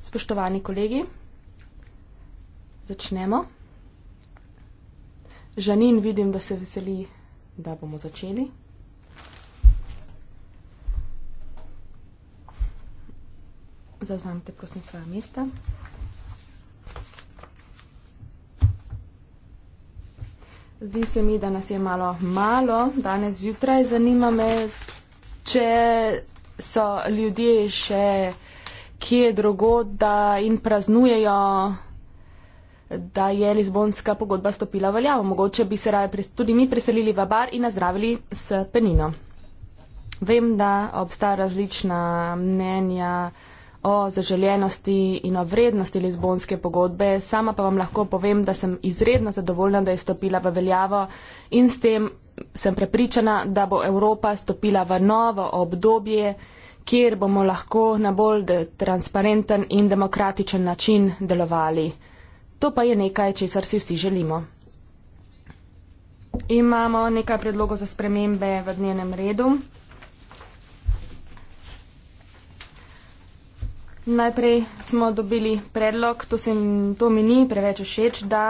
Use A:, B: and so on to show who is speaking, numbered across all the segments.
A: Spoštovani kolegi, začnemo. Jeanine, vidim, da se veseli, da bomo začeli. Zavzemite, prosim, svoja mesta. Zdi se mi, da nas je malo malo danes zjutraj, zanima me, če so ljudje še kje drugod in praznujejo, da je Lizbonska pogodba stopila v veljavo. Mogoče bi se raje tudi mi preselili v bar in nazdravili s penino. Vem, da obstaja različna mnenja o zaželjenosti in o vrednosti Lizbonske pogodbe. Sama pa vam lahko povem, da sem izredno zadovoljna, da je stopila v veljavo in s tem sem prepričana, da bo Evropa stopila v novo obdobje, kjer bomo lahko na bolj transparenten in demokratičen način delovali. To pa je nekaj, česar si vsi želimo. Imamo nekaj predlogov za spremembe v dnevnem redu. Najprej smo dobili predlog, to, se, to mi ni preveč všeč, da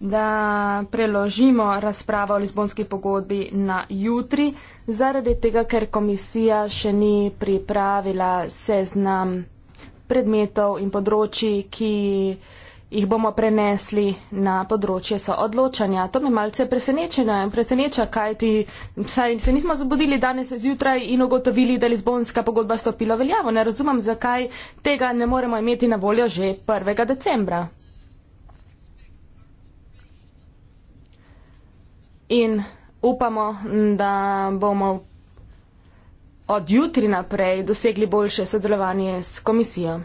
A: da preložimo razpravo o Lizbonski pogodbi na jutri, zaradi tega, ker komisija še ni pripravila seznam predmetov in področji, ki jih bomo prenesli na področje soodločanja. To me malce preseneča, kajti saj se nismo zbudili danes zjutraj in ugotovili, da je Lizbonska pogodba stopila veljavo. Ne razumem, zakaj tega ne moremo imeti na voljo že 1. decembra. in upamo, da bomo od jutri naprej dosegli boljše sodelovanje s komisijo.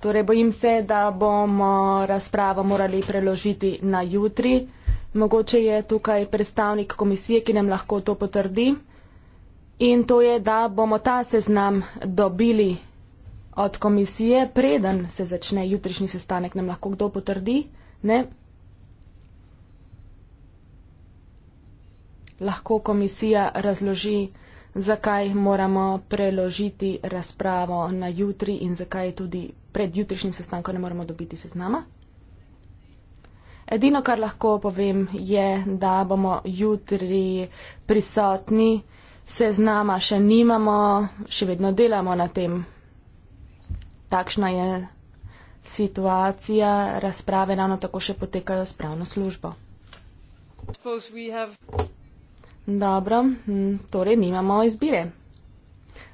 A: Torej bojim se, da bomo razpravo morali preložiti na jutri. Mogoče je tukaj predstavnik komisije, ki nam lahko to potrdi. In to je, da bomo ta seznam dobili od komisije, preden se začne jutrišnji sestanek, nam lahko kdo potrdi. Ne? lahko komisija razloži, zakaj moramo preložiti razpravo na jutri in zakaj tudi pred jutrišnjim sestankom ne moremo dobiti seznama. Edino, kar lahko povem, je, da bomo jutri prisotni, seznama še nimamo, še vedno delamo na tem. Takšna je situacija, razprave ravno tako še potekajo s pravno službo.
B: I suppose we have
A: Dobro, hm, torej nimamo izbire.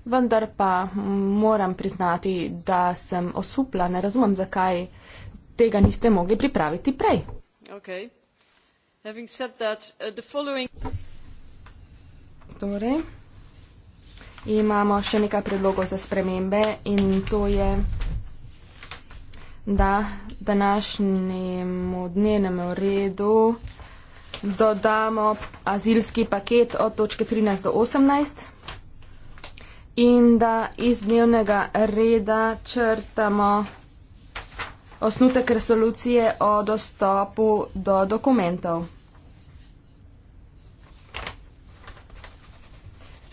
A: Vendar pa moram priznati, da sem osupla, ne razumem, zakaj tega niste mogli pripraviti prej.
B: Okay. That, uh, following...
A: Torej, imamo še nekaj predlogov za spremembe in to je, da današnjemu dnevnemu redu dodamo azilski paket od točke 13 do 18 in da iz dnevnega reda črtamo osnutek resolucije o dostopu do dokumentov.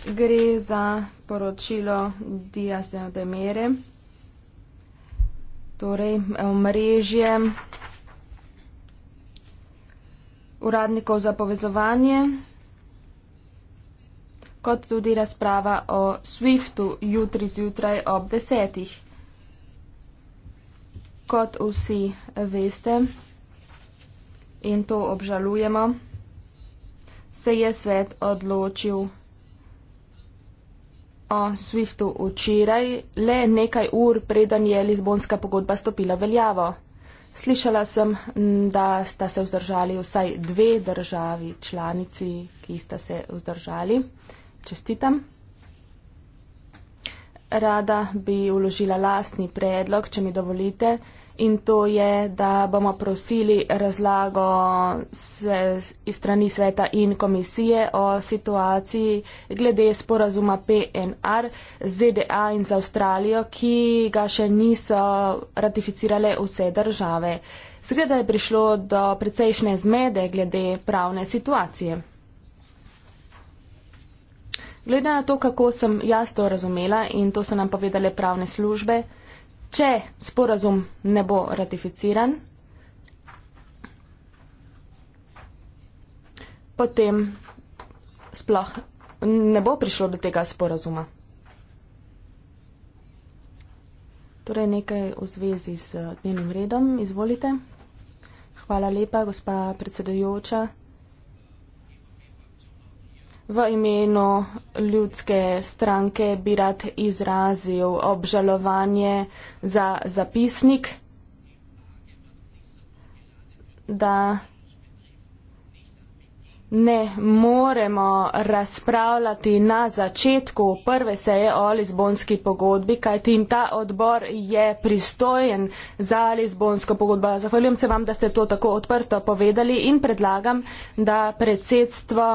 A: Gre za poročilo Dias de Mere, torej mrežje uradnikov za povezovanje, kot tudi razprava o Swiftu jutri zjutraj ob desetih. Kot vsi veste in to obžalujemo, se je svet odločil o Swiftu včeraj, le nekaj ur, preden je Lizbonska pogodba stopila veljavo. Slišala sem, mm, da sta se vzdržali vsaj dve državi članici, ki sta se vzdržali. Čestitam. Rada bi uložila lastni predlog, če mi dovolite in to je, da bomo prosili razlago se, iz strani sveta in komisije o situaciji glede sporazuma PNR z ZDA in z Avstralijo, ki ga še niso ratificirale vse države. Seveda je prišlo do precejšnje zmede glede pravne situacije. Glede na to, kako sem jaz to razumela in to so nam povedale pravne službe, če sporazum ne bo ratificiran, potem sploh ne bo prišlo do tega sporazuma. Torej nekaj v zvezi z dnevnim redom. Izvolite. Hvala lepa, gospa predsedujoča. V imenu ljudske stranke bi rad izrazil obžalovanje za zapisnik, da ne moremo razpravljati na začetku prve seje o Lizbonski pogodbi, kajti ta odbor je pristojen za Lizbonsko pogodbo. Zahvaljujem se vam, da ste to tako odprto povedali in predlagam, da predsedstvo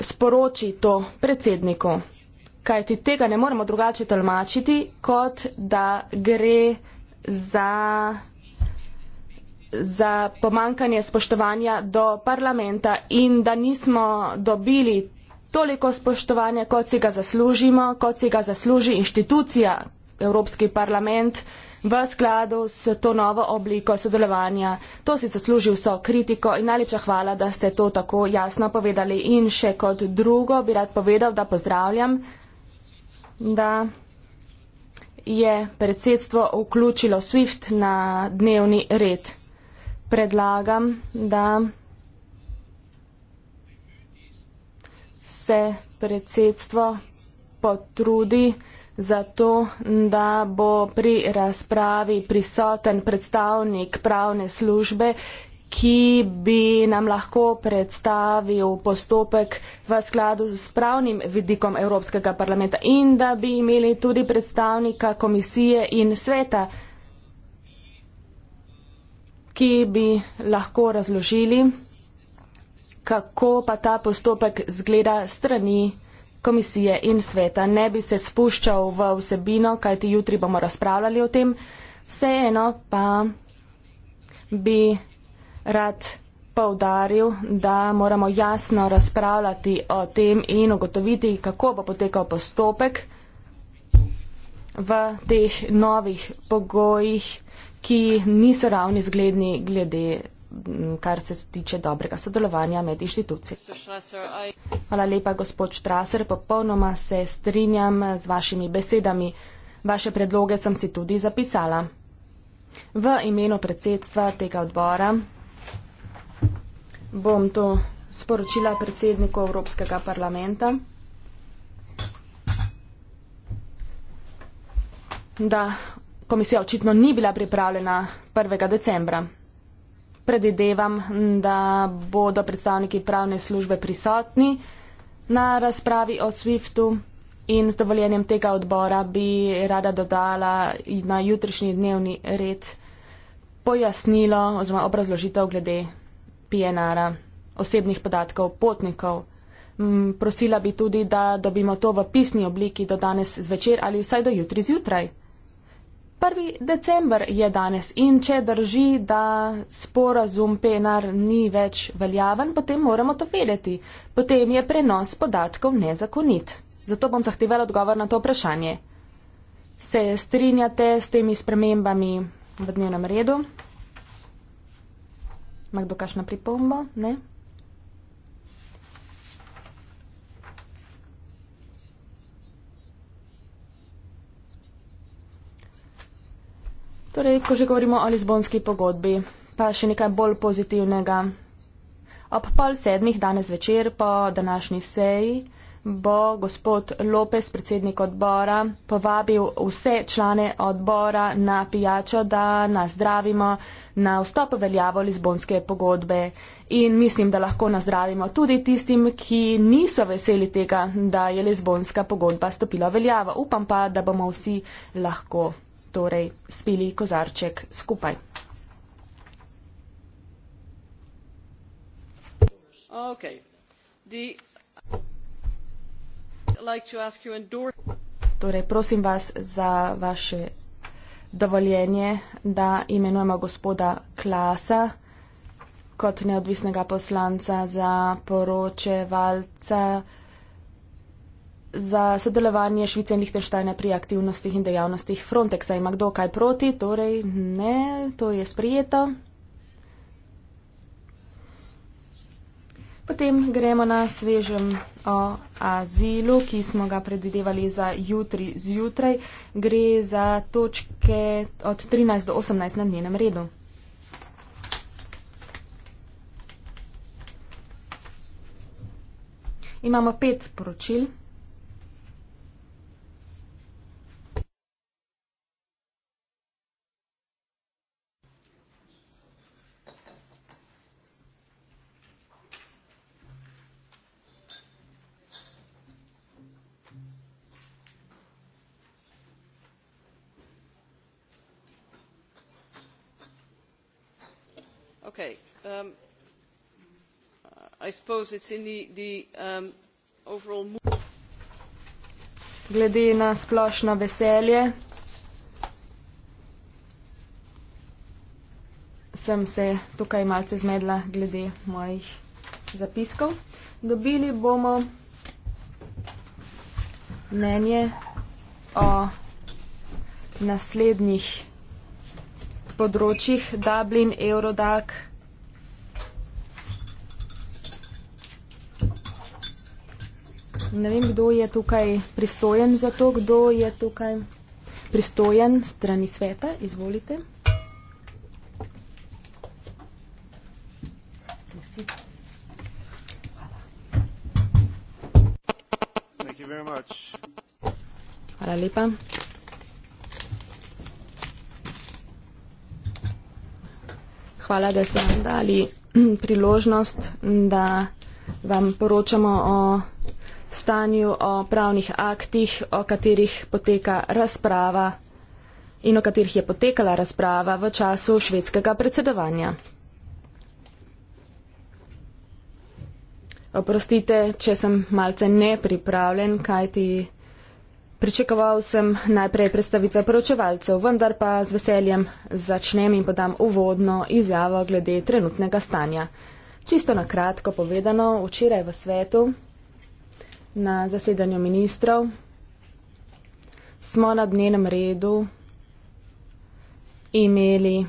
A: sporoči to predsedniku. Kaj ti tega ne moremo drugače tolmačiti, kot da gre za, za pomankanje spoštovanja do parlamenta in da nismo dobili toliko spoštovanja, kot si ga zaslužimo, kot si ga zasluži inštitucija Evropski parlament v skladu s to novo obliko sodelovanja. To si zasluži vso kritiko in najlepša hvala, da ste to tako jasno povedali. In še kot drugo bi rad povedal, da pozdravljam, da je predsedstvo vključilo SWIFT na dnevni red. Predlagam, da se predsedstvo potrudi, zato, da bo pri razpravi prisoten predstavnik pravne službe, ki bi nam lahko predstavil postopek v skladu s pravnim vidikom Evropskega parlamenta in da bi imeli tudi predstavnika komisije in sveta, ki bi lahko razložili, kako pa ta postopek zgleda strani komisije in sveta. Ne bi se spuščal v vsebino, kajti jutri bomo razpravljali o tem. Vseeno pa bi rad povdaril, da moramo jasno razpravljati o tem in ugotoviti, kako bo potekal postopek v teh novih pogojih, ki niso ravni zgledni glede kar se tiče dobrega sodelovanja med inštitucij. Hvala lepa, gospod Štraser, popolnoma se strinjam z vašimi besedami. Vaše predloge sem si tudi zapisala. V imenu predsedstva tega odbora bom to sporočila predsedniku Evropskega parlamenta, da komisija očitno ni bila pripravljena 1. decembra. Predvidevam, da bodo predstavniki pravne službe prisotni na razpravi o SWIFT-u in z dovoljenjem tega odbora bi rada dodala na jutrišnji dnevni red pojasnilo oziroma obrazložitev glede PNR-a, osebnih podatkov potnikov. Mm, prosila bi tudi, da dobimo to v pisni obliki do danes zvečer ali vsaj do jutri zjutraj. 1. december je danes in če drži, da sporazum PNR ni več veljaven, potem moramo to vedeti. Potem je prenos podatkov nezakonit. Zato bom zahtevala odgovor na to vprašanje. Se strinjate s temi spremembami v dnevnem redu? Mag dokašna pripomba? Ne? Torej, ko že govorimo o Lizbonski pogodbi, pa še nekaj bolj pozitivnega. Ob pol sedmih danes večer po današnji seji bo gospod Lopes, predsednik odbora, povabil vse člane odbora na pijačo, da nazdravimo na vstop veljavo Lizbonske pogodbe. In mislim, da lahko nazdravimo tudi tistim, ki niso veseli tega, da je Lizbonska pogodba stopila veljavo. Upam pa, da bomo vsi lahko torej speli kozarček skupaj.
C: Okay.
B: The... Like to ask you endor...
A: Torej, prosim vas za vaše dovoljenje, da imenujemo gospoda Klasa kot neodvisnega poslanca za poročevalca za sodelovanje Švice in Lihtenštajna pri aktivnostih in dejavnostih Frontexa. Ima kdo kaj proti? Torej, ne, to je sprijeto. Potem gremo na svežem o azilu, ki smo ga predvidevali za jutri zjutraj. Gre za točke od 13 do 18 na njenem redu. Imamo pet poročil.
B: Okay. Um, uh, I suppose it's in the, the um, overall mood.
A: Glede na splošno veselje, sem se tukaj malce zmedla glede mojih zapiskov. Dobili bomo mnenje o naslednjih področjih Dublin, Eurodac. Ne vem, kdo je tukaj pristojen za to, kdo je tukaj pristojen strani sveta. Izvolite. Hvala lepa. hvala, da ste nam dali hm, priložnost, da vam poročamo o stanju, o pravnih aktih, o katerih poteka razprava in o katerih je potekala razprava v času švedskega predsedovanja. Oprostite, če sem malce nepripravljen, kaj ti je. Pričakoval sem najprej predstavitve poročevalcev, vendar pa z veseljem začnem in podam uvodno izjavo glede trenutnega stanja. Čisto na kratko povedano, včeraj v svetu na zasedanju ministrov smo na dnevnem redu imeli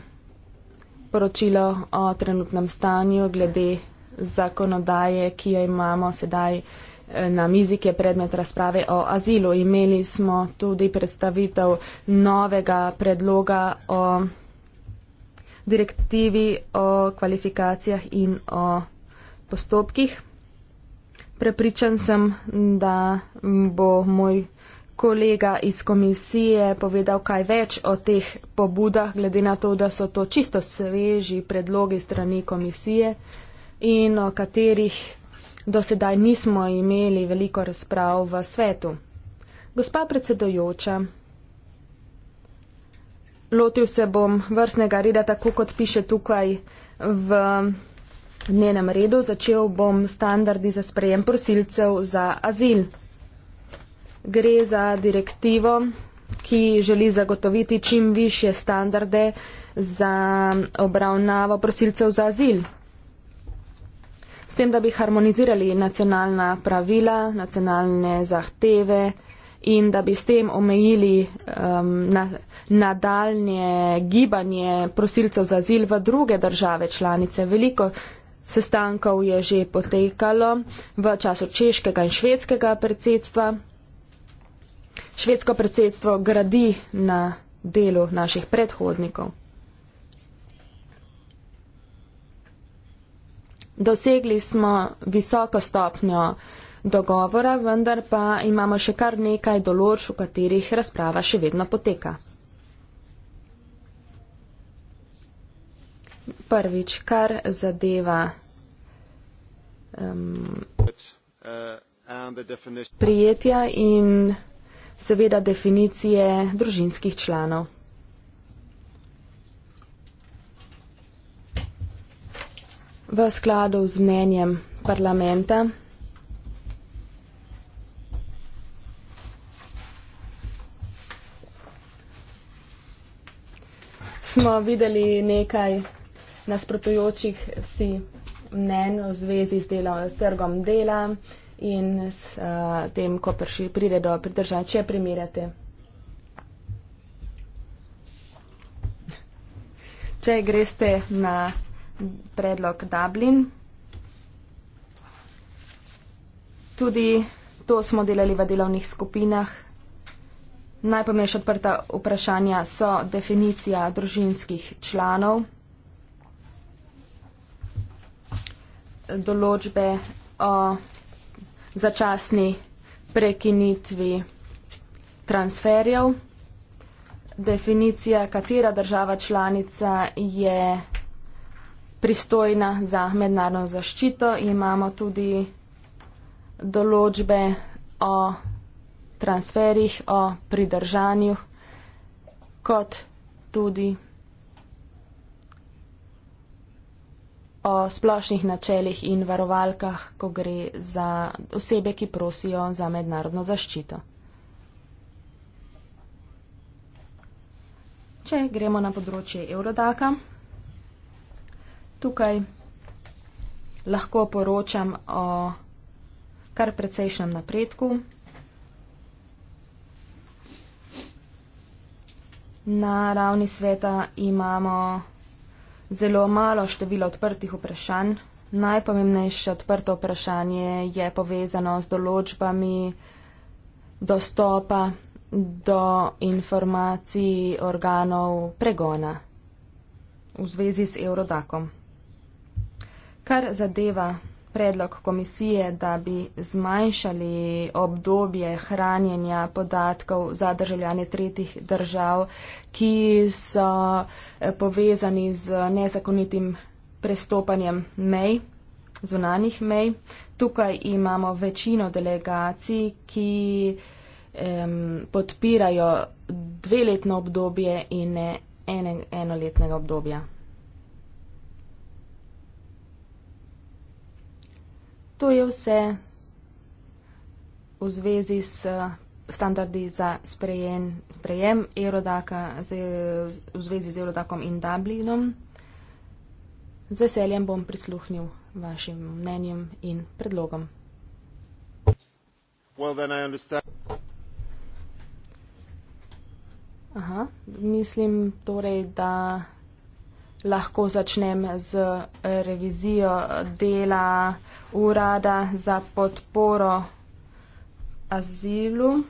A: poročilo o trenutnem stanju glede zakonodaje, ki jo imamo sedaj na mizi, ki je predmet razprave o azilu. Imeli smo tudi predstavitev novega predloga o direktivi o kvalifikacijah in o postopkih. Prepričan sem, da bo moj kolega iz komisije povedal kaj več o teh pobudah, glede na to, da so to čisto sveži predlogi strani komisije in o katerih Do sedaj nismo imeli veliko razprav v svetu. Gospa predsedojoča, lotil se bom vrstnega reda tako, kot piše tukaj v njenem redu. Začel bom standardi za sprejem prosilcev za azil. Gre za direktivo, ki želi zagotoviti čim više standarde za obravnavo prosilcev za azil s tem, da bi harmonizirali nacionalna pravila, nacionalne zahteve in da bi s tem omejili um, na, nadaljnje gibanje prosilcev za zil v druge države članice. Veliko sestankov je že potekalo v času češkega in švedskega predsedstva. Švedsko predsedstvo gradi na delu naših predhodnikov. dosegli smo visoko stopnjo dogovora, vendar pa imamo še kar nekaj določ, v katerih razprava še vedno poteka. Prvič, kar zadeva um,
C: uh,
A: prijetja in seveda definicije družinskih članov. v skladu z mnenjem parlamenta. Smo videli nekaj nasprotujočih si mnen v zvezi z delom, s trgom dela in s uh, tem, ko prši, pride do pridržanja, če primirjate. Če greste na predlog Dublin. Tudi to smo delali v delovnih skupinah. Najpomembnejša odprta vprašanja so definicija družinskih članov, določbe o začasni prekinitvi transferjev, definicija, katera država članica je pristojna za mednarodno zaščito, imamo tudi določbe o transferih, o pridržanju, kot tudi o splošnih načelih in varovalkah, ko gre za osebe, ki prosijo za mednarodno zaščito. Če gremo na področje Eurodaka tukaj lahko poročam o kar precejšnjem napredku. Na ravni sveta imamo zelo malo število odprtih vprašanj. Najpomembnejše odprto vprašanje je povezano z določbami dostopa do informacij organov pregona v zvezi s Eurodakom. Kar zadeva predlog komisije, da bi zmanjšali obdobje hranjenja podatkov za državljane tretjih držav, ki so eh, povezani z nezakonitim prestopanjem mej, zunanih mej. Tukaj imamo večino delegacij, ki em, podpirajo dveletno obdobje in ne enoletnega obdobja. To je vse v zvezi s eh, standardi za sprejen, sprejem Eurodaka z, eh, v zvezi z Eurodakom in Dublinom. Z veseljem bom prisluhnil vašim mnenjem in predlogom. Well, Aha, mislim torej, da lahko začnem z eh, revizijo dela urada za podporo azilu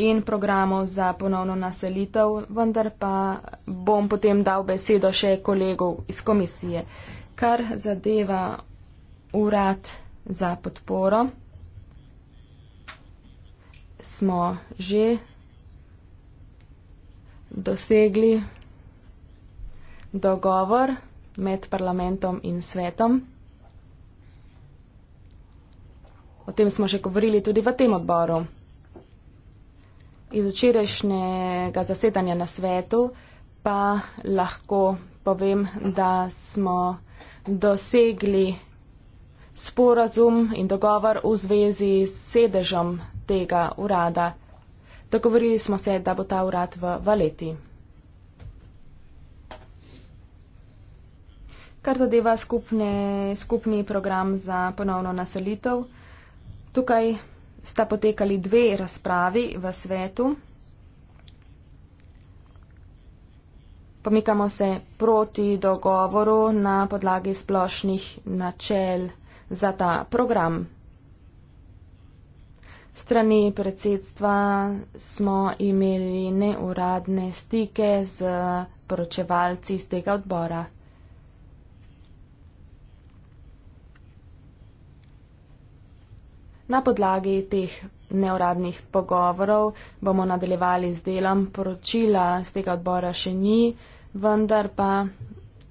A: in programov za ponovno naselitev, vendar pa bom potem dal besedo še kolegov iz komisije. Kar zadeva urad za podporo, smo že dosegli dogovor med parlamentom in svetom. O tem smo že govorili tudi v tem odboru. Iz včerajšnjega zasedanja na svetu pa lahko povem, da smo dosegli sporazum in dogovor v zvezi s sedežem tega urada. Dogovorili smo se, da bo ta urad v Valeti. kar zadeva skupne, skupni program za ponovno naselitev. Tukaj sta potekali dve razpravi v svetu. Pomikamo se proti dogovoru na podlagi splošnih načel za ta program. Strani predsedstva smo imeli neuradne stike z poročevalci iz tega odbora. Na podlagi teh neuradnih pogovorov bomo nadaljevali z delom. Poročila z tega odbora še ni, vendar pa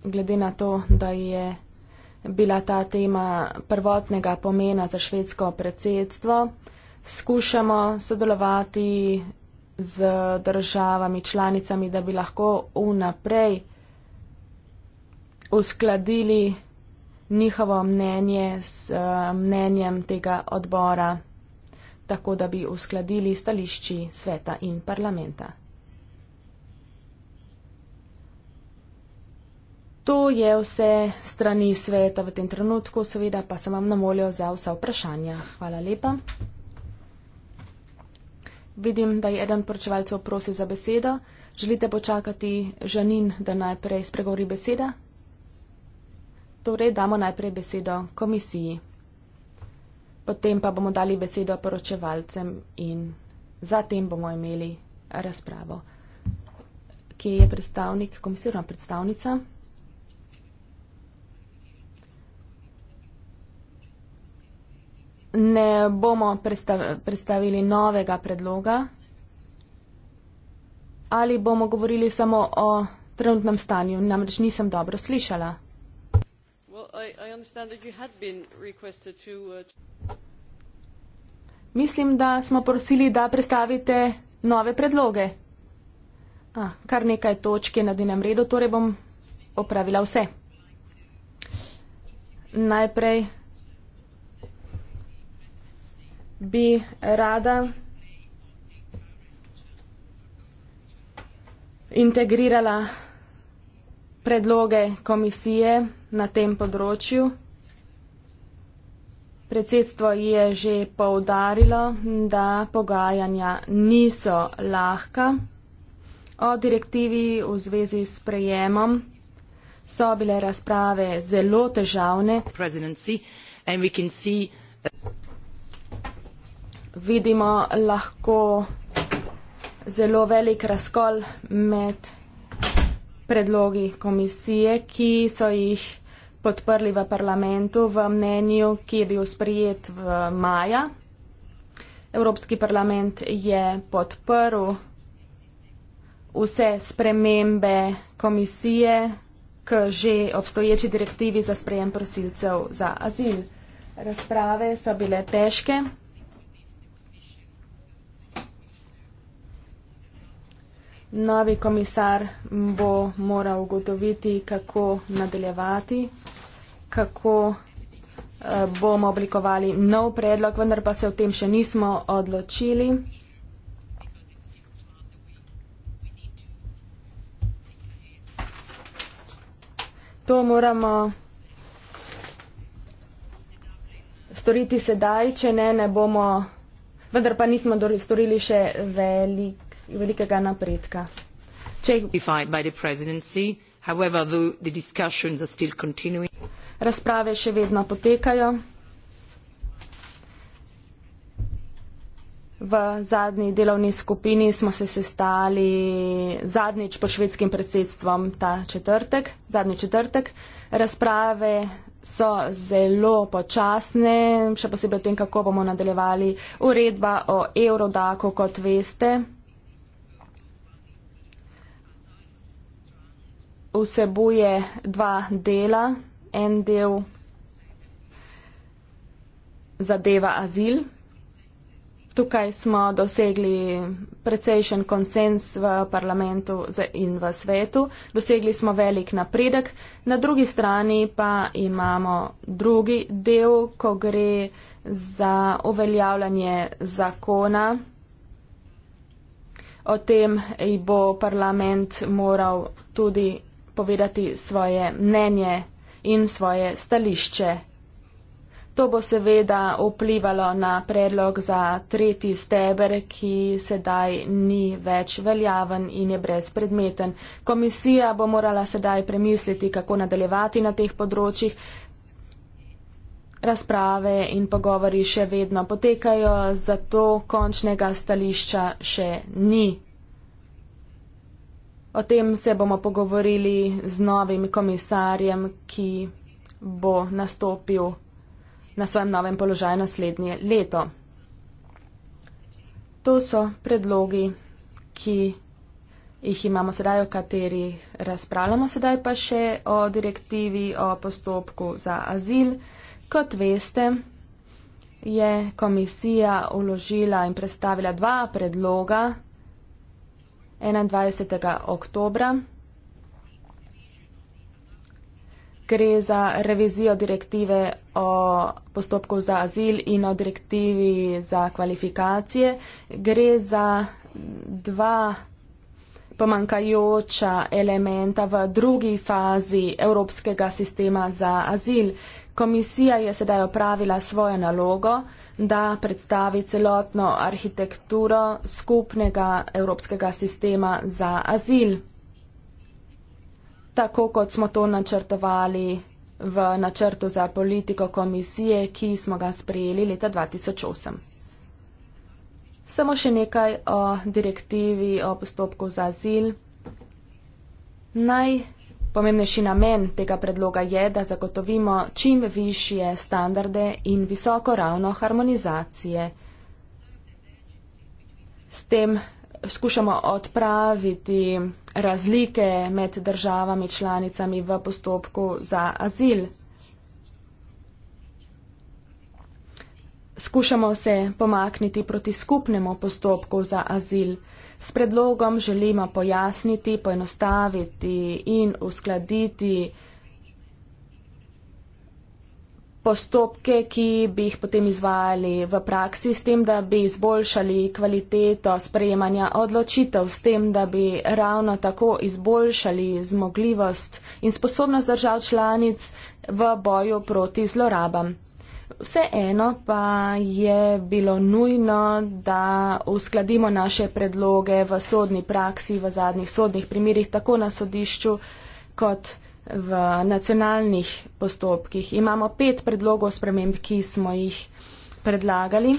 A: glede na to, da je bila ta tema prvotnega pomena za švedsko predsedstvo, skušamo sodelovati z državami članicami, da bi lahko vnaprej uskladili njihovo mnenje s eh, mnenjem tega odbora, tako da bi uskladili stališči sveta in parlamenta. To je vse strani sveta v tem trenutku, seveda pa sem vam na voljo za vsa vprašanja. Hvala lepa. Vidim, da je eden poročevalcev prosil za besedo. Želite počakati, Žanin, da najprej spregovori beseda? torej damo najprej besedo komisiji. Potem pa bomo dali besedo poročevalcem in zatem bomo imeli razpravo. Kje je predstavnik komisije, oziroma predstavnica? Ne bomo predstavili novega predloga. Ali bomo govorili samo o trenutnem stanju? Namreč nisem dobro slišala.
B: Uh,
A: Mislim, da smo prosili, da predstavite nove predloge. A, kar nekaj točk je na dnevnem redu, torej bom opravila vse. Najprej bi rada integrirala predloge komisije na tem področju. Predsedstvo je že poudarilo, da pogajanja niso lahka. O direktivi v zvezi s prejemom so bile razprave zelo težavne. Uh, Vidimo lahko zelo velik razkol med predlogi komisije, ki so jih podprli v parlamentu v mnenju, ki je bil sprijet v maja. Evropski parlament je podprl vse spremembe komisije k že obstoječi direktivi za sprejem prosilcev za azil. Razprave so bile težke. Novi komisar bo moral ugotoviti, kako nadaljevati, kako eh, bomo oblikovali nov predlog, vendar pa se o tem še nismo odločili. To moramo storiti sedaj, če ne, ne bomo, vendar pa nismo storili še veliko velikega napredka. However, the, the discussions are still continuing. Razprave še vedno potekajo. V zadnji delovni skupini smo se sestali zadnjič pod švedskim predsedstvom ta četrtek, zadnji četrtek. Razprave so zelo počasne, še posebej o tem, kako bomo nadaljevali uredba o evrodaku, kot veste. vsebuje dva dela. En del zadeva azil. Tukaj smo dosegli precejšen konsens v parlamentu in v svetu. Dosegli smo velik napredek. Na drugi strani pa imamo drugi del, ko gre za uveljavljanje zakona. O tem bo parlament moral tudi povedati svoje mnenje in svoje stališče. To bo seveda vplivalo na predlog za tretji steber, ki sedaj ni več veljaven in je brezpredmeten. Komisija bo morala sedaj premisliti, kako nadaljevati na teh področjih. Razprave in pogovori še vedno potekajo, zato končnega stališča še ni. O tem se bomo pogovorili z novim komisarjem, ki bo nastopil na svojem novem položaju naslednje leto. To so predlogi, ki jih imamo sedaj, o kateri razpravljamo sedaj pa še o direktivi o postopku za azil. Kot veste, je komisija uložila in predstavila dva predloga 21. oktobra. Gre za revizijo direktive o postopku za azil in o direktivi za kvalifikacije. Gre za dva pomankajoča elementa v drugi fazi evropskega sistema za azil. Komisija je sedaj opravila svojo nalogo da predstavi celotno arhitekturo skupnega evropskega sistema za azil. Tako kot smo to načrtovali v načrtu za politiko komisije, ki smo ga sprejeli leta 2008. Samo še nekaj o direktivi o postopku za azil. Naj Pomembnejši namen tega predloga je, da zagotovimo čim višje standarde in visoko ravno harmonizacije. S tem skušamo odpraviti razlike med državami članicami v postopku za azil. Skušamo se pomakniti proti skupnemu postopku za azil. S predlogom želimo pojasniti, poenostaviti in uskladiti postopke, ki bi jih potem izvajali v praksi s tem, da bi izboljšali kvaliteto sprejemanja odločitev, s tem, da bi ravno tako izboljšali zmogljivost in sposobnost držav članic v boju proti zlorabam vseeno pa je bilo nujno, da uskladimo naše predloge v sodni praksi, v zadnjih sodnih primerjih, tako na sodišču kot v nacionalnih postopkih. Imamo pet predlogov sprememb, ki smo jih predlagali.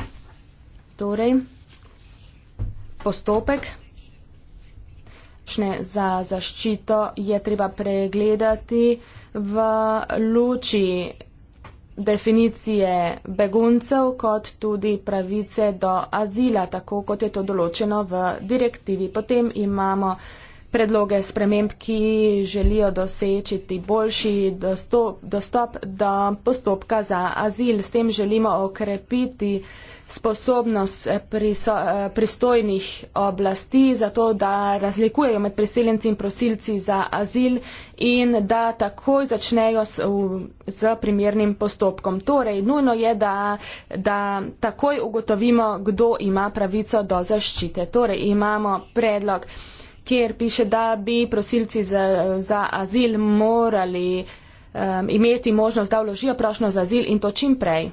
A: Torej, postopek za zaščito je treba pregledati v luči definicije beguncev, kot tudi pravice do azila, tako kot je to določeno v direktivi. Potem imamo predloge sprememb, ki želijo dosečiti boljši dostop, dostop do postopka za azil. S tem želimo okrepiti sposobnost eh, eh, pristojnih oblasti za to, da razlikujejo med priseljenci in prosilci za azil in da takoj začnejo s, v, z primernim postopkom. Torej, nujno je, da, da takoj ugotovimo, kdo ima pravico do zaščite. Torej, imamo predlog, kjer piše, da bi prosilci za, za azil morali um, imeti možnost, da vložijo prošnjo za azil in to čim prej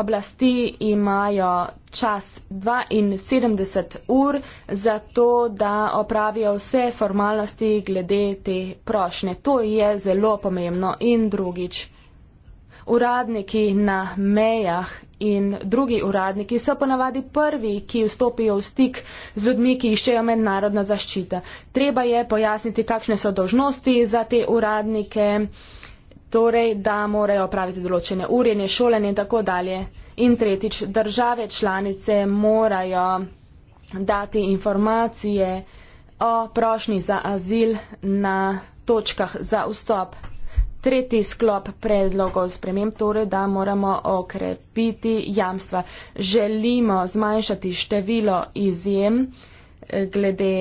A: oblasti imajo čas 72 ur za to, da opravijo vse formalnosti glede te prošnje. To je zelo pomembno. In drugič, uradniki na mejah in drugi uradniki so ponavadi prvi, ki vstopijo v stik z ljudmi, ki iščejo mednarodna zaščita. Treba je pojasniti, kakšne so dožnosti za te uradnike torej da morajo opraviti določene urjenje, šolanje in tako dalje. In tretjič, države članice morajo dati informacije o prošnji za azil na točkah za vstop. Tretji sklop predlogov sprememb, torej da moramo okrepiti jamstva. Želimo zmanjšati število izjem eh, glede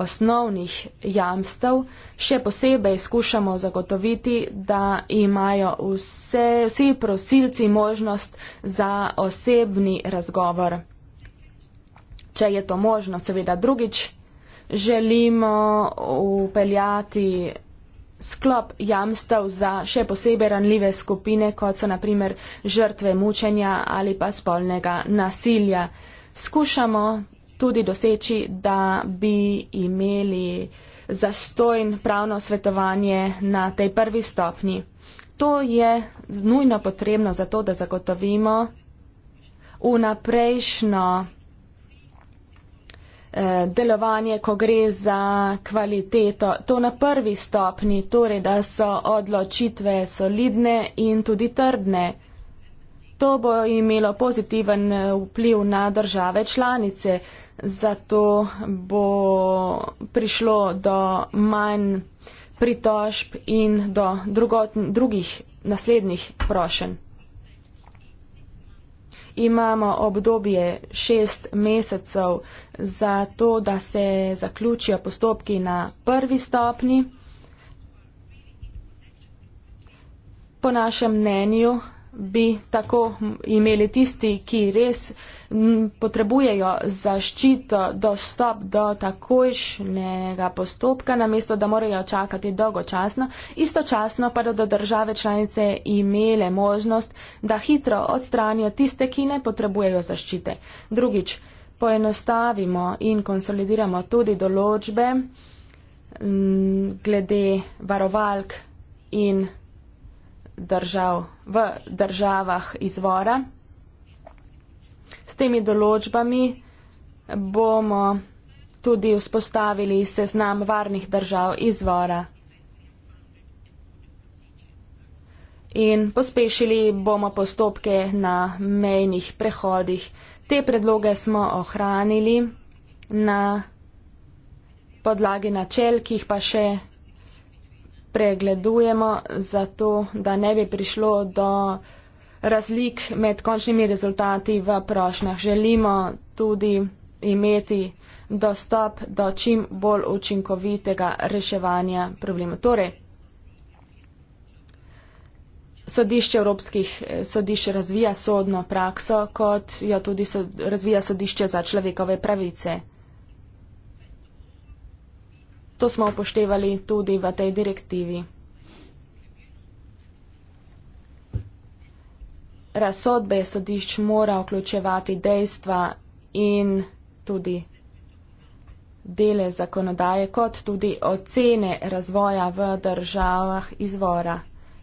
A: osnovnih jamstev, še posebej skušamo zagotoviti, da imajo vse, vsi prosilci možnost za osebni razgovor. Če je to možno, seveda drugič želimo upeljati sklop jamstev za še posebej ranljive skupine, kot so naprimer žrtve mučenja ali pa spolnega nasilja. Skušamo tudi doseči, da bi imeli zastojn pravno svetovanje na tej prvi stopni. To je nujno potrebno zato, da zagotovimo vnaprejšno eh, delovanje, ko gre za kvaliteto. To na prvi stopni, torej, da so odločitve solidne in tudi trdne. To bo imelo pozitiven eh, vpliv na države članice, zato bo prišlo do manj pritožb in do drugotn, drugih naslednjih prošen. Imamo obdobje šest mesecev za to, da se zaključijo postopki na prvi stopni. Po našem mnenju bi tako imeli tisti, ki res potrebujejo zaščito, dostop do takojšnjega postopka, namesto da morajo čakati dolgočasno, istočasno pa da do države članice imele možnost, da hitro odstranijo tiste, ki ne potrebujejo zaščite. Drugič, poenostavimo in konsolidiramo tudi določbe glede varovalk in držav, v državah izvora. S temi določbami bomo tudi vzpostavili seznam varnih držav izvora. In pospešili bomo postopke na mejnih prehodih. Te predloge smo ohranili na podlagi načel, ki jih pa še pregledujemo, zato da ne bi prišlo do razlik med končnimi rezultati v prošnjah. Želimo tudi imeti dostop do čim bolj učinkovitega reševanja problema. Torej, sodišče Evropskih eh, sodišč razvija sodno prakso, kot jo tudi so, razvija sodišče za človekove pravice. To smo upoštevali tudi v tej direktivi. Razsodbe sodišč mora vključevati dejstva in tudi dele zakonodaje, kot tudi ocene razvoja v državah izvora.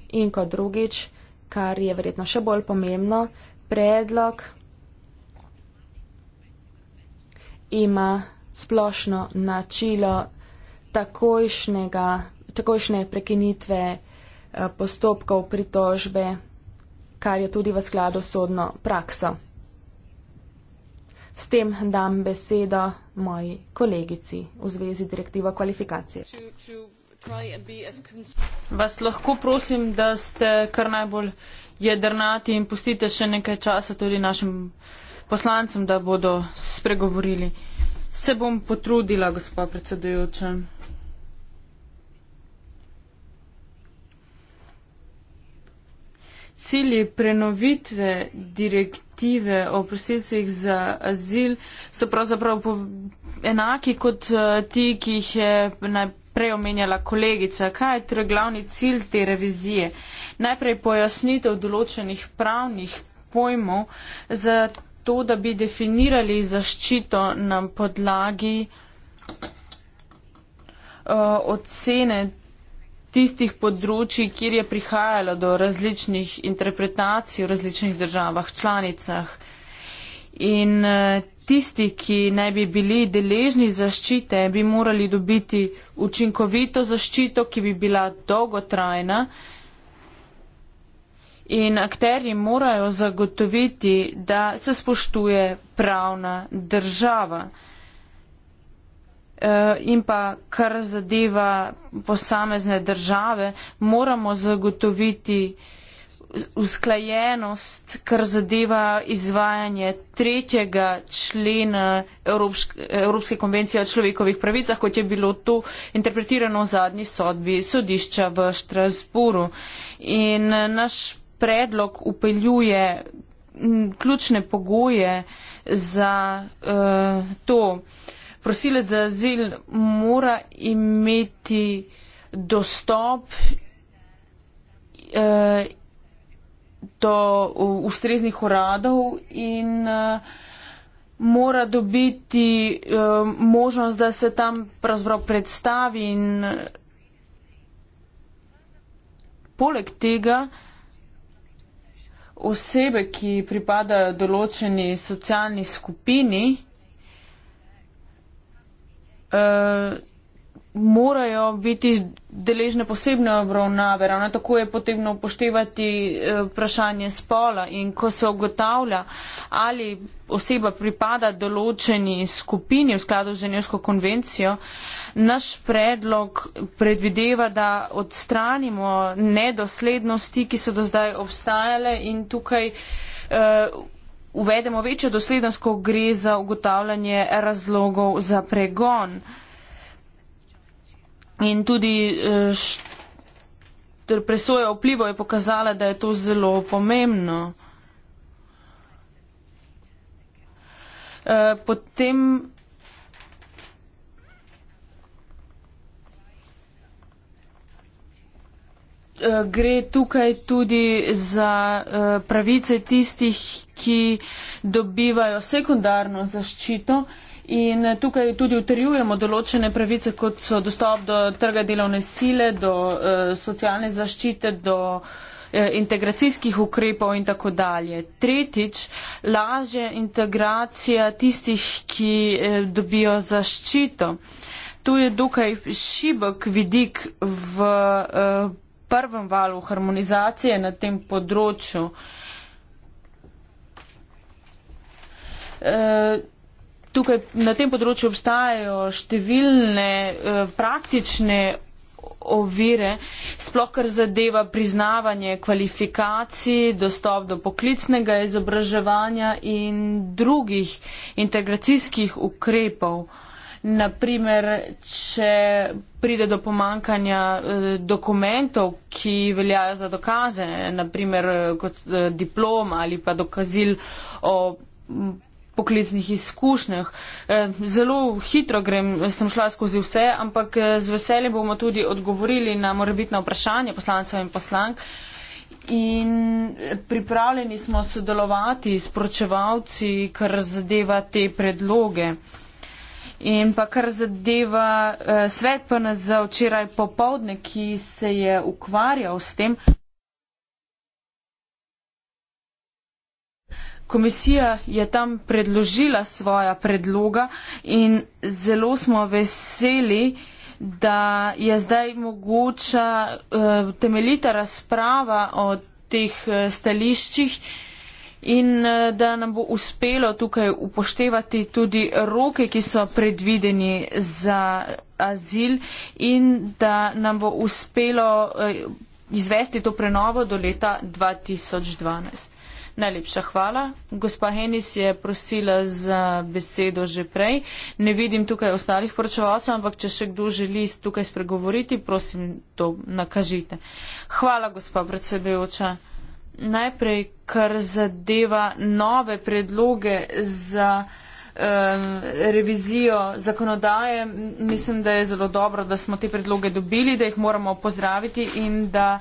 A: In kot drugič, kar je verjetno še bolj pomembno, predlog ima splošno načilo takojšnjega, takojšnje prekinitve eh, postopkov pritožbe, kar je tudi v skladu sodno prakso. S tem dam besedo moji kolegici v zvezi direktivo kvalifikacije.
B: Vas lahko prosim, da ste kar najbolj jedrnati in pustite še nekaj časa tudi našim poslancem, da bodo spregovorili. Se bom potrudila, gospod predsedujoča. cilji prenovitve direktive o prosilcih za azil so pravzaprav enaki kot eh, ti, ki jih je najprej omenjala kolegica. Kaj je torej glavni cilj te revizije? Najprej pojasnitev določenih pravnih pojmov za to, da bi definirali zaščito na podlagi uh, ocene tistih področji, kjer je prihajalo do različnih interpretacij v različnih državah, članicah. In eh, tisti, ki naj bi bili deležni zaščite, bi morali dobiti učinkovito zaščito, ki bi bila dolgotrajna. In akteri morajo zagotoviti, da se spoštuje pravna država. Eh, in pa kar zadeva posamezne države, moramo zagotoviti usklajenost, kar zadeva izvajanje tretjega člena Evropske, Evropske konvencije o človekovih pravicah, kot je bilo to interpretirano v zadnji sodbi sodišča v Štrasburu. In eh, naš predlog upeljuje ključne pogoje za uh, to, uh, prosilec za azil mora imeti dostop eh, do ustreznih uradov in eh, mora dobiti eh, možnost, da se tam pravzaprav predstavi in eh, poleg tega osebe, ki pripadajo določeni socialni skupini, uh, morajo biti deležne posebne obravnave. Ravno tako je potrebno upoštevati eh, vprašanje spola in ko se ugotavlja, ali oseba pripada določeni skupini v skladu z ženevsko konvencijo, naš predlog predvideva, da odstranimo nedoslednosti, ki so do zdaj obstajale in tukaj uh, uvedemo večjo doslednost, ko gre za ugotavljanje razlogov za pregon. In tudi eh, presoja vplivo je pokazala, da je to zelo pomembno. Eh, potem Eh, gre tukaj tudi za eh, pravice tistih, ki dobivajo sekundarno zaščito. In eh, tukaj tudi utrjujemo določene pravice, kot so dostop do trga delovne sile, do uh, socialne zaščite, do uh, integracijskih ukrepov in tako dalje. Tretjič, lažja integracija tistih, ki uh, dobijo zaščito. Tu je dokaj šibek vidik v uh, prvem valu harmonizacije na tem področju. E, tukaj na tem področju obstajajo številne e, praktične ovire, sploh kar zadeva priznavanje kvalifikacij, dostop do poklicnega izobraževanja in drugih integracijskih ukrepov. Naprimer, če pride do pomankanja eh, dokumentov, ki veljajo za dokaze, naprimer eh, kot eh, diplom ali pa dokazil o poklicnih izkušnjah. Zelo hitro grem, sem šla skozi vse, ampak z veseljem bomo tudi odgovorili na morebitna vprašanja poslancev in poslank. In pripravljeni smo sodelovati s pročevalci, kar zadeva te predloge. In pa kar zadeva eh, svet PNZ za včeraj popovdne, ki se je ukvarjal s tem. Komisija je tam predložila svoja predloga in zelo smo veseli, da je zdaj mogoča eh, temeljita razprava o teh eh, stališčih eh, in eh, da nam bo uspelo tukaj upoštevati tudi roke, ki so predvideni za azil in da nam bo uspelo eh, izvesti to prenovo do leta 2012. Najlepša hvala. Gospa Henis je prosila za besedo že prej. Ne vidim tukaj ostalih poročevalcev, ampak če še kdo želi tukaj spregovoriti, prosim, to nakažite. Hvala, gospa predsedujoča najprej, kar zadeva nove predloge za um, revizijo zakonodaje, mislim, da je zelo dobro, da smo te predloge dobili, da jih moramo pozdraviti in da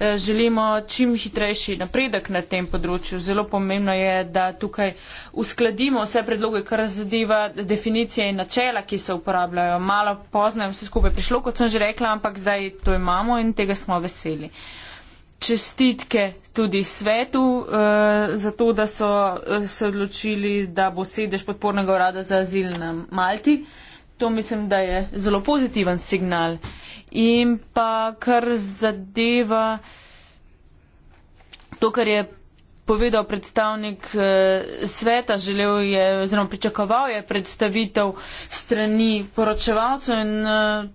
B: e, želimo čim hitrejši napredek na tem področju. Zelo pomembno je, da tukaj uskladimo vse predloge, kar zadeva definicije in načela, ki se uporabljajo. Malo pozno je vse skupaj prišlo, kot sem že rekla, ampak zdaj to imamo in tega smo veseli. Uh, čestitke tudi svetu eh, za to, da so eh, se odločili, da bo sedež podpornega urada za azil na Malti. To mislim, da je zelo pozitiven signal. In pa kar zadeva to, kar je povedal predstavnik eh, sveta, želel je oziroma pričakoval je predstavitev strani poročevalcev in eh,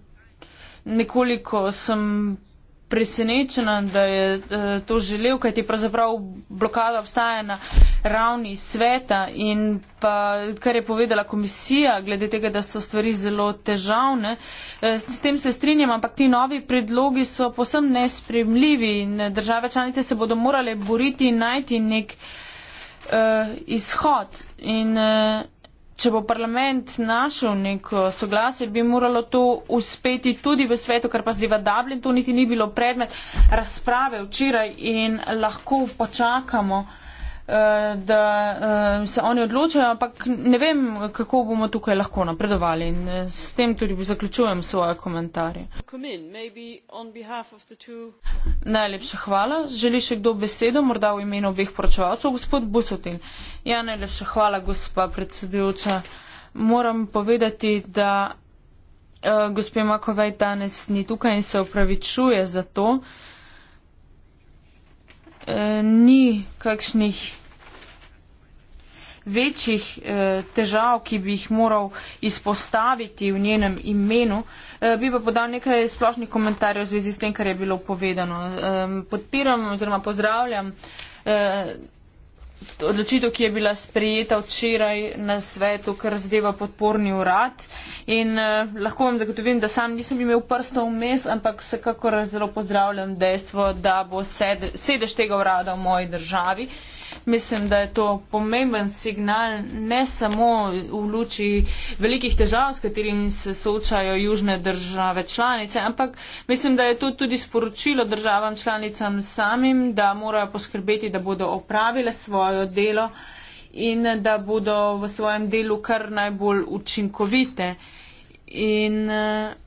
B: nekoliko sem presenečena, da je uh, to želel, kajti pravzaprav blokada obstaja na ravni sveta in pa, kar je povedala komisija, glede tega, da so stvari zelo težavne, uh, s tem se strinjam, ampak ti novi predlogi so posebno nespremljivi in države članice se bodo morale boriti in najti nek uh, izhod. In, uh, če bo parlament našel neko soglasje, bi moralo to uspeti tudi v svetu, kar pa zdaj v Dublinu, to niti ni bilo predmet razprave včeraj in lahko počakamo. Eh, da eh, se oni odločajo, ampak ne vem, kako bomo tukaj lahko napredovali. In eh, s tem tudi zaključujem svoje komentarje. Najlepša hvala. Želi še kdo besedo, morda v imenu obeh poročevalcev, gospod Busotin. Ja, najlepša hvala, gospa predsedujoča. Moram povedati, da uh, gospe Makovej danes ni tukaj in se opravičuje za to. Uh, eh, ni kakšnih večjih eh, težav, ki bi jih moral izpostaviti v njenem imenu, eh, bi pa podal nekaj splošnih komentarjev v zvezi s tem, kar je bilo povedano. Eh, podpiram oziroma pozdravljam. Eh, odločitev, ki je bila sprejeta včeraj na svetu, kar zadeva podporni urad. In eh, lahko vam zagotovim, da sam nisem imel prsta vmes, ampak vsekakor zelo pozdravljam dejstvo, da bo sedež tega urada v moji državi. Eh, Mislim, da je to pomemben signal ne samo v luči velikih težav, s katerimi se soočajo južne države članice, ampak mislim, da je to tudi sporočilo državam članicam samim, da morajo poskrbeti, da bodo opravile svojo delo in da bodo v svojem delu kar najbolj učinkovite. In, uh,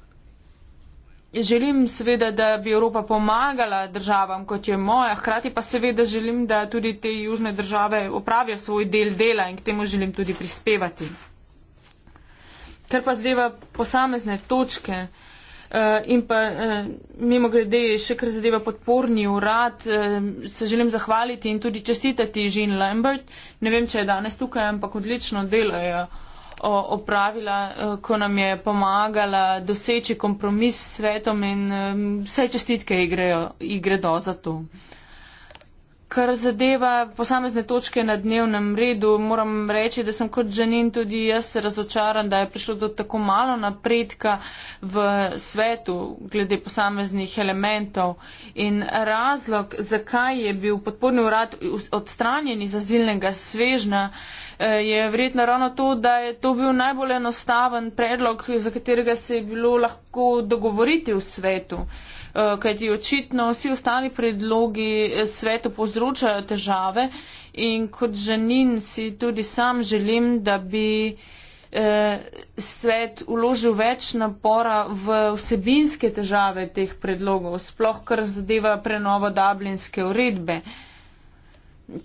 B: Želim seveda, da bi Evropa pomagala državam, kot je moja, hkrati pa seveda želim, da tudi te južne države opravijo svoj del dela in k temu želim tudi prispevati. Ker pa zadeva posamezne točke eh, in pa eh, mimo grede še kar zadeva podporni urad, eh, se želim zahvaliti in tudi čestitati Jean Lambert. Ne vem, če je danes tukaj, ampak odlično delajo opravila, eh, ko nam je pomagala doseči kompromis s svetom in eh, vse čestitke igrejo, igredo za to. Kar zadeva posamezne točke na dnevnem redu, moram reči, da sem kot Žanin tudi jaz razočaran, da je prišlo do tako malo napredka v svetu glede posameznih elementov. In razlog, zakaj je bil podporni urad odstranjen iz azilnega svežna, eh, je verjetno ravno to, da je to bil najbolj enostaven predlog, za katerega se je bilo lahko dogovoriti v svetu. Eh, kajti očitno vsi ostali predlogi svetu povzročajo težave in kot ženin si tudi sam želim, da bi eh, svet uložil več napora v vsebinske težave teh predlogov, sploh kar zadeva prenovo dablinske uredbe.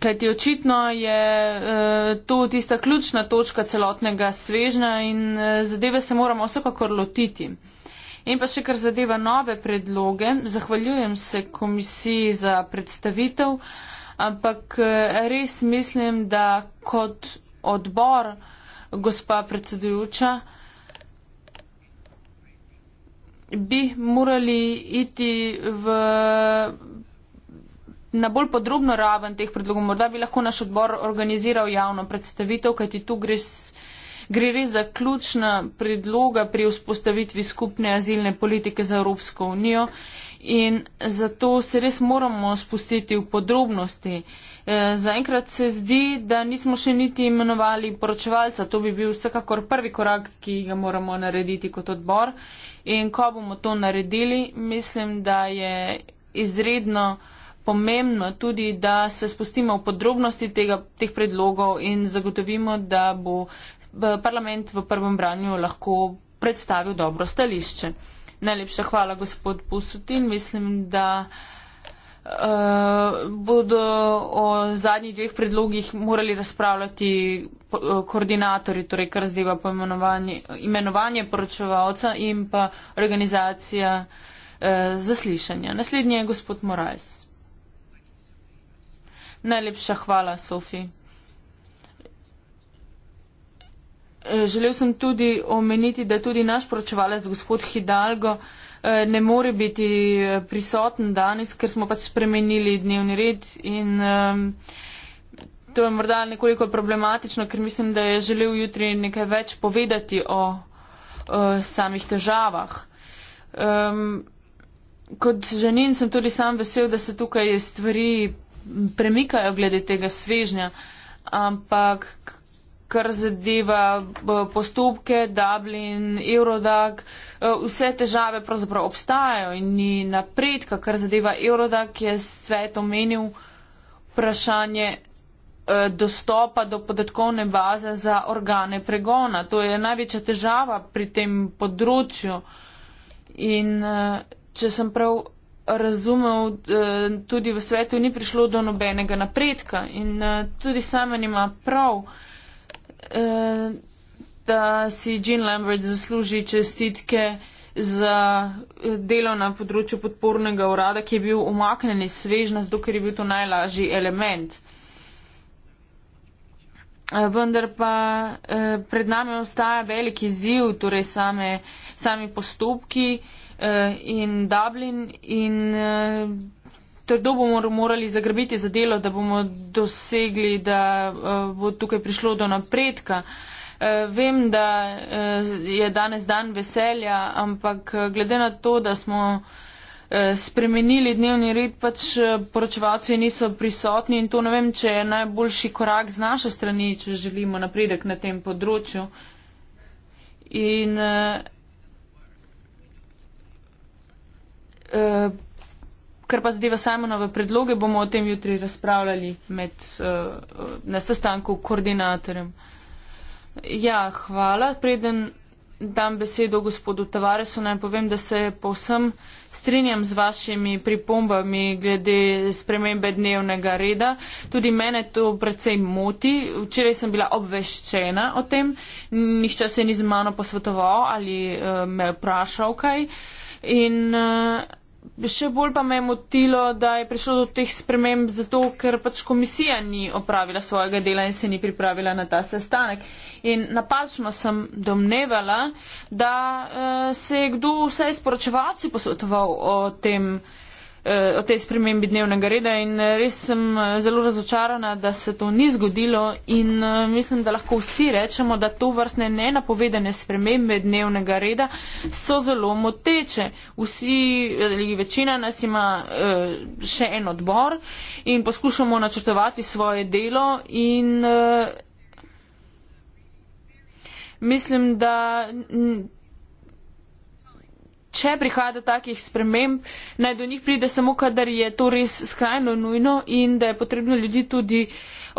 B: Kajti očitno je eh, to tista ključna točka celotnega svežnja in zadeve se moramo vsekakor lotiti. In pa še kar zadeva nove predloge, zahvaljujem se komisiji za predstavitev, ampak eh, res mislim, da kot odbor, gospa predsedujoča, bi morali iti v, na bolj podrobno raven teh predlogov. Morda bi lahko naš odbor organiziral javno predstavitev, kajti tu gre s gre res za ključna predloga pri vzpostavitvi skupne azilne politike za Evropsko unijo in zato se res moramo spustiti v podrobnosti. Eh, zaenkrat se zdi, da nismo še niti imenovali poročevalca. To bi bil vsekakor prvi korak, ki ga moramo narediti kot odbor. In ko bomo to naredili, mislim, da je izredno pomembno tudi, da se spustimo v podrobnosti tega, teh predlogov in zagotovimo, da bo parlament v prvem branju lahko predstavil dobro stališče. Najlepša hvala, gospod Pusutin. Mislim, da uh, bodo o zadnjih dveh predlogih morali razpravljati eh, koordinatori, torej kar zdeva poimenovanje imenovanje poročevalca in pa organizacija uh, zaslišanja. Naslednji je gospod Morales. Najlepša hvala, Sofi. Eh, želel sem tudi omeniti, da tudi naš poročevalec, gospod Hidalgo, eh, ne more biti eh, prisoten danes, ker smo pač spremenili dnevni red in ehm, to je morda nekoliko problematično, ker mislim, da je želel jutri nekaj več povedati o, o samih težavah. Um, kot ženin sem tudi sam vesel, da se tukaj stvari premikajo glede tega svežnja, ampak kar zadeva eh, postopke, Dublin, Eurodag, eh, vse težave pravzaprav obstajajo in ni napredka, kar zadeva Eurodag, je svet omenil vprašanje eh, dostopa do podatkovne baze za organe pregona. To je največja težava pri tem področju. In če sem prav razumel, tudi v svetu ni prišlo do nobenega napredka in tudi sama nima prav eh, da si Jean Lambert zasluži čestitke za eh, delo na področju podpornega urada, ki je bil umaknen iz svežna, zato ker je bil to najlažji element. Eh, vendar pa eh, pred nami ostaja veliki ziv, torej same, sami postopki eh, in Dublin in. Eh, trdo bomo morali zagrbiti za delo, da bomo dosegli, da eh, bo tukaj prišlo do napredka. Eh, vem, da eh, je danes dan veselja, ampak glede na to, da smo spremenili dnevni red, pač poročevalci niso prisotni in to ne vem, če je najboljši korak z naše strani, če želimo napredek na tem področju. In, Kar pa zadeva Simonove predloge, bomo o tem jutri razpravljali med, eh, eh, na sestanku koordinatorjem. Ja, hvala. Preden dam besedo gospodu Tavaresu, naj povem, da se povsem strinjam z vašimi pripombami glede spremembe dnevnega reda. Tudi mene to precej moti. Včeraj sem bila obveščena o tem, nihče se ni z mano posvetoval ali eh, me vprašal kaj. In, uh, še bolj pa me je motilo, da je prišlo do teh sprememb zato, ker pač komisija ni opravila svojega dela in se ni pripravila na ta sestanek. In napačno sem domnevala, da uh, se je kdo vsaj sporočevalci posvetoval o tem, uh, Eh, o tej spremembi dnevnega reda in eh, res sem eh, zelo razočarana, da se to ni zgodilo in mislim, da lahko vsi rečemo, da to vrstne nenapovedane spremembe dnevnega reda so zelo moteče. Vsi, večina nas ima še en odbor in poskušamo načrtovati svoje delo in mislim, da če prihaja do takih sprememb, naj do njih pride samo, kadar je to res skrajno nujno in da je potrebno ljudi tudi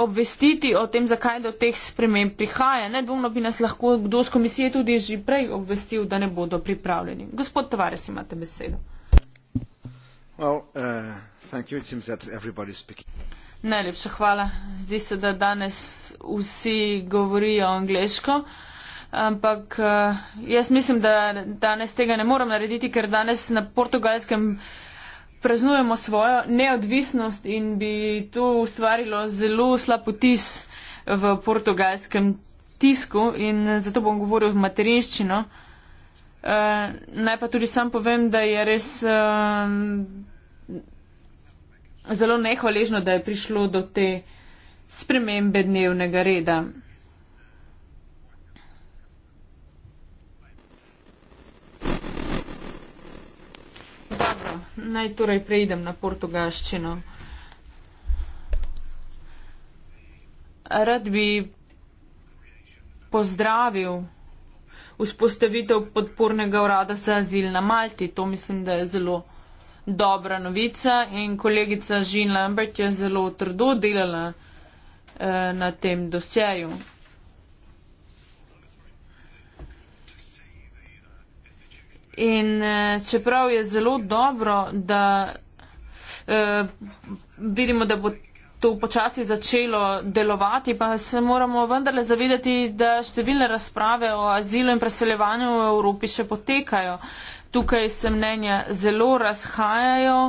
B: obvestiti o tem, zakaj do teh sprememb prihaja. Nedvomno bi nas lahko kdo z komisije tudi že prej obvestil, da ne bodo pripravljeni. Gospod Tavares, imate besedo. Well, uh, Najlepša hvala. Zdi se, da danes vsi govorijo angliško. Uh, ampak eh, jaz mislim, da danes tega ne moram narediti, ker danes na portugalskem praznujemo svojo neodvisnost in bi to ustvarilo zelo slab vtis v portugalskem tisku in zato bom govoril v materinščino. Uh, naj pa tudi sam povem, da je res uh, zelo nehvaležno, da je prišlo do te spremembe dnevnega reda. naj torej preidem na portugalščino. Rad bi pozdravil vzpostavitev podpornega urada za azil na Malti. To mislim, da je zelo dobra novica in kolegica Jean Lambert je zelo trdo delala eh, na tem dosjeju. In uh, čeprav je zelo dobro, da uh, vidimo, da bo to počasi začelo delovati, pa se moramo vendarle zavedati, da številne razprave o azilu in preseljevanju v Evropi še potekajo. Tukaj se mnenja zelo razhajajo,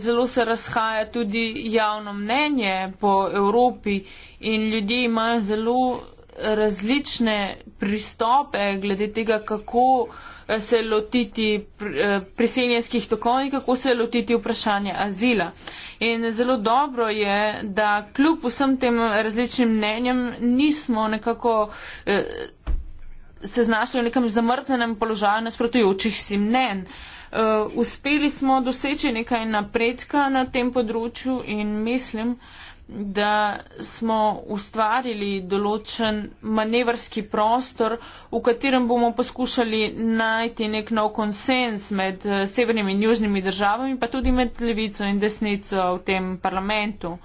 B: zelo se razhaja tudi javno mnenje po Evropi in ljudje imajo zelo različne pristope glede tega, kako eh, se lotiti eh, priseljenskih tokov in kako se lotiti vprašanja azila. In zelo dobro je, da kljub vsem tem različnim mnenjem nismo nekako eh, se znašli v nekem zamrznenem položaju nasprotujočih si mnen. Uspeli smo doseči nekaj napredka na tem področju in mislim, da smo ustvarili določen manevrski prostor, v katerem bomo poskušali najti nek nov konsens med eh, severnimi in južnimi državami, pa tudi med levico in desnico v tem parlamentu.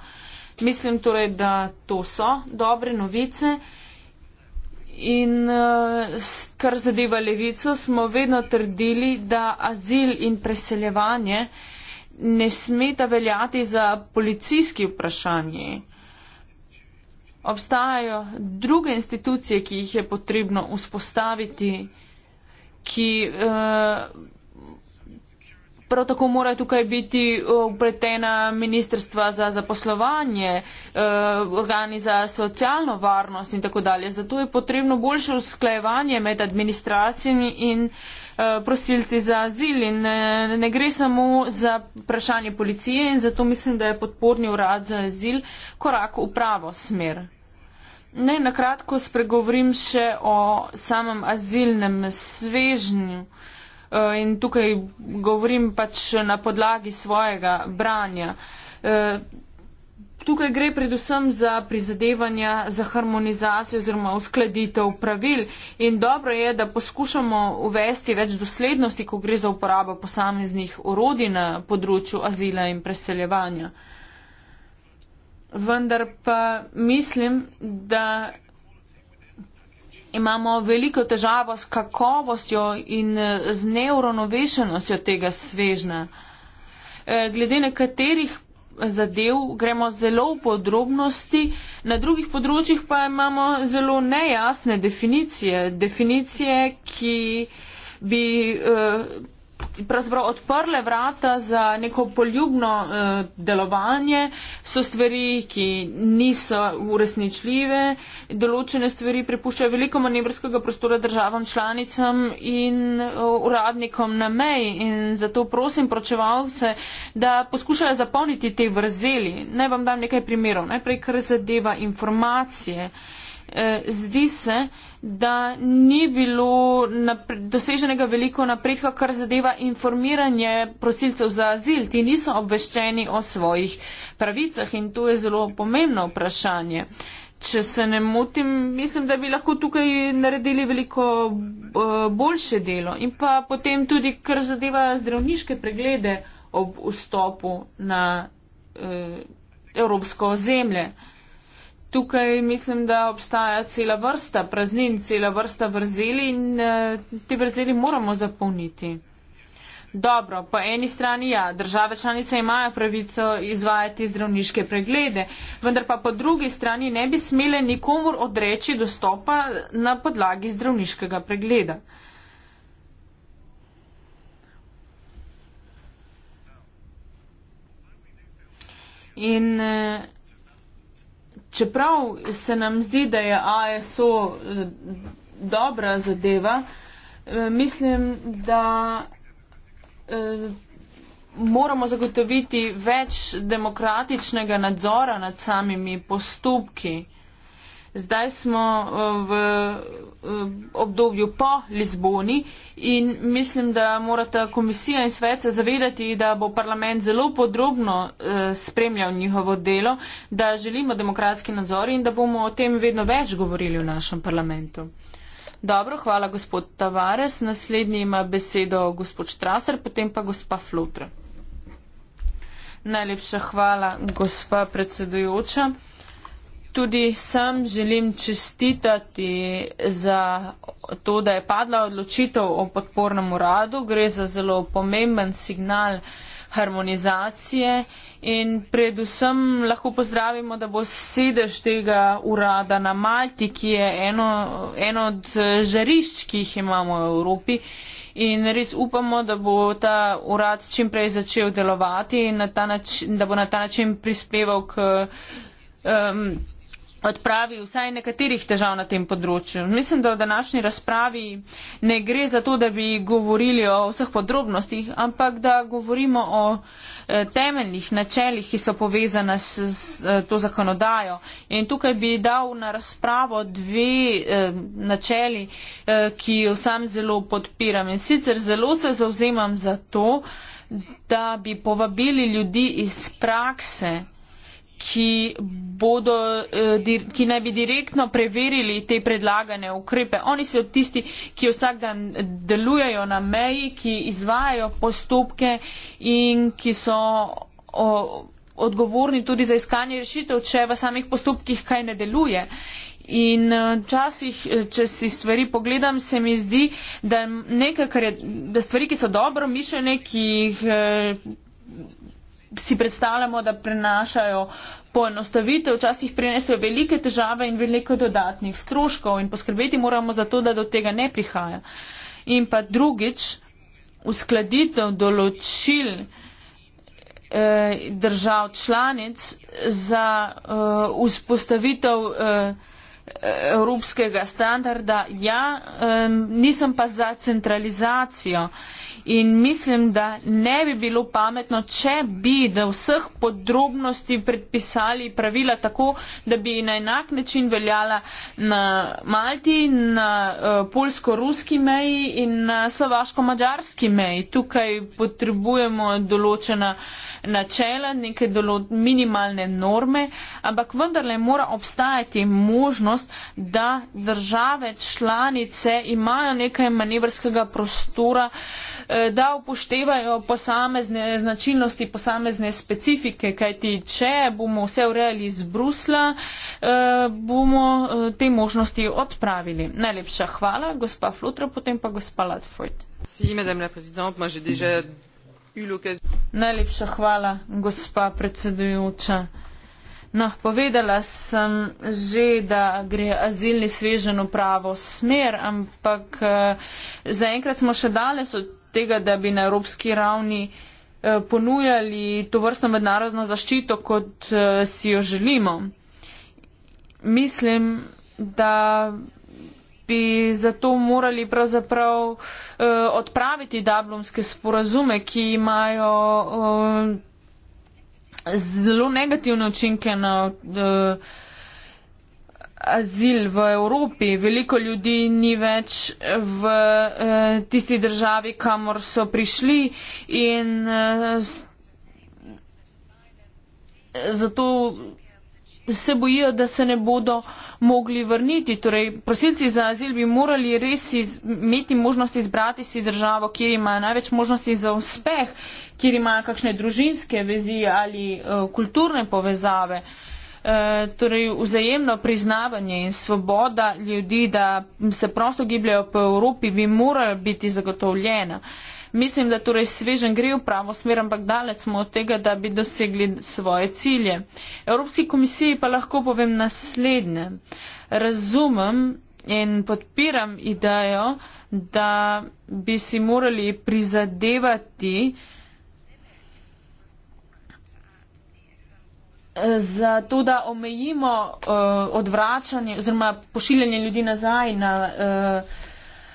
B: Mislim torej, da to so dobre novice. In eh, kar zadeva levico, smo vedno trdili, da azil in preseljevanje ne smeta veljati za policijski vprašanje. Obstajajo druge institucije, ki jih je potrebno vzpostaviti, ki eh, prav tako morajo tukaj biti eh, upletena ministrstva za zaposlovanje, eh, organi za socialno varnost in tako dalje. Zato je potrebno boljše usklajevanje med administracijami in eh, Eh, prosilci za azil in ne, eh, ne gre samo za vprašanje policije in zato mislim, da je podporni urad za azil korak v pravo smer. Naj na kratko spregovorim še o samem azilnem svežnju eh, in tukaj govorim pač na podlagi svojega branja. Tukaj gre predvsem za prizadevanja za harmonizacijo oziroma uskladitev pravil in dobro je, da poskušamo uvesti več doslednosti, ko gre za uporabo posameznih urodi na področju azila in preseljevanja. Vendar pa mislim, da imamo veliko težavo s kakovostjo in z neuronovešenostjo tega svežna. Eh, glede na katerih zadev, gremo zelo v podrobnosti, na drugih področjih pa imamo zelo nejasne definicije, definicije, ki bi. Uh, pravzaprav odprle vrata za neko poljubno uh, delovanje, so stvari, ki niso uresničljive, določene stvari prepuščajo veliko manevrskega prostora državam članicam in uh, uradnikom na meji in zato prosim pročevalce, da poskušajo zapolniti te vrzeli. Naj vam dam nekaj primerov. Najprej, kar zadeva informacije. Uh, zdi se, da ni bilo napre, doseženega veliko napredka, kar zadeva informiranje prosilcev za azil. Ti niso obveščeni o svojih pravicah in to je zelo pomembno vprašanje. Če se ne motim, mislim, da bi lahko tukaj naredili veliko eh, boljše delo. In pa potem tudi, kar zadeva zdravniške preglede ob vstopu na eh, evropsko zemlje. Eh, tukaj mislim, da obstaja cela vrsta praznin, cela vrsta vrzeli in eh, te vrzeli moramo zapolniti. Dobro, po eni strani ja, države članice imajo pravico izvajati zdravniške preglede, vendar pa po drugi strani ne bi smele nikomor odreči dostopa na podlagi zdravniškega pregleda. In eh, čeprav se nam zdi, da je ASO eh, dobra zadeva, eh, mislim, da eh, moramo zagotoviti več demokratičnega nadzora nad samimi postopki. Zdaj smo eh, v eh, obdobju po Lizboni in mislim, da morata komisija in svet se zavedati, da bo parlament zelo podrobno eh, spremljal njihovo delo, da želimo demokratski nadzor in da bomo o tem vedno več govorili v našem parlamentu. Dobro, hvala gospod Tavares. Naslednji ima besedo gospod Štraser, potem pa gospa Flotra. Najlepša hvala, gospa predsedujoča. Tudi sam želim čestitati za to, da je padla odločitev o podpornem uradu. Gre za zelo pomemben signal harmonizacije in predvsem lahko pozdravimo, da bo sedež tega urada na Malti, ki je eno, eno od žarišč, ki jih imamo v Evropi. In res upamo, da bo ta urad čim prej začel delovati in na način, da bo na ta način prispeval k. Um, odpravi vsaj nekaterih težav na tem področju. Mislim, da v današnji razpravi ne gre za to, da bi govorili o vseh podrobnostih, ampak da govorimo o e, temeljnih načelih, ki so povezane s, s e, to zakonodajo. In tukaj bi dal na razpravo dve e, načeli, ki jo sam zelo podpiram. In sicer zelo se zauzemam za to, da bi povabili ljudi iz prakse ki, bodo, eh, ki naj bi direktno preverili te predlagane ukrepe. Oni so tisti, ki vsak dan delujejo na meji, ki izvajajo postopke in ki so odgovorni tudi za iskanje rešitev, če v samih postopkih kaj ne deluje. In eh, včasih, eh, če si stvari pogledam, se mi zdi, da, nekaj, je, da stvari, ki so dobro mišljene, ki jih. Eh, si predstavljamo, da prenašajo poenostavitev, včasih prinesejo velike težave in veliko dodatnih stroškov in poskrbeti moramo za to, da do tega ne prihaja. In pa drugič, uskladitev določil eh, držav članic za eh, vzpostavitev eh, evropskega standarda, ja, eh, nisem pa za centralizacijo. In mislim, da ne bi bilo pametno, če bi do vseh podrobnosti predpisali pravila tako, da bi na enak način veljala na Malti, na uh, polsko-ruski meji in na slovaško-mađarski meji. Tukaj potrebujemo določena načela, neke dolo minimalne norme, ampak vendarle mora obstajati možnost, da države članice imajo nekaj manevrskega prostora. Uh, da upoštevajo posamezne značilnosti, posamezne specifike, kajti če bomo vse urejali iz Brusla, eh, bomo eh, te možnosti odpravili. Najlepša hvala, gospa Flutra, potem pa gospa Latfoyt. Najlepša hvala, gospa predsedujoča. No, povedala sem že, da gre azilni svežen v pravo smer, ampak eh, zaenkrat smo še daleč od tega, da bi na evropski ravni eh, ponujali to vrstno mednarodno zaščito, kot eh, si jo želimo. Mislim, da bi zato morali pravzaprav eh, odpraviti dablomske sporazume, ki imajo zelo negativne učinke na. na azil v Evropi. Veliko ljudi ni več v eh, tisti državi, kamor so prišli in eh, zato se bojijo, da se ne bodo mogli vrniti. Torej, prosilci za azil bi morali res imeti možnost izbrati si državo, kjer imajo največ možnosti za uspeh, kjer imajo kakšne družinske vezi ali uh, kulturne povezave. Uh, Eh, torej vzajemno priznavanje in svoboda ljudi, da se prosto gibljajo po Evropi, bi morala biti zagotovljena. Mislim, da torej svežen gre v pravo smer, ampak daleč smo od tega, da bi dosegli svoje cilje. Evropski komisiji pa lahko povem naslednje. Razumem in podpiram idejo, da bi si morali prizadevati uh, za to, da omejimo uh, odvračanje oziroma pošiljanje ljudi nazaj na uh,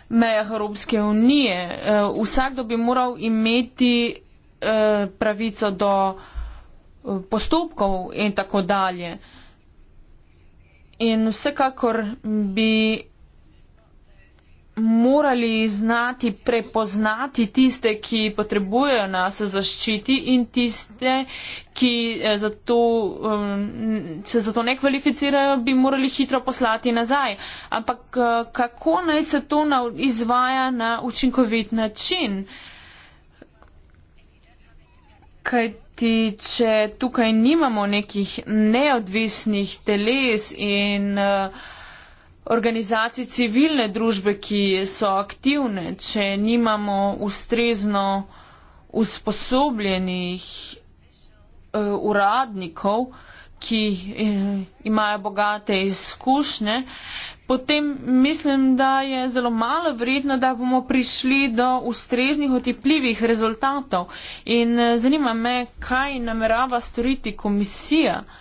B: mejah Evropske unije. Uh, vsakdo bi moral imeti uh, pravico do postopkov in tako dalje. In vsekakor bi morali znati prepoznati tiste, ki potrebujejo nas v zaščiti in tiste, ki eh, za to, um, se zato ne kvalificirajo, bi morali hitro poslati nazaj. Ampak eh, kako naj se to na, izvaja na učinkovit način? Kaj ti, če tukaj nimamo nekih neodvisnih teles in uh, organizacij civilne družbe, ki so aktivne, če nimamo ustrezno usposobljenih uh, uradnikov, ki uh, imajo bogate izkušnje, potem mislim, da je zelo malo vredno, da bomo prišli do ustreznih otepljivih rezultatov. In uh, zanima me, kaj namerava storiti komisija uh,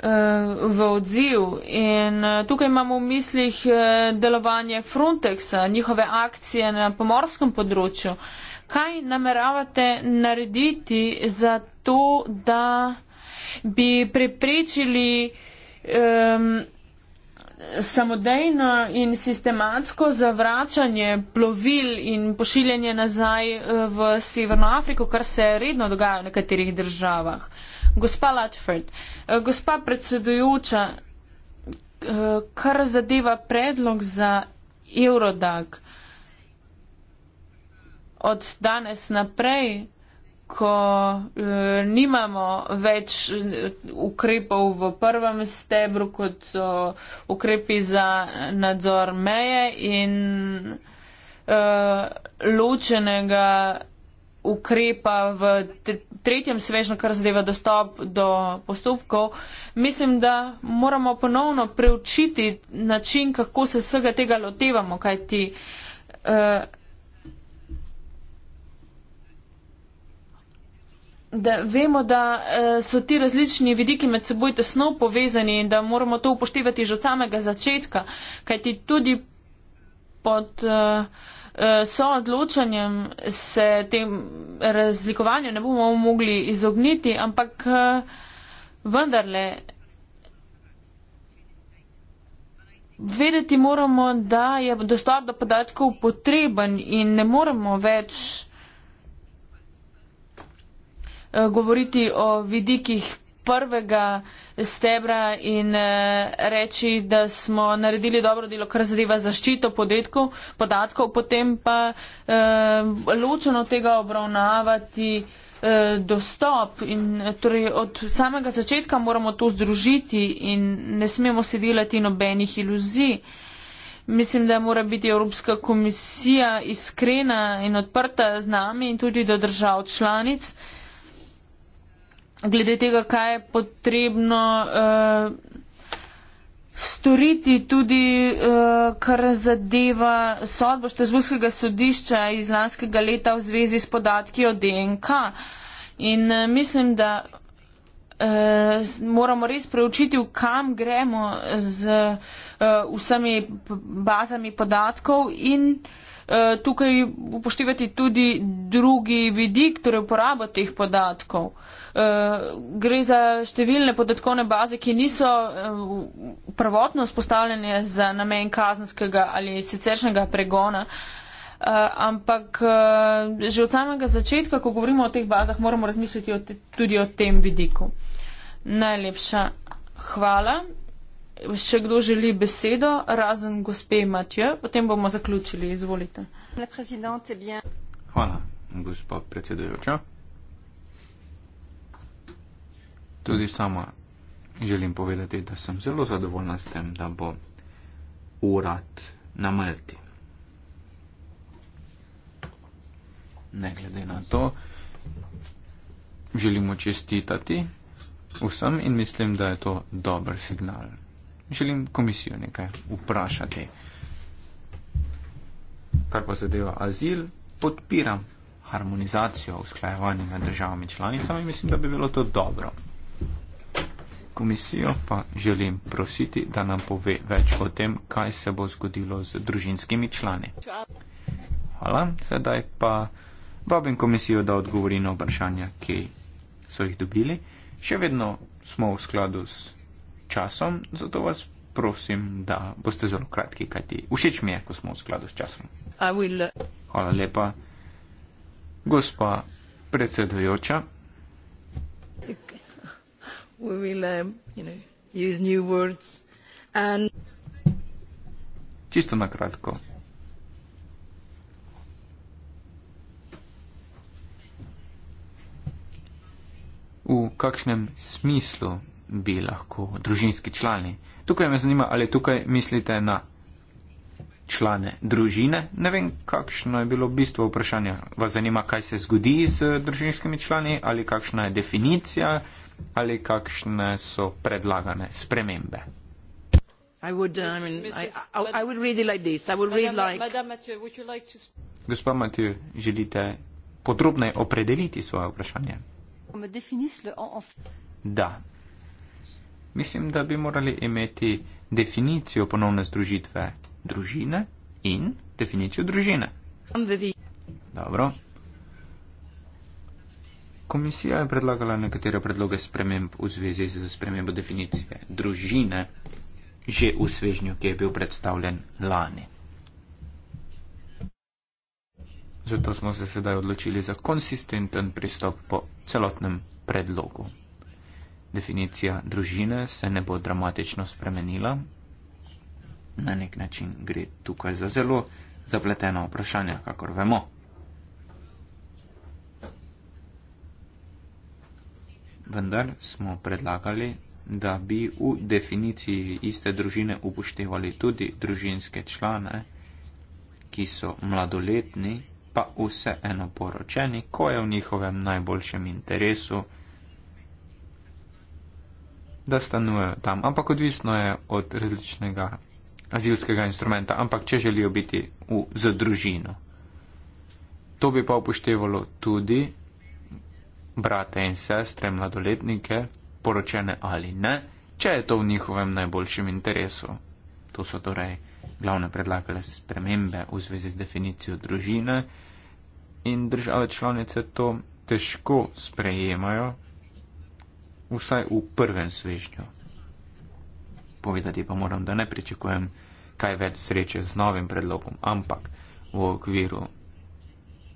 B: Eh, v odziv in eh, tukaj imamo v mislih eh, delovanje Frontexa, njihove akcije na pomorskem področju. Kaj nameravate narediti za to, da bi preprečili um, samodejno in sistematsko zavračanje plovil in pošiljanje nazaj v Severno Afriko, kar se redno dogaja v nekaterih državah? Gospa Latchford, uh, Gospa predsedujoča, kar zadeva predlog za Eurodag, od danes naprej, ko eh, nimamo več eh, ukrepov v prvem stebru, kot so ukrepi za nadzor meje in eh, ločenega ukrepa v tretjem svežnju, kar zadeva dostop do postopkov, mislim, da moramo ponovno preučiti način, kako se vsega tega lotevamo, kajti eh, da vemo, da eh, so ti različni vidiki med seboj tesno povezani in da moramo to upoštevati že od samega začetka, kajti tudi pod. Uh, Eh, so odločanjem se tem razlikovanju ne bomo mogli izogniti, ampak eh, vendarle vedeti moramo, da je dostop do podatkov potreben in ne moremo več eh, govoriti o vidikih prvega stebra in eh, reči, da smo naredili dobro delo, kar zadeva zaščito podetkov, podatkov, potem pa eh, ločeno tega obravnavati eh, dostop in torej od samega začetka moramo to združiti in ne smemo se delati nobenih iluzij. Mislim, da mora biti Evropska komisija iskrena in odprta z nami in tudi do držav članic, glede tega, kaj je potrebno uh, storiti, tudi uh, kar zadeva sodbo Štezburskega sodišča iz lanskega leta v zvezi s podatki o DNK. In uh, mislim, da moramo res preučiti, v kam gremo z uh, vsemi bazami podatkov in uh, Eh, tukaj upoštevati tudi drugi vidik, torej uporabo teh podatkov. Eh, gre za številne podatkovne baze, ki niso eh, prvotno spostavljene za namen kazanskega ali siceršnjega pregona. Uh, ampak uh, že od samega začetka, ko govorimo o teh bazah, moramo razmišljati o te, tudi o tem vidiku. Najlepša hvala še kdo želi besedo, razen gospe Matjo, potem bomo zaključili. Izvolite. Eh
D: Hvala, gospa predsedujoča. Tudi sama želim povedati, da sem zelo zadovoljna s tem, da bo urad na Malti. Ne glede na to, želimo čestitati vsem in mislim, da je to dober signal želim komisijo nekaj vprašati. Kar pa zadeva azil, podpiram harmonizacijo usklajevanja med državami članicami in mislim, da bi bilo to dobro. Komisijo pa želim prositi, da nam pove več o tem, kaj se bo zgodilo z družinskimi člani. Hvala, sedaj pa vabim komisijo, da odgovori na vprašanja, ki so jih dobili. Še vedno smo v skladu s časom, zato vas prosim, da boste zelo kratki, kajti všeč mi je, ko smo v skladu s časom. Uh, Hvala lepa. Gospa predsedujoča.
C: Will, um, you know, And...
D: Čisto na kratko. V kakšnem smislu bi lahko družinski člani. Tukaj me zanima, ali tukaj mislite na člane družine. Ne vem, kakšno je bilo bistvo vprašanja. Vas zanima, kaj se zgodi z družinskimi člani, ali kakšna je definicija, ali kakšne so predlagane spremembe.
B: I would, uh, I mean, I, I would read it like this. I would read like.
D: Gospa Matiju, želite podrobno opredeliti svoje vprašanje? Da mislim, da bi morali imeti definicijo ponovne združitve družine in definicijo družine. Dobro. Komisija je predlagala nekatere predloge sprememb v zvezi z spremembo definicije družine že v svežnju, ki je bil predstavljen lani. Zato smo se sedaj odločili za konsistenten pristop po celotnem predlogu definicija družine se ne bo dramatično spremenila. Na nek način gre tukaj za zelo zapletena vprašanja, kakor vemo. Vendar smo predlagali, da bi v definiciji iste družine upoštevali tudi družinske člane, ki so mladoletni, pa vseeno poročeni, ko je v njihovem najboljšem interesu da stanujejo tam. Ampak odvisno je od različnega azilskega instrumenta, ampak če želijo biti v, za družino. To bi pa upoštevalo tudi brate in sestre, mladoletnike, poročene ali ne, če je to v njihovem najboljšem interesu. To so torej glavne predlagale spremembe v zvezi z definicijo družine in države članice to težko sprejemajo, vsaj v prvem svežnju. Povedati pa moram, da ne pričakujem kaj več sreče z novim predlogom, ampak v okviru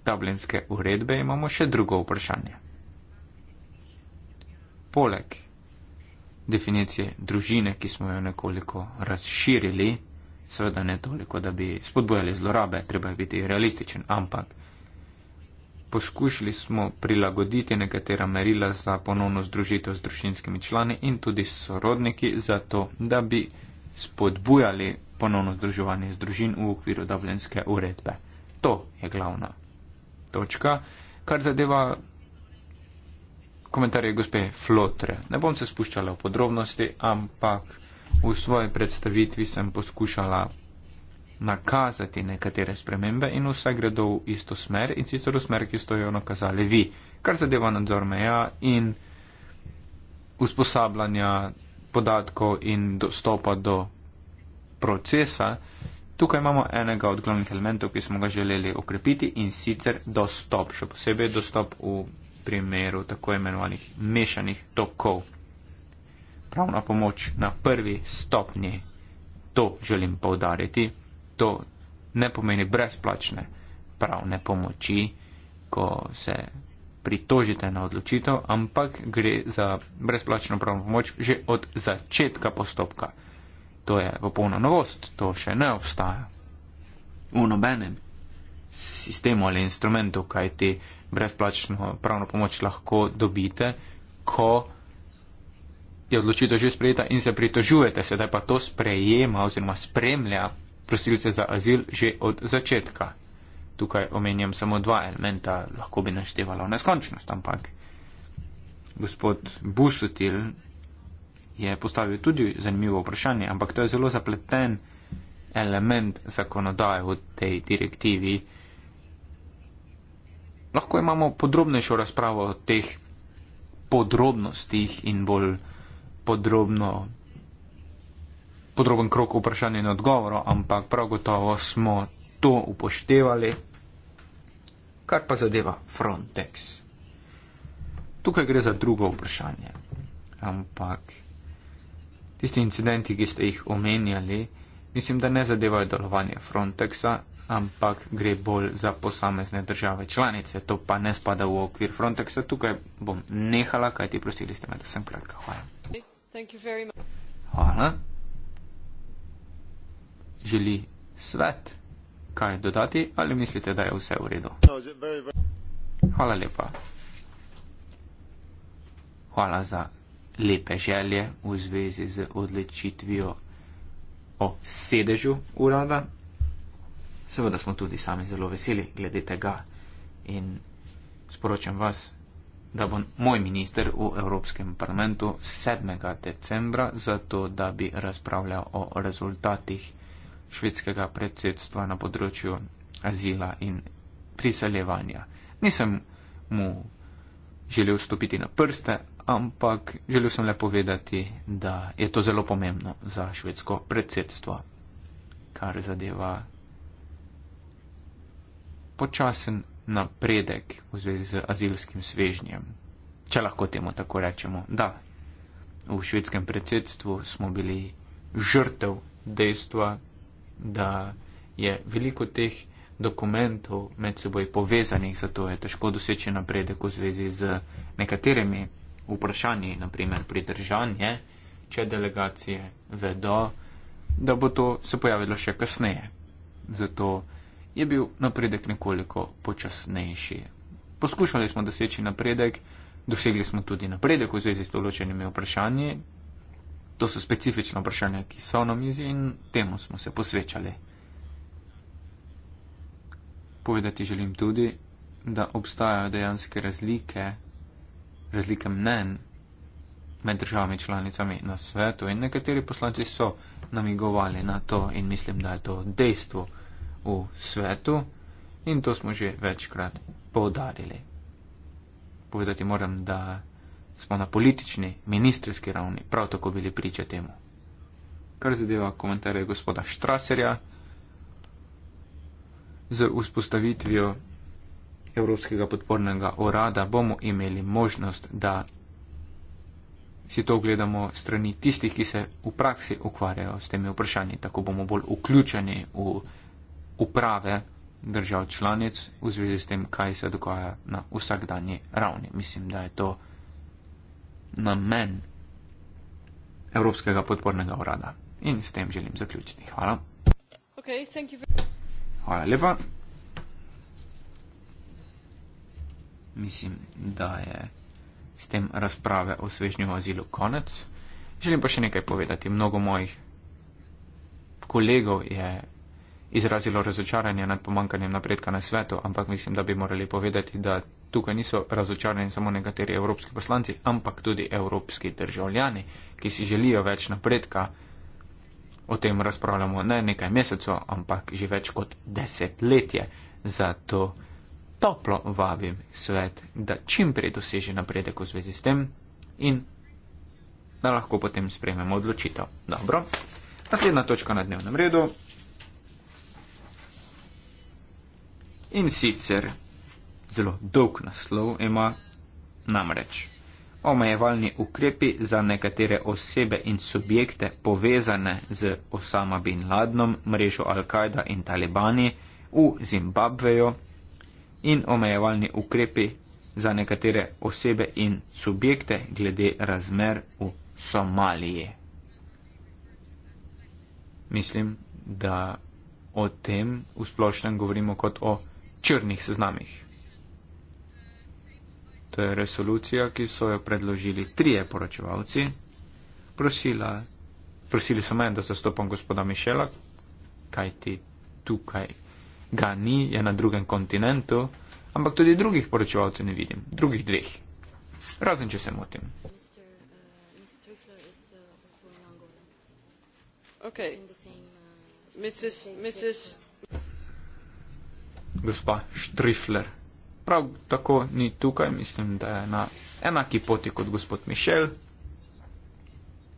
D: tablinske uredbe imamo še drugo vprašanje. Poleg definicije družine, ki smo jo nekoliko razširili, seveda ne toliko, da bi spodbojali zlorabe, treba je biti realističen, ampak poskušali smo prilagoditi nekatera merila za ponovno združitev z družinskimi člani in tudi s sorodniki, zato da bi spodbujali ponovno združovanje z družin v okviru Dublinske uredbe. To je glavna točka. Kar zadeva komentarje gospe Flotre. Ne bom se spuščala v podrobnosti, ampak v svoji predstavitvi sem poskušala nakazati nekatere spremembe in vse gredo v isto smer in sicer v smer, ki ste jo nakazali vi, kar zadeva nadzor meja in usposabljanja podatkov in dostopa do procesa. Tukaj imamo enega od glavnih elementov, ki smo ga želeli okrepiti in sicer dostop, še posebej dostop v primeru tako imenovanih mešanih tokov. Pravna pomoč na prvi stopnji, to želim povdariti, to ne pomeni brezplačne pravne pomoči, ko se pritožite na odločitev, ampak gre za brezplačno pravno pomoč že od začetka postopka. To je popolna novost, to še ne obstaja v nobenem sistemu ali instrumentu, kaj ti brezplačno pravno pomoč lahko dobite, ko je odločitev že sprejeta in se pritožujete, sedaj pa to sprejema oziroma spremlja prosilce za azil že od začetka. Tukaj omenjam samo dva elementa, lahko bi naštevala v neskončnost, ampak gospod Busutil je postavil tudi zanimivo vprašanje, ampak to je zelo zapleten element zakonodaje v tej direktivi. Lahko imamo podrobnejšo razpravo o teh podrobnostih in bolj podrobno podroben krok vprašanja in odgovorov, ampak prav gotovo smo to upoštevali, kar pa zadeva Frontex. Tukaj gre za drugo vprašanje, ampak tisti incidenti, ki ste jih omenjali, mislim, da ne zadevajo delovanje Frontexa, ampak gre bolj za posamezne države članice. To pa ne spada v okvir Frontexa. Tukaj bom nehala, kajti prosili ste me, da sem kratka. Hvala. Hvala želi svet kaj dodati ali mislite, da je vse v redu? Hvala lepa. Hvala za lepe želje v zvezi z odločitvijo o sedežu urada. Seveda smo tudi sami zelo veseli glede tega in sporočam vas, da bo moj minister v Evropskem parlamentu 7. decembra zato, da bi razpravljal o rezultatih švedskega predsedstva na področju azila in priseljevanja. Nisem mu želel stopiti na prste, ampak želel sem le povedati, da je to zelo pomembno za švedsko predsedstvo, kar zadeva počasen napredek v zvezi z azilskim svežnjem, če lahko temu tako rečemo. Da, v švedskem predsedstvu smo bili žrtev dejstva, da je veliko teh dokumentov med seboj povezanih, zato je težko doseči napredek v zvezi z nekaterimi vprašanji, naprimer pridržanje, če delegacije vedo, da bo to se pojavilo še kasneje. Zato je bil napredek nekoliko počasnejši. Poskušali smo doseči napredek, dosegli smo tudi napredek v zvezi s določenimi vprašanji, To so specifična vprašanja, ki so na mizi in temu smo se posvečali. Povedati želim tudi, da obstajajo dejanske razlike, razlike mnen med državami članicami na svetu in nekateri poslanci so namigovali na to in mislim, da je to dejstvo v svetu in to smo že večkrat poudarili. Povedati moram, da smo na politični, ministrski ravni prav tako bili priča temu. Kar zadeva komentarje gospoda Štraserja z vzpostavitvijo Evropskega podpornega urada bomo imeli možnost, da si to gledamo strani tistih, ki se v praksi ukvarjajo s temi vprašanji. Tako bomo bolj vključeni v uprave držav članic v zvezi s tem, kaj se dogaja na vsakdanji ravni. Mislim, da je to namen Evropskega podpornega urada. In s tem želim zaključiti. Hvala.
B: Okay,
D: Hvala lepa. Mislim, da je s tem razprave o svežnju azilu konec. Želim pa še nekaj povedati. Mnogo mojih kolegov je izrazilo razočaranje nad pomankanjem napredka na svetu, ampak mislim, da bi morali povedati, da tukaj niso razočarani samo nekateri evropski poslanci, ampak tudi evropski državljani, ki si želijo več napredka. O tem razpravljamo ne nekaj mesecev, ampak že več kot desetletje. Zato toplo vabim svet, da čim prej doseže napredek v zvezi s tem in da lahko potem sprejmemo odločitev. Dobro. Naslednja točka na dnevnem redu In sicer zelo dolg naslov ima namreč omejevalni ukrepi za nekatere osebe in subjekte povezane z Osama bin Ladnom, mrežo Al-Kaida in Talibani v Zimbabveju in omejevalni ukrepi za nekatere osebe in subjekte glede razmer v Somaliji. Mislim, da o tem v splošnem govorimo kot o črnih seznamih. To je resolucija, ki so jo predložili trije poročevalci. Prosila, prosili so me, da zastopam gospoda Mišela, kajti tukaj ga ni, je na drugem kontinentu, ampak tudi drugih poročevalcev ne vidim, drugih dveh. Razen, če se motim.
C: Okay.
B: Mrs. Mrs
D: gospa Štrifler. Prav tako ni tukaj, mislim, da je na enaki poti kot gospod Mišel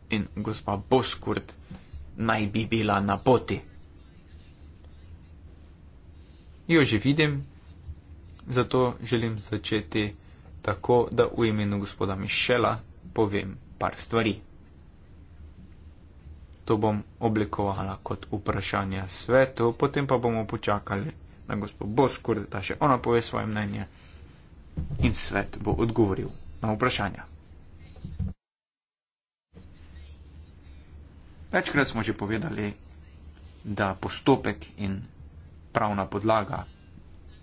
D: in gospa Boskurt naj bi bila na poti. Jo že vidim, zato želim začeti tako, da v imenu gospoda Mišela povem par stvari. To bom oblikovala kot vprašanje svetu, potem pa bomo počakali da gospod bo skur, da še ona pove svoje mnenje in svet bo odgovoril na vprašanja. Večkrat smo že povedali, da postopek in pravna podlaga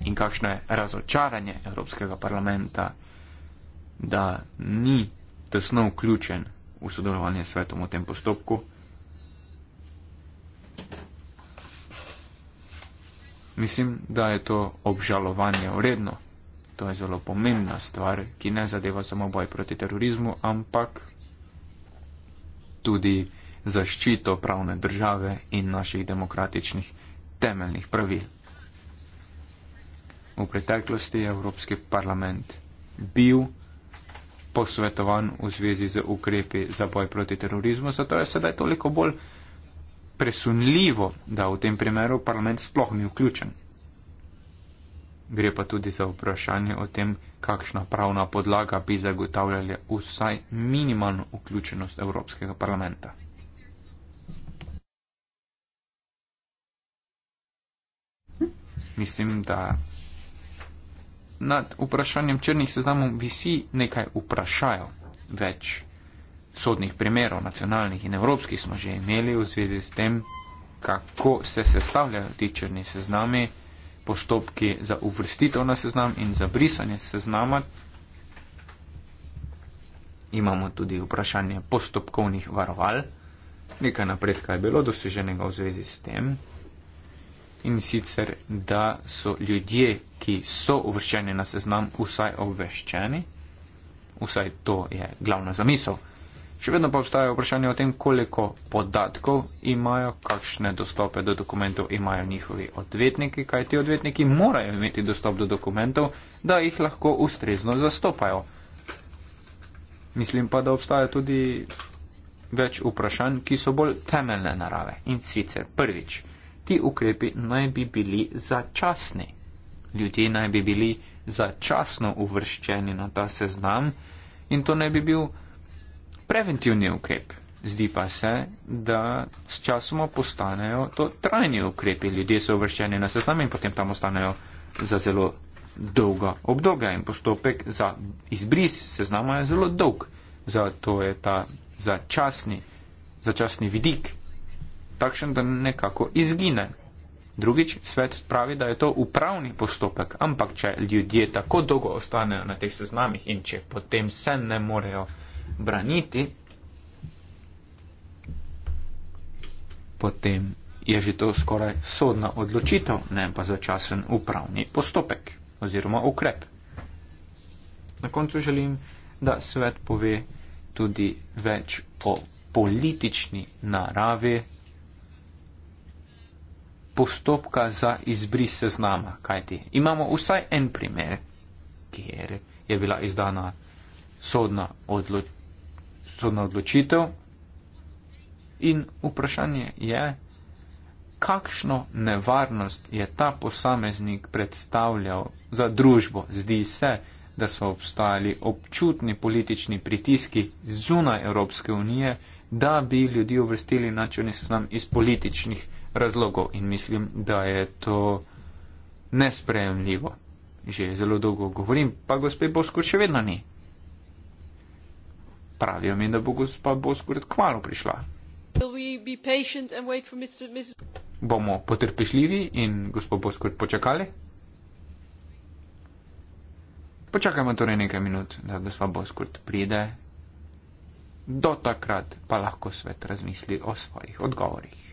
D: in kakšno je razočaranje Evropskega parlamenta, da ni tesno vključen v sodelovanje s svetom v tem postopku. Mislim, da je to obžalovanje vredno. To je zelo pomembna stvar, ki ne zadeva samo boj proti terorizmu, ampak tudi zaščito pravne države in naših demokratičnih temeljnih pravil. V preteklosti je Evropski parlament bil posvetovan v zvezi z ukrepi za boj proti terorizmu, zato je sedaj toliko bolj presunljivo, da v tem primeru parlament sploh ni vključen. Gre pa tudi za vprašanje o tem, kakšna pravna podlaga bi zagotavljala vsaj minimalno vključenost Evropskega parlamenta. Mislim, da nad vprašanjem črnih seznamov visi nekaj vprašajo več sodnih primerov, nacionalnih in evropskih, smo že imeli v zvezi s tem, kako se sestavljajo ti črni seznami, postopki za uvrstitev na seznam in za brisanje seznama. Imamo tudi vprašanje postopkovnih varoval. Nekaj napredka je bilo doseženega v zvezi s tem. In sicer, da so ljudje, ki so uvrščeni na seznam, vsaj obveščeni. Vsaj to je glavna zamisel. Še vedno pa obstaja vprašanje o tem, koliko podatkov imajo, kakšne dostope do dokumentov imajo njihovi odvetniki, kaj ti odvetniki morajo imeti dostop do dokumentov, da jih lahko ustrezno zastopajo. Mislim pa, da obstaja tudi več vprašanj, ki so bolj temeljne narave. In sicer prvič, ti ukrepi naj bi bili začasni. Ljudje naj bi bili začasno uvrščeni na ta seznam in to naj bi bil preventivni ukrep. Zdi pa se, da s časoma postanejo to trajni ukrepi. Ljudje so uvrščeni na seznam in potem tam ostanejo za zelo dolga obdobja in postopek za izbris seznama je zelo dolg. Zato je ta začasni, začasni vidik takšen, da nekako izgine. Drugič, svet pravi, da je to upravni postopek, ampak če ljudje tako dolgo ostanejo na teh seznamih in če potem se ne morejo braniti, potem je že to skoraj sodna odločitev, ne pa začasen upravni postopek oziroma ukrep. Na koncu želim, da svet pove tudi več o politični naravi postopka za izbris seznama, kajti imamo vsaj en primer, kjer je bila izdana sodna odločitev usodno odločitev. In vprašanje je, kakšno nevarnost je ta posameznik predstavljal za družbo. Zdi se, da so obstajali občutni politični pritiski zunaj Evropske unije, da bi ljudi uvrstili na črni seznam iz političnih razlogov. In mislim, da je to nesprejemljivo. Že zelo dolgo govorim, pa gospe Bosko še vedno ni. Pravijo mi, da bo gospa Boskurt kmalo prišla. Bomo potrpešljivi in gospod Boskurt počakali? Počakajmo torej nekaj minut, da gospa Boskurt pride. Do takrat pa lahko svet razmisli o svojih odgovorih.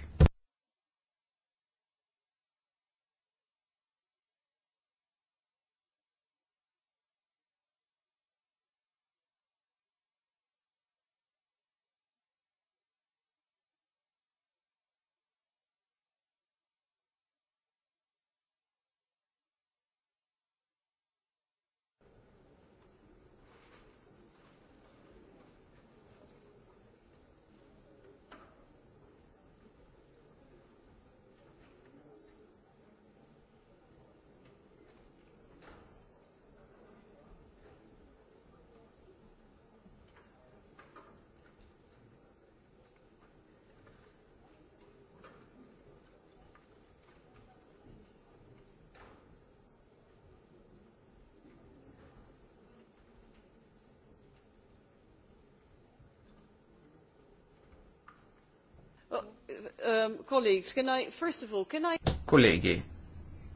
C: um, colleagues, can I, first of all, can I...
D: Kolegi,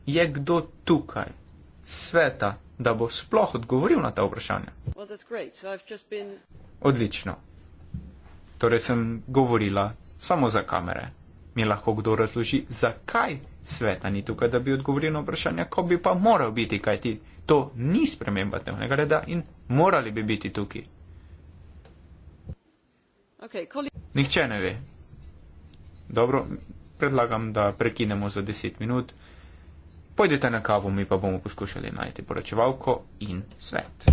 D: je kdo tukaj? Sveta, da bo sploh odgovoril na ta vprašanja.
C: Well, that's great. So I've just been...
D: Odlično. Torej sem govorila samo za kamere. Mi lahko kdo razloži, zakaj sveta ni tukaj, da bi odgovoril na vprašanja, ko bi pa moral biti, kajti to ni sprememba dnevnega reda in morali bi biti tukaj. Okay, Nihče ne ve. Dobro, predlagam, da prekinemo za 10 minut. Pojdite na kavo, mi pa bomo poskušali najti poročevalko in svet.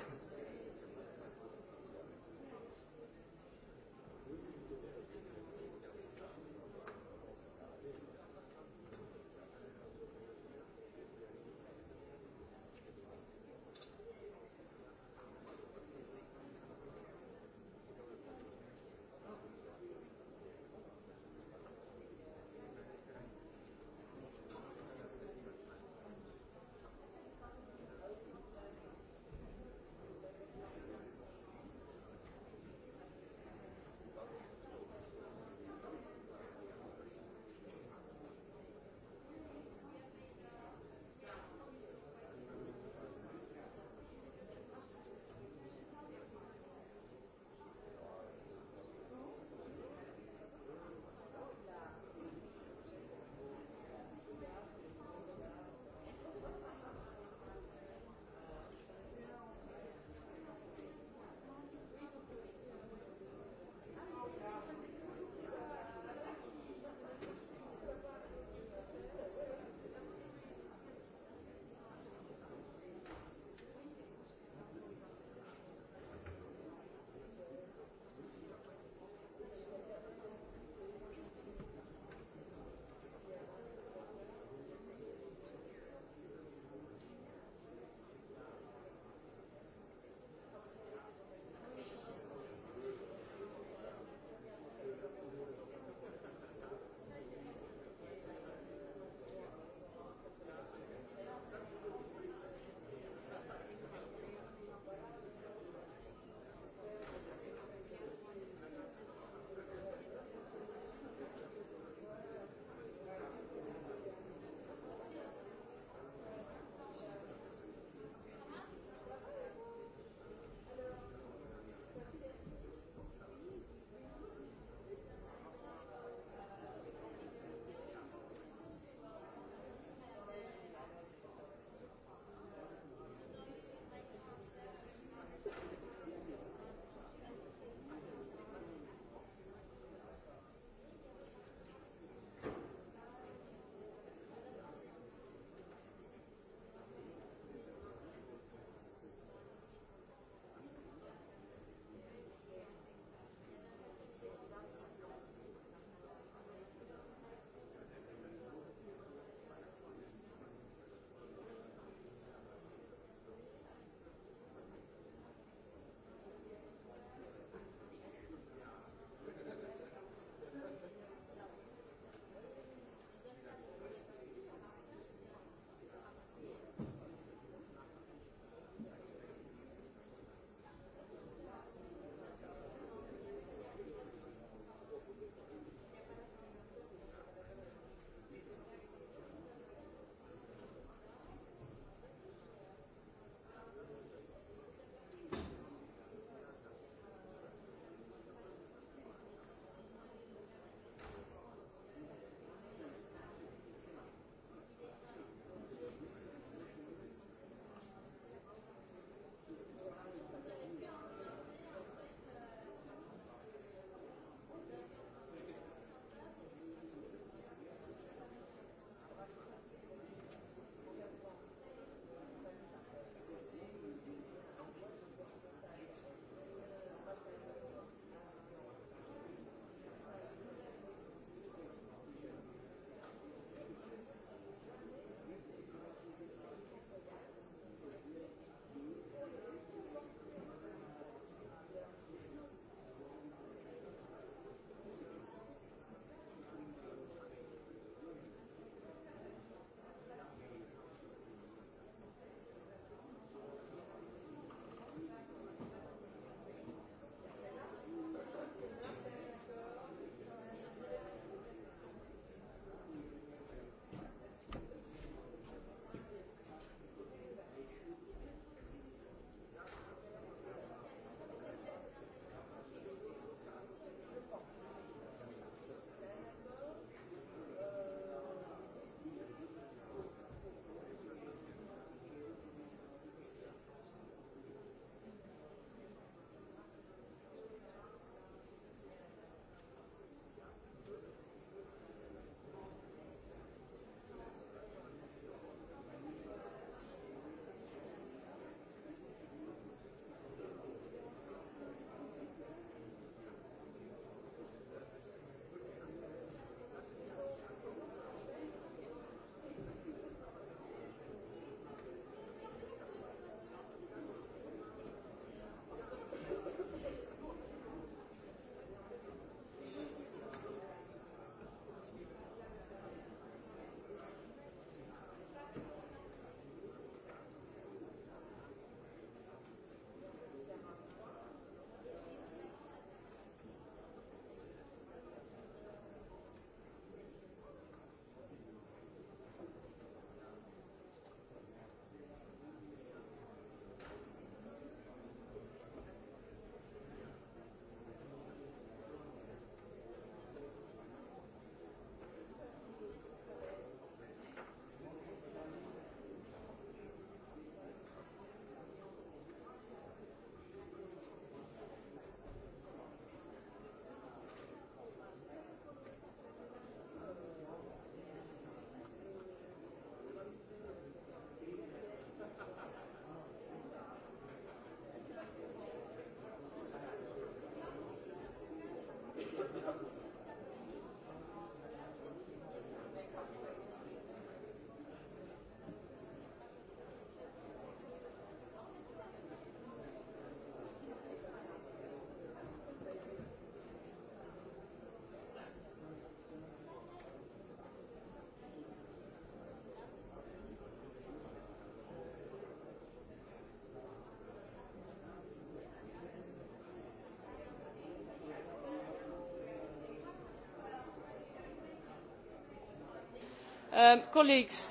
B: Um, colleagues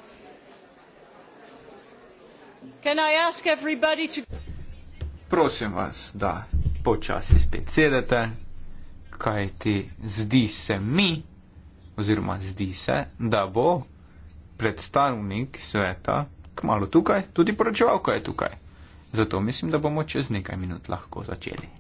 B: can i ask everybody to
D: prosim vas da počasi spet sedete kaj ti zdi se mi oziroma zdi se da bo predstavnik sveta kmalo tukaj tudi poročevalka je tukaj zato mislim da bomo čez nekaj minut lahko začeli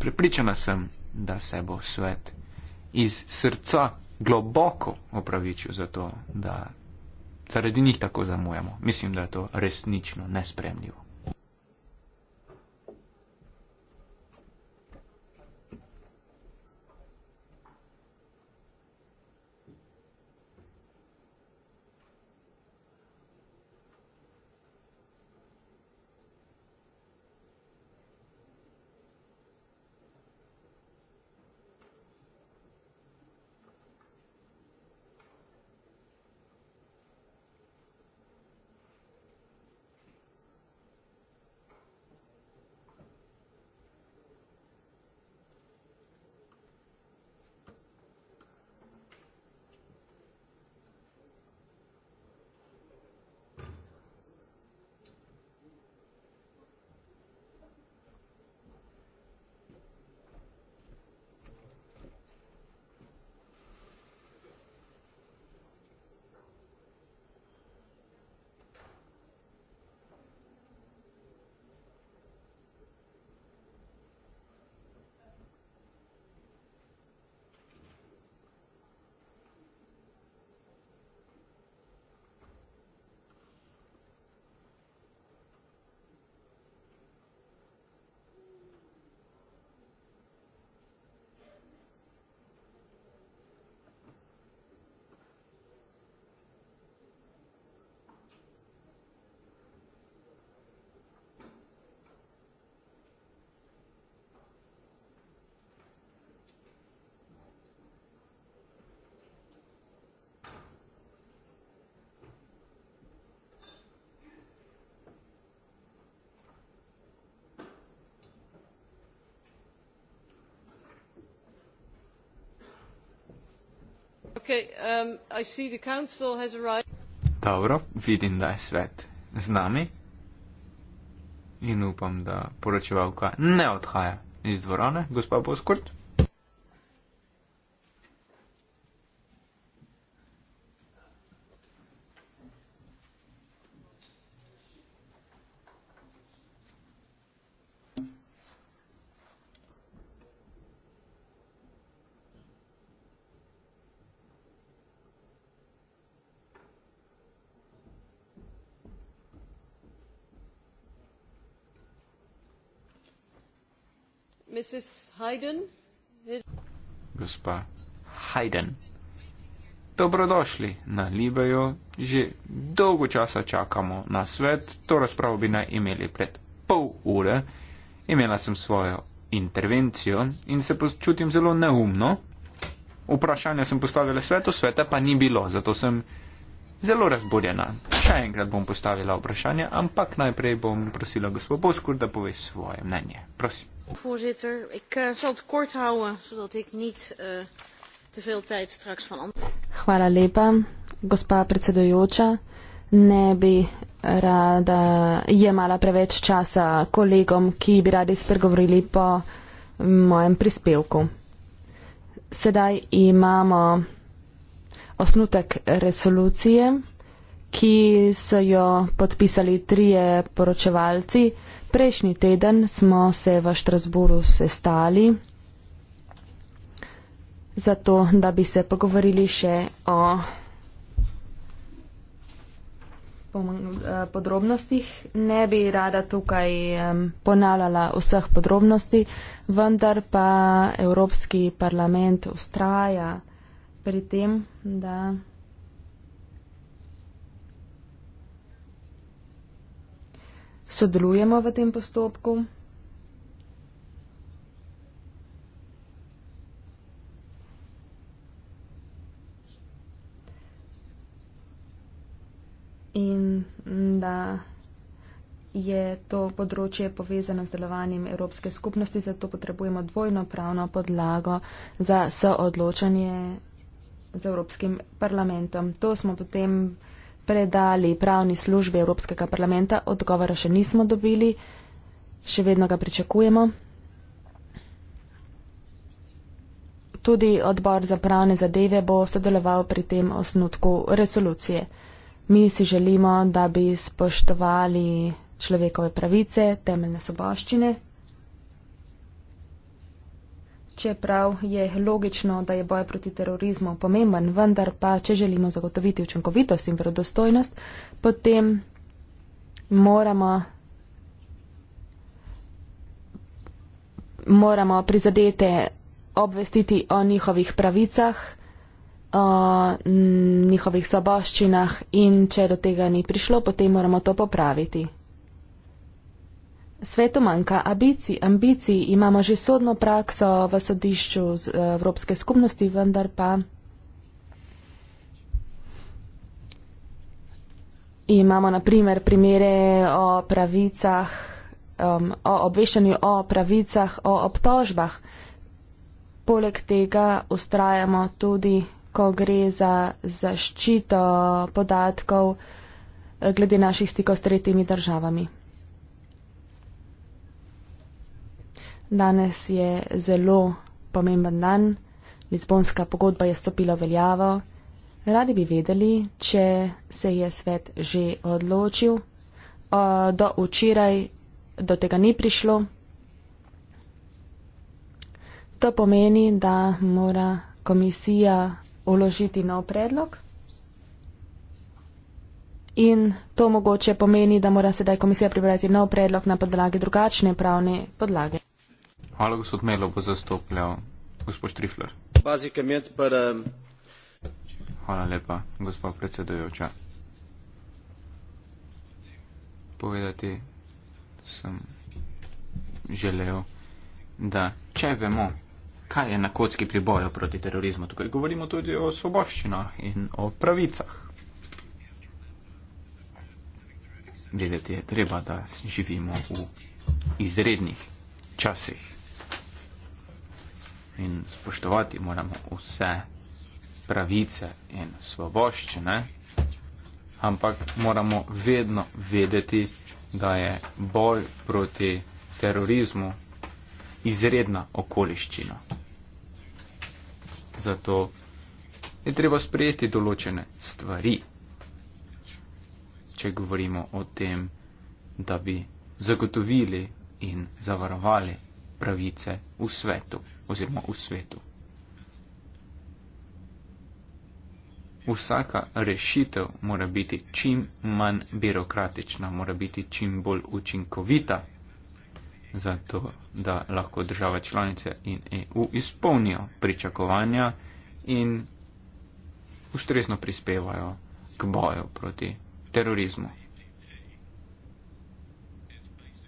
D: Prepričana sem, da se bo svet iz srca globoko opravičil za to, da zaradi njih tako zamujamo. Mislim, da je to resnično nespremljivo.
B: Okay, um, I see the council has arrived.
D: Dobro, vidim, da je svet z nami in upam, da poročevalka ne odhaja iz dvorane. Gospa Boskurt. Gospa Hayden, dobrodošli na Libeju. Že dolgo časa čakamo na svet, to razpravo bi naj imeli pred pol ure. Imela sem svojo intervencijo in se počutim zelo neumno. Vprašanja sem postavila svetu, sveta pa ni bilo, zato sem zelo razburjena. Še enkrat bom postavila vprašanje, ampak najprej bom prosila gospod Boskur, da pove svoje mnenje. Prosim.
B: Voorzitter, ik uh, zal het kort houden, zodat ik niet uh, te veel tijd straks
A: van Hvala lepa, gospa predsedujoča. Ne bi rada jemala preveč časa kolegom, ki bi radi spregovorili po mojem prispevku. Sedaj imamo osnutek resolucije, ki so jo podpisali trije poročevalci, Prejšnji teden smo se v Štrasburu sestali, zato da bi se pogovorili še o eh, podrobnostih. Ne bi rada tukaj ponavljala vseh podrobnosti, vendar pa Evropski parlament ustraja pri tem, da. sodelujemo v tem postopku. In da je to področje povezano z delovanjem Evropske skupnosti, zato potrebujemo dvojno pravno podlago za soodločanje z Evropskim parlamentom. To smo potem predali pravni službi Evropskega parlamenta. Odgovora še nismo dobili, še vedno ga pričakujemo. Tudi odbor za pravne zadeve bo sodeloval pri tem osnutku resolucije. Mi si želimo, da bi spoštovali človekove pravice, temeljne soboščine. Čeprav je logično, da je boj proti terorizmu pomemben, vendar pa, če želimo zagotoviti učinkovitost in verodostojnost, potem moramo, moramo prizadete obvestiti o njihovih pravicah, o njihovih soboščinah in če do tega ni prišlo, potem moramo to popraviti. Sveto manjka ambicij, ambicij, imamo že sodno prakso v sodišču z eh, Evropske skupnosti, vendar pa imamo naprimer primere o pravicah, um, o obveščanju o pravicah, o obtožbah. Poleg tega ustrajamo tudi, ko gre za zaščito podatkov eh, glede naših stikov s tretjimi državami. Danes je zelo pomemben dan, Lizbonska pogodba je stopila v veljavo. Radi bi vedeli, če se je svet že odločil. Do včeraj do tega ni prišlo. To pomeni, da mora komisija uložiti nov predlog. In to mogoče pomeni, da mora sedaj komisija pripraviti nov predlog na podlagi drugačne pravne podlage.
D: Hvala, gospod Melo, bo zastopljal gospod Štrifler.
C: Um...
D: Hvala lepa, gospod predsedujoča. Povedati sem želel, da če vemo, kaj je na kocki pri boju proti terorizmu, tukaj govorimo tudi o svoboščinah in o pravicah. Vedeti je treba, da živimo v izrednih časih in spoštovati moramo vse pravice in svoboščine, ampak moramo vedno vedeti, da je boj proti terorizmu izredna okoliščina. Zato je treba sprejeti določene stvari, če govorimo o tem, da bi zagotovili in zavarovali pravice v svetu oziroma v svetu. Vsaka rešitev mora biti čim manj birokratična, mora biti čim bolj učinkovita, zato da lahko država članice in EU izpolnijo pričakovanja in ustrezno prispevajo k boju proti terorizmu.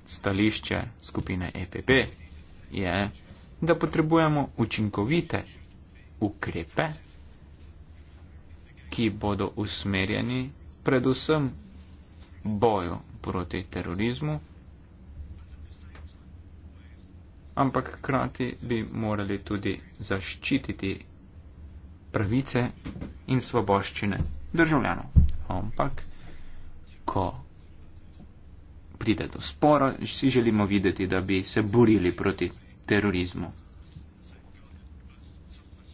D: Stališče skupine EPP je, da potrebujemo učinkovite ukrepe, ki bodo usmerjeni predvsem boju proti terorizmu, ampak krati bi morali tudi zaščititi pravice in svoboščine državljanov. Ampak, ko pride do spora, si želimo videti, da bi se borili proti terorizmu.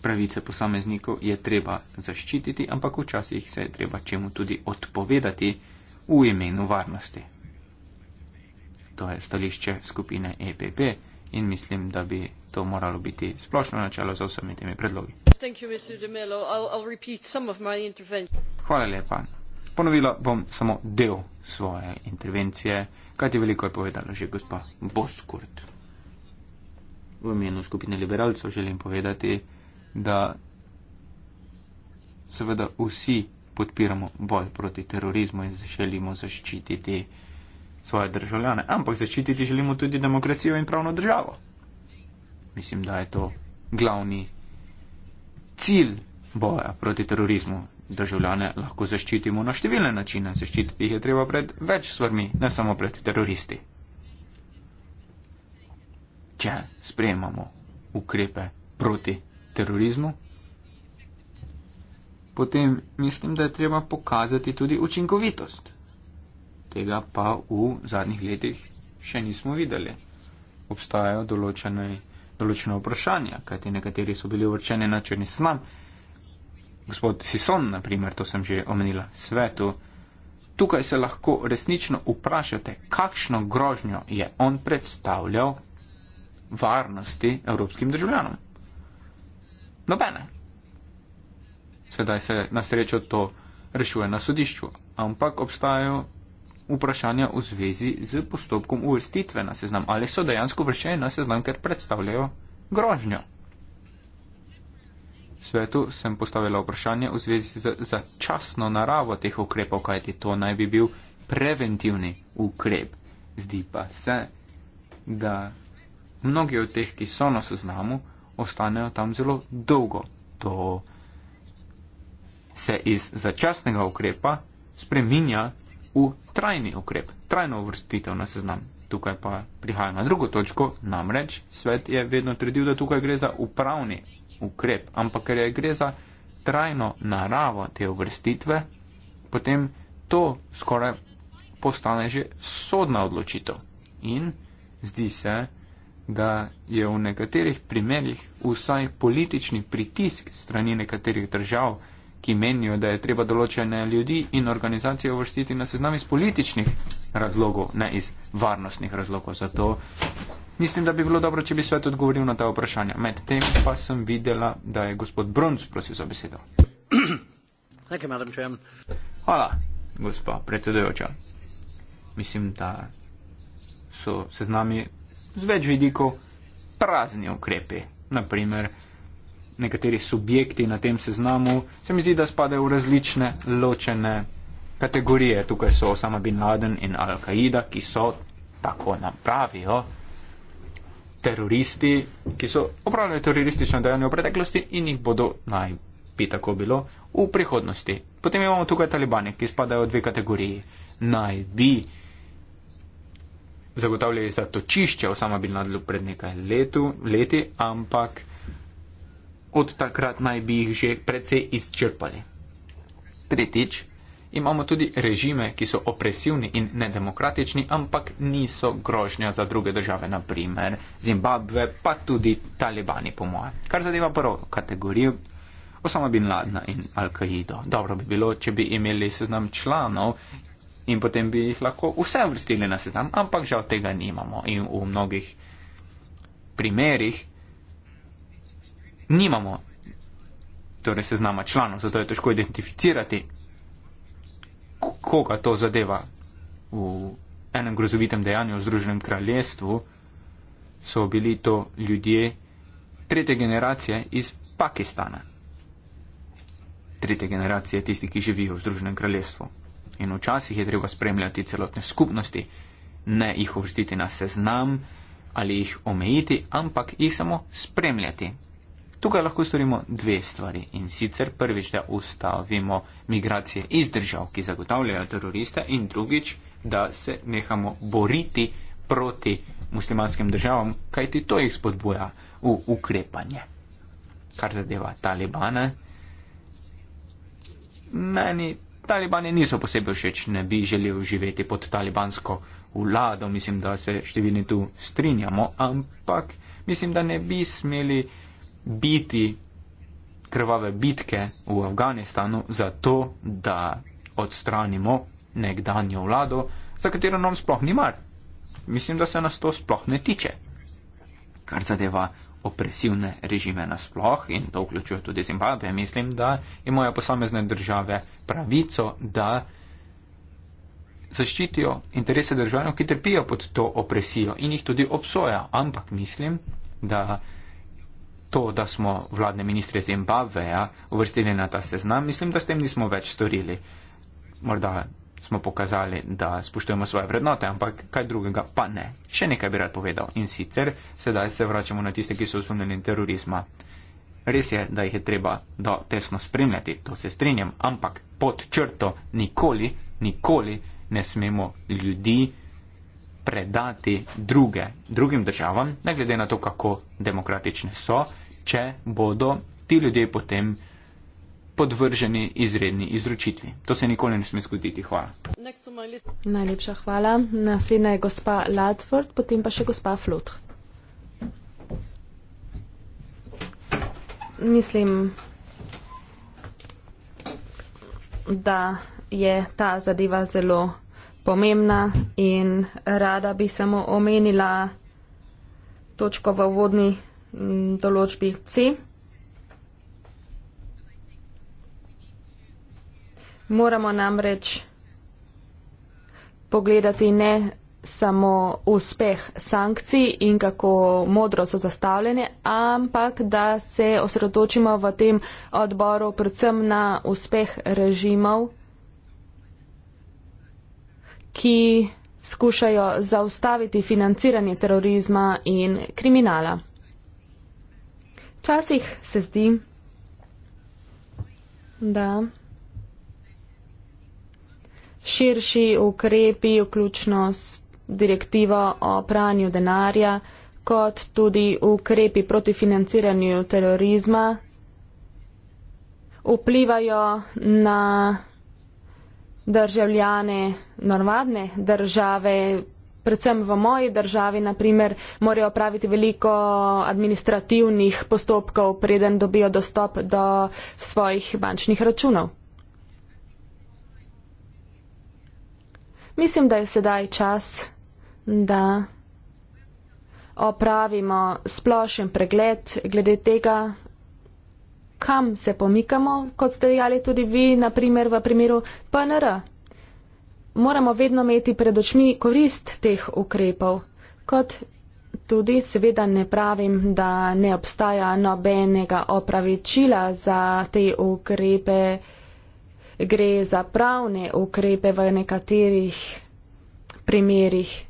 D: Pravice posameznikov je treba zaščititi, ampak včasih se je treba čemu tudi odpovedati v imenu varnosti. To je stališče skupine EPP in mislim, da bi to moralo biti splošno načelo za vsemi temi predlogi. Hvala lepa. Ponovila bom samo del svoje intervencije, kajti veliko je povedala že gospa Boskurt v imenu skupine liberalcev želim povedati, da seveda vsi podpiramo boj proti terorizmu in želimo zaščititi svoje državljane, ampak zaščititi želimo tudi demokracijo in pravno državo. Mislim, da je to glavni cilj boja proti terorizmu. Državljane lahko zaščitimo na številne načine. Zaščititi jih je treba pred več stvarmi, ne samo pred teroristi če sprejemamo ukrepe proti terorizmu, potem mislim, da je treba pokazati tudi učinkovitost. Tega pa v zadnjih letih še nismo videli. Obstajajo določene, določene vprašanja, kajti nekateri so bili vrčeni na črni seznam. Gospod Sison, na primer, to sem že omenila, svetu. Tukaj se lahko resnično vprašate, kakšno grožnjo je on predstavljal varnosti evropskim državljanom. Nobene. Sedaj se na srečo to rešuje na sodišču, ampak obstajajo vprašanja v zvezi z postopkom uvrstitve na seznam, ali so dejansko vršeni na seznam, ker predstavljajo grožnjo. Svetu sem postavila vprašanje v zvezi z začasno naravo teh ukrepov, kajti to naj bi bil preventivni ukrep. Zdi pa se, da mnogi od teh, ki so na seznamu, ostanejo tam zelo dolgo. To se iz začasnega ukrepa spreminja v trajni ukrep, trajno uvrstitev na seznam. Tukaj pa prihaja na drugo točko, namreč svet je vedno trdil, da tukaj gre za upravni ukrep, ampak ker je gre za trajno naravo te uvrstitve, potem to skoraj postane že sodna odločitev. In zdi se, da je v nekaterih primerjih vsaj politični pritisk strani nekaterih držav, ki menijo, da je treba določene ljudi in organizacije uvrstiti na seznam iz političnih razlogov, ne iz varnostnih razlogov. Zato mislim, da bi bilo dobro, če bi svet odgovoril na ta vprašanja. Medtem pa sem videla, da je gospod Bruns prosil za besedo. Hvala, gospa predsedujoča. Mislim, da so seznami z več vidikov prazni ukrepi. Naprimer, nekateri subjekti na tem seznamu se mi zdi, da spadajo v različne ločene kategorije. Tukaj so Osama bin Laden in Al-Qaida, ki so, tako nam pravijo, teroristi, ki so opravljali teroristično dejanje v preteklosti in jih bodo naj bi tako bilo v prihodnosti. Potem imamo tukaj talibane, ki spadajo v dve kategoriji. Naj bi zagotavljali zatočišče v samobilnadlu pred nekaj letu, leti, ampak od takrat naj bi jih že predvsej izčrpali. Tretjič, imamo tudi režime, ki so opresivni in nedemokratični, ampak niso grožnja za druge države, naprimer Zimbabve, pa tudi talibani, po moje. Kar zadeva prvo kategorijo, Osama bin Ladna in Al-Qaido. Dobro bi bilo, če bi imeli seznam članov in potem bi jih lahko vse vrstili na seznam, ampak žal tega nimamo in v mnogih primerjih nimamo torej seznama članov, zato je težko identificirati, koga to zadeva. V enem grozovitem dejanju v Združenem kraljestvu so bili to ljudje tretje generacije iz Pakistana. Tretje generacije tisti, ki živijo v Združenem kraljestvu in včasih je treba spremljati celotne skupnosti, ne jih uvrstiti na seznam ali jih omejiti, ampak jih samo spremljati. Tukaj lahko storimo dve stvari in sicer prvič, da ustavimo migracije iz držav, ki zagotavljajo teroriste in drugič, da se nehamo boriti proti muslimanskim državam, kajti to jih spodbuja v ukrepanje. Kar zadeva talibane, meni Talibani niso posebej všeč, ne bi želel živeti pod talibansko vlado, mislim, da se številni tu strinjamo, ampak mislim, da ne bi smeli biti krvave bitke v Afganistanu zato, da odstranimo nekdanjo vlado, za katero nam sploh ni mar. Mislim, da se nas to sploh ne tiče. Kar zadeva opresivne režime nasploh in to vključuje tudi Zimbabve. Mislim, da imajo posamezne države pravico, da zaščitijo interese državljanov, ki trpijo pod to opresijo in jih tudi obsoja. Ampak mislim, da to, da smo vladne ministre Zimbabveja uvrstili na ta seznam, mislim, da s tem nismo več storili. Morda smo pokazali, da spoštujemo svoje vrednote, ampak kaj drugega pa ne. Še nekaj bi rad povedal in sicer sedaj se vračamo na tiste, ki so osumljeni terorizma. Res je, da jih je treba do tesno spremljati, to se strinjam, ampak pod črto nikoli, nikoli ne smemo ljudi predati druge, drugim državam, ne glede na to, kako demokratične so, če bodo ti ljudje potem podvrženi izredni izročitvi. To se nikoli ne sme zgoditi. Hvala.
A: Najlepša hvala. Naslednja je gospa Latford, potem pa še gospa Flut. Mislim, da je ta zadeva zelo pomembna in rada bi samo omenila točko v vodni mm, določbi C. Moramo namreč pogledati ne samo uspeh sankcij in kako modro so zastavljene, ampak da se osredotočimo v tem odboru predvsem na uspeh režimov, ki skušajo zaustaviti financiranje terorizma in kriminala. Včasih se zdi, da širši ukrepi, vključno s direktivo o pranju denarja, kot tudi ukrepi proti financiranju terorizma, vplivajo na državljane normadne države, predvsem v moji državi, naprimer, morajo praviti veliko administrativnih postopkov, preden dobijo dostop do svojih bančnih računov. mislim, da je sedaj čas, da opravimo splošen pregled glede tega, kam se pomikamo, kot ste dejali tudi vi, naprimer v primeru PNR. Moramo vedno imeti pred očmi korist teh ukrepov, kot tudi seveda ne pravim, da ne obstaja nobenega opravičila za te ukrepe gre za pravne ukrepe v nekaterih primerjih.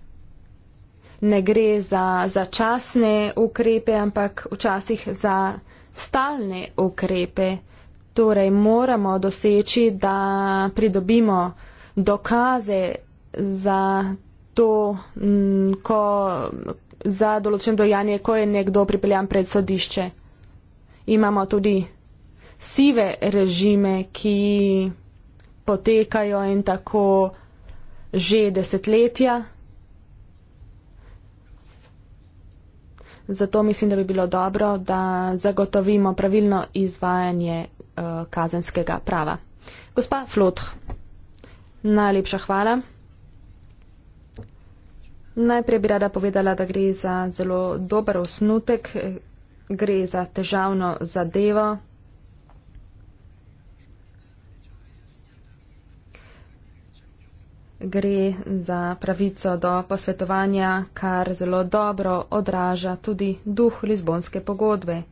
A: Ne gre za začasne ukrepe, ampak včasih za stalne ukrepe. Torej moramo doseči, da pridobimo dokaze za to, mm, ko, za določen dojanje, ko je nekdo pripeljan pred sodišče. Imamo tudi sive režime, ki potekajo in tako že desetletja. Zato mislim, da bi bilo dobro, da zagotovimo pravilno izvajanje uh, kazenskega prava. Gospa Flotr, najlepša hvala. Najprej bi rada povedala, da gre za zelo dober osnutek, eh, gre za težavno zadevo. gre za pravico do posvetovanja, kar zelo dobro odraža tudi duh Lizbonske pogodbe.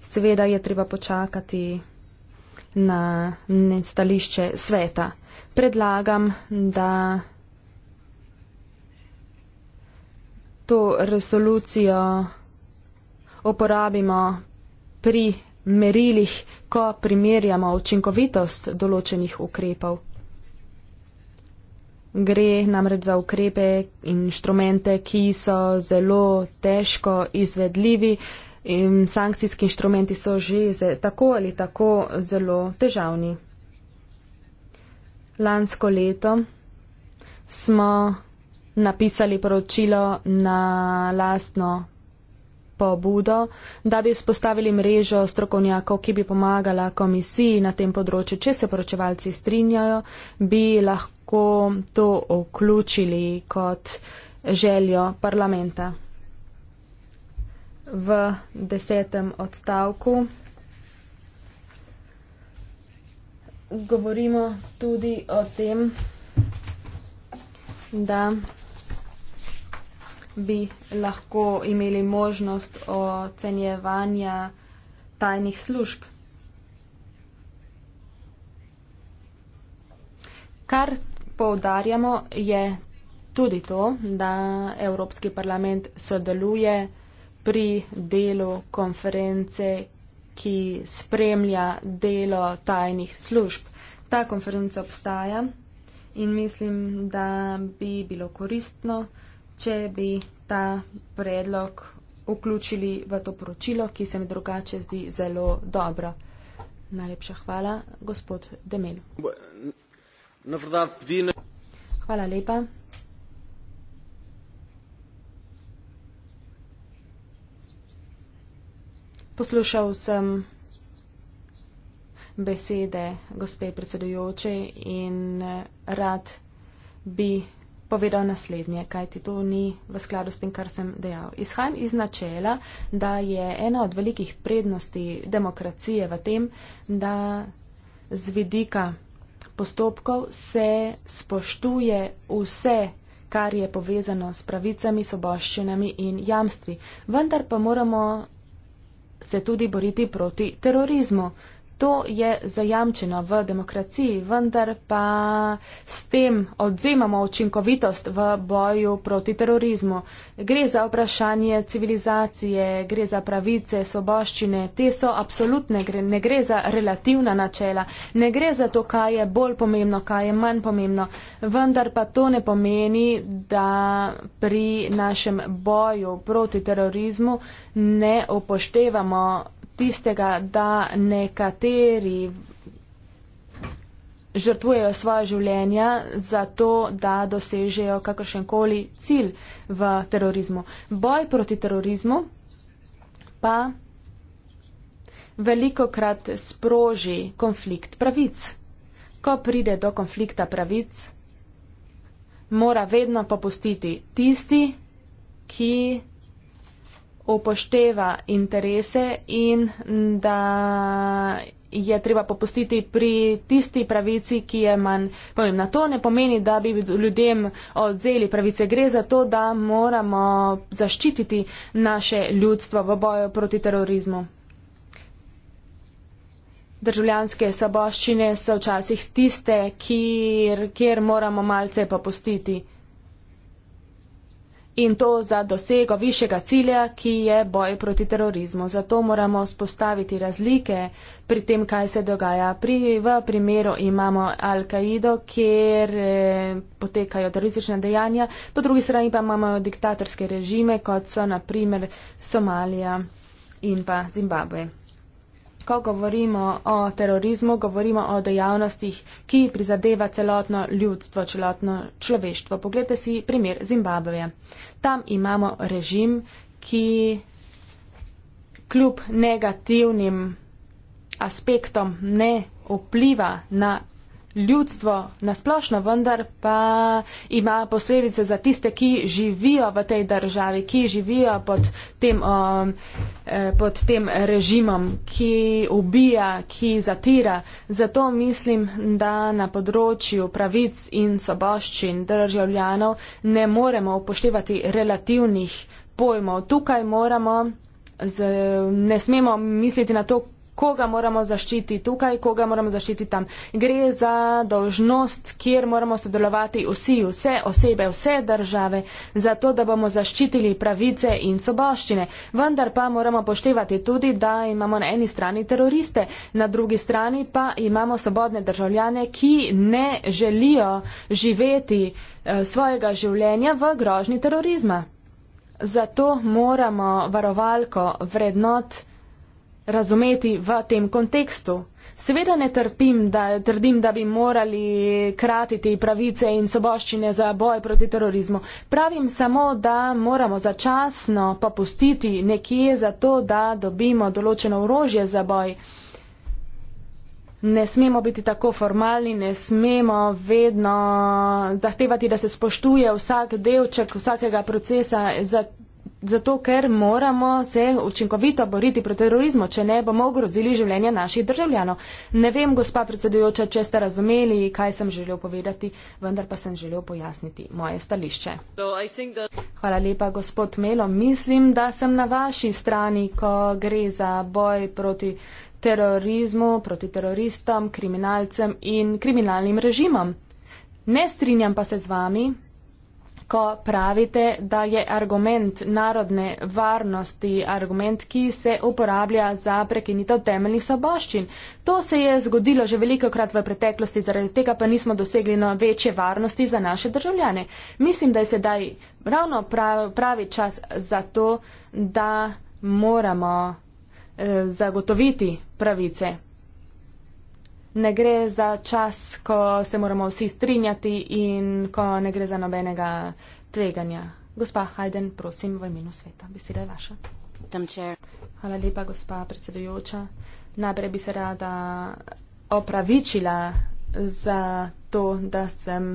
A: Seveda je treba počakati na stališče sveta. Predlagam, da to resolucijo uporabimo pri merilih, ko primerjamo učinkovitost določenih ukrepov. Gre namreč za ukrepe in inštrumente, ki so zelo težko izvedljivi in sankcijski inštrumenti so že tako ali tako zelo težavni. Lansko leto smo napisali poročilo na lastno pobudo, da bi vzpostavili mrežo strokovnjakov, ki bi pomagala komisiji na tem področju. Če se poročevalci strinjajo, bi lahko lahko to vključili kot željo parlamenta. V desetem odstavku govorimo tudi o tem, da bi lahko imeli možnost ocenjevanja tajnih služb. Kar poudarjamo, je tudi to, da Evropski parlament sodeluje pri delu konference, ki spremlja delo tajnih služb. Ta konferenca obstaja in mislim, da bi bilo koristno, če bi ta predlog vključili v to poročilo, ki se mi drugače zdi zelo dobro. Najlepša hvala, gospod Demel.
C: Na verdade, pedi na...
A: Hvala lepa. Poslušal sem besede gospe predsedujoče in eh, rad bi povedal naslednje, kajti to ni v skladu s tem, kar sem dejal. Izhajam iz načela, da je ena od velikih prednosti demokracije v tem, da z vidika postopkov se spoštuje vse, kar je povezano s pravicami, soboščinami in jamstvi. Vendar pa moramo se tudi boriti proti terorizmu to je zajamčeno v demokraciji, vendar pa s tem odzemamo učinkovitost v boju proti terorizmu. Gre za vprašanje civilizacije, gre za pravice, soboščine, te so absolutne, ne gre za relativna načela, ne gre za to, kaj je bolj pomembno, kaj je manj pomembno, vendar pa to ne pomeni, da pri našem boju proti terorizmu ne upoštevamo tistega, da nekateri žrtvujejo svoje življenja za to, da dosežejo kakršenkoli cilj v terorizmu. Boj proti terorizmu pa veliko krat sproži konflikt pravic. Ko pride do konflikta pravic, mora vedno popustiti tisti, ki upošteva interese in da je treba popustiti pri tisti pravici, ki je manj pomembna. To ne pomeni, da bi ljudem odzeli pravice. Gre za to, da moramo zaščititi naše ljudstvo v boju proti terorizmu. Državljanske saboščine so včasih tiste, kjer, kjer moramo malce popustiti in to za dosego višjega cilja, ki je boj proti terorizmu. Zato moramo spostaviti razlike pri tem, kaj se dogaja. Pri, v primeru imamo Al-Kaido, kjer eh, potekajo teroristične dejanja, po drugi strani pa imamo diktatorske režime, kot so naprimer Somalija in pa Zimbabve ko govorimo o terorizmu, govorimo o dejavnostih, ki prizadeva celotno ljudstvo, celotno človeštvo. Poglejte si primer Zimbabveja. Tam imamo režim, ki kljub negativnim aspektom ne vpliva na ljudstvo nasplošno, vendar pa ima posledice za tiste, ki živijo v tej državi, ki živijo pod tem, um, eh, pod tem režimom, ki ubija, ki zatira. Zato mislim, da na področju pravic in soboščin državljanov ne moremo upoštevati relativnih pojmov. Tukaj moramo, z, ne smemo misliti na to, koga moramo zaščiti tukaj, koga moramo zaščiti tam. Gre za dožnost, kjer moramo sodelovati vsi, vse osebe, vse države, zato da bomo zaščitili pravice in soboščine. Vendar pa moramo poštevati tudi, da imamo na eni strani teroriste, na drugi strani pa imamo svobodne državljane, ki ne želijo živeti eh, svojega življenja v grožni terorizma. Zato moramo varovalko vrednot razumeti v tem kontekstu. Seveda ne trpim, da, trdim, da bi morali kratiti pravice in soboščine za boj proti terorizmu. Pravim samo, da moramo začasno popustiti nekje za to, da dobimo določeno orožje za boj. Ne smemo biti tako formalni, ne smemo vedno zahtevati, da se spoštuje vsak delček vsakega procesa, zato ker moramo se učinkovito boriti proti terorizmu, če ne bomo ogrozili življenja naših državljanov. Ne vem, gospa predsedujoča, če ste razumeli, kaj sem želel povedati, vendar pa sem želel pojasniti moje stališče. Hvala lepa, gospod Melo. Mislim, da sem na vaši strani, ko gre za boj proti terorizmu, proti teroristom, kriminalcem in kriminalnim režimom. Ne strinjam pa se z vami, ko pravite, da je argument narodne varnosti argument, ki se uporablja za prekinitev temeljnih soboščin. To se je zgodilo že veliko krat v preteklosti, zaradi tega pa nismo dosegli no večje varnosti za naše državljane. Mislim, da je sedaj ravno pravi čas za to, da moramo eh, zagotoviti pravice ne gre za čas, ko se moramo vsi strinjati in ko ne gre za nobenega tveganja. Gospa Hajden, prosim, v imenu sveta. Beseda je vaša. Hvala lepa, gospa predsedujoča. Najprej bi se rada opravičila za to, da sem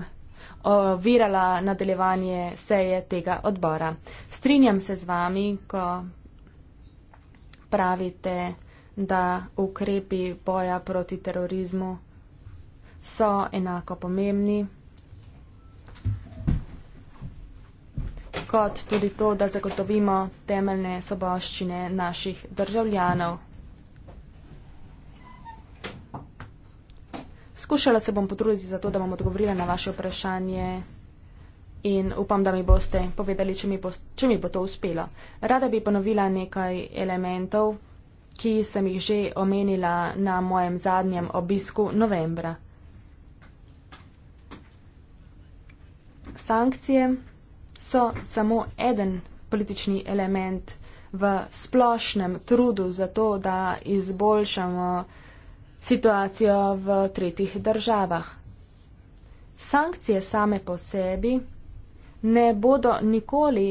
A: ovirala nadaljevanje seje tega odbora. Strinjam se z vami, ko pravite, da ukrepi boja proti terorizmu so enako pomembni, kot tudi to, da zagotovimo temeljne soboščine naših državljanov. Skušala se bom potruditi za to, da bom odgovorila na vaše vprašanje in upam, da mi boste povedali, če mi bo, če mi bo to uspelo. Rada bi ponovila nekaj elementov, ki sem jih že omenila na mojem zadnjem obisku novembra. Sankcije so samo eden politični element v splošnem trudu za to, da izboljšamo situacijo v tretjih državah. Sankcije same po sebi ne bodo nikoli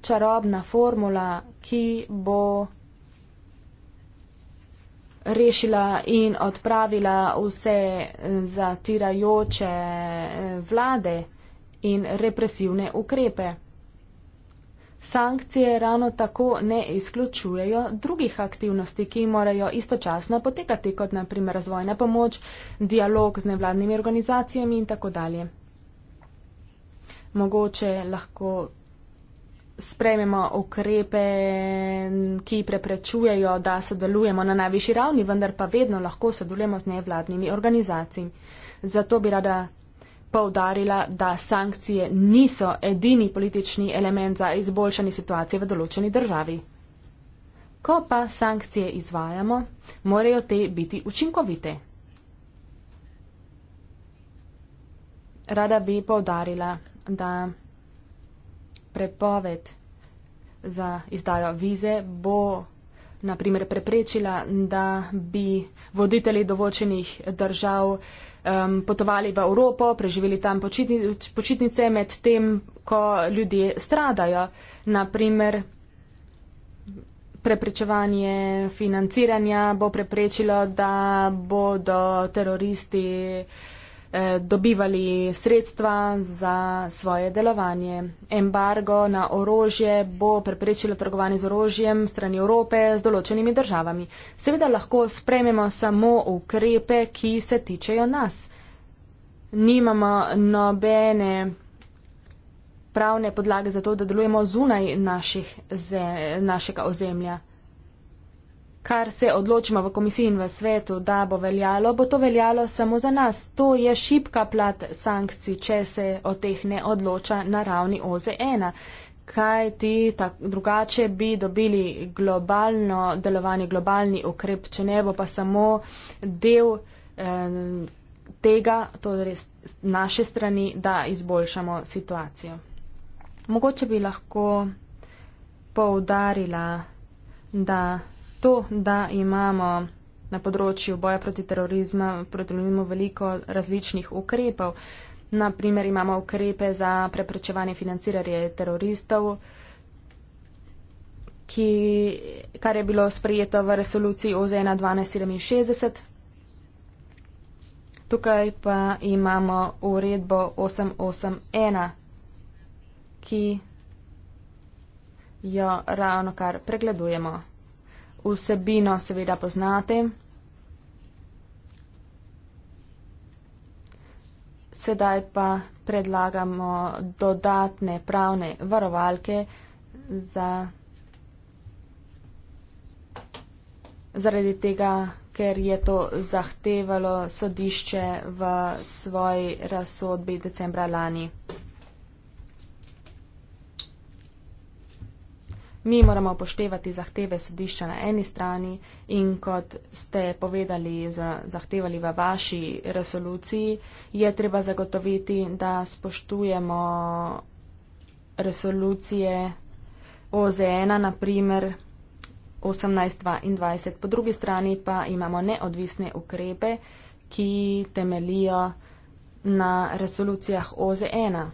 A: čarobna formula, ki bo rešila in odpravila vse zatirajoče eh, vlade in represivne ukrepe. Sankcije ravno tako ne izključujejo drugih aktivnosti, ki morajo istočasno potekati, kot naprimer razvojna pomoč, dialog z nevladnimi organizacijami in tako dalje. Mogoče lahko sprejmemo ukrepe, ki preprečujejo, da sodelujemo na najvišji ravni, vendar pa vedno lahko sodelujemo z nevladnimi organizacijami. Zato bi rada poudarila, da sankcije niso edini politični element za izboljšanje situacije v določeni državi. Ko pa sankcije izvajamo, morajo te biti učinkovite. Rada bi poudarila, da prepoved za izdajo vize bo naprimer preprečila, da bi voditelji določenih držav um, potovali v Evropo, preživeli tam počitni, počitnice med tem, ko ljudje stradajo. Naprimer, preprečevanje financiranja bo preprečilo, da bodo teroristi uh, Eh, dobivali sredstva za svoje delovanje. Embargo na orožje bo preprečilo trgovanje z orožjem strani Evrope z določenimi državami. Seveda lahko sprememo samo ukrepe, ki se tičejo nas. Nimamo nobene pravne podlage za to, da delujemo zunaj naših, ze, našega ozemlja kar se odločimo v komisiji in v svetu, da bo veljalo, bo to veljalo samo za nas. To je šipka plat sankcij, če se o teh ne odloča na ravni OZE-1. Kaj ti drugače bi dobili globalno delovanje, globalni ukrep, če ne bo pa samo del eh, tega, to je res naše strani, da izboljšamo situacijo. Mogoče bi lahko poudarila, da to, da imamo na področju boja proti terorizmu, proti terorizmu veliko različnih ukrepov. Naprimer imamo ukrepe za preprečevanje financiranja teroristov, ki, kar je bilo sprejeto v resoluciji OZ-1267. Tukaj pa imamo uredbo 881, ki jo ravno kar pregledujemo vsebino seveda poznate. Sedaj pa predlagamo dodatne pravne varovalke za, zaradi tega, ker je to zahtevalo sodišče v svoji razsodbi decembra lani. mi moramo upoštevati zahteve sodišča na eni strani in kot ste povedali, zahtevali v vaši resoluciji, je treba zagotoviti, da spoštujemo resolucije OZN, naprimer 18.22. Po drugi strani pa imamo neodvisne ukrepe, ki temelijo na resolucijah OZN. -a.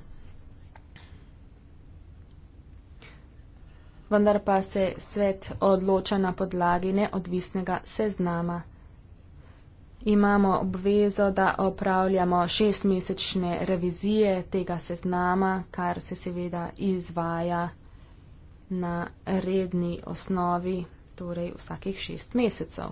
A: vendar pa se svet odloča na podlagi neodvisnega seznama. Imamo obvezo, da opravljamo šestmesečne revizije tega seznama, kar se seveda izvaja na redni osnovi, torej vsakih šest mesecev.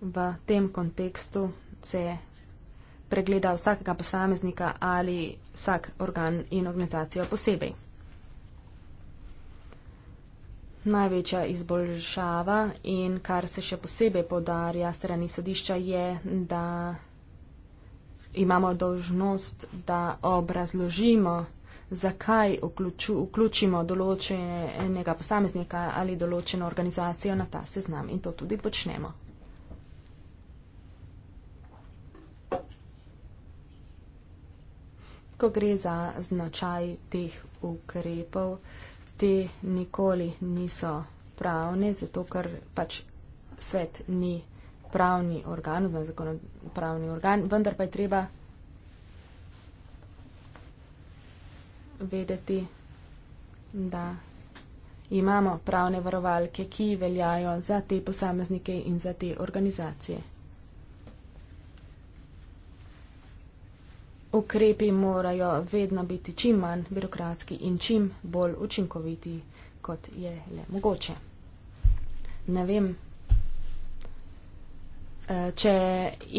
A: V tem kontekstu se pregleda vsakega posameznika, ali vsak organ in organizacijo posebej. Največja izboljšava in kar se še posebej podarja strani sodišča je, da imamo dožnost, da obrazložimo, zakaj vključu, vključimo določenega posameznika ali določeno organizacijo na ta seznam in to tudi počnemo. ko gre za značaj teh ukrepov, te nikoli niso pravne, zato ker pač svet ni pravni organ, oziroma zakonopravni organ, vendar pa je treba vedeti, da imamo pravne varovalke, ki veljajo za te posameznike in za te organizacije. Ukrepi morajo vedno biti čim manj birokratski in čim bolj učinkoviti, kot je le mogoče. Ne vem, eh, če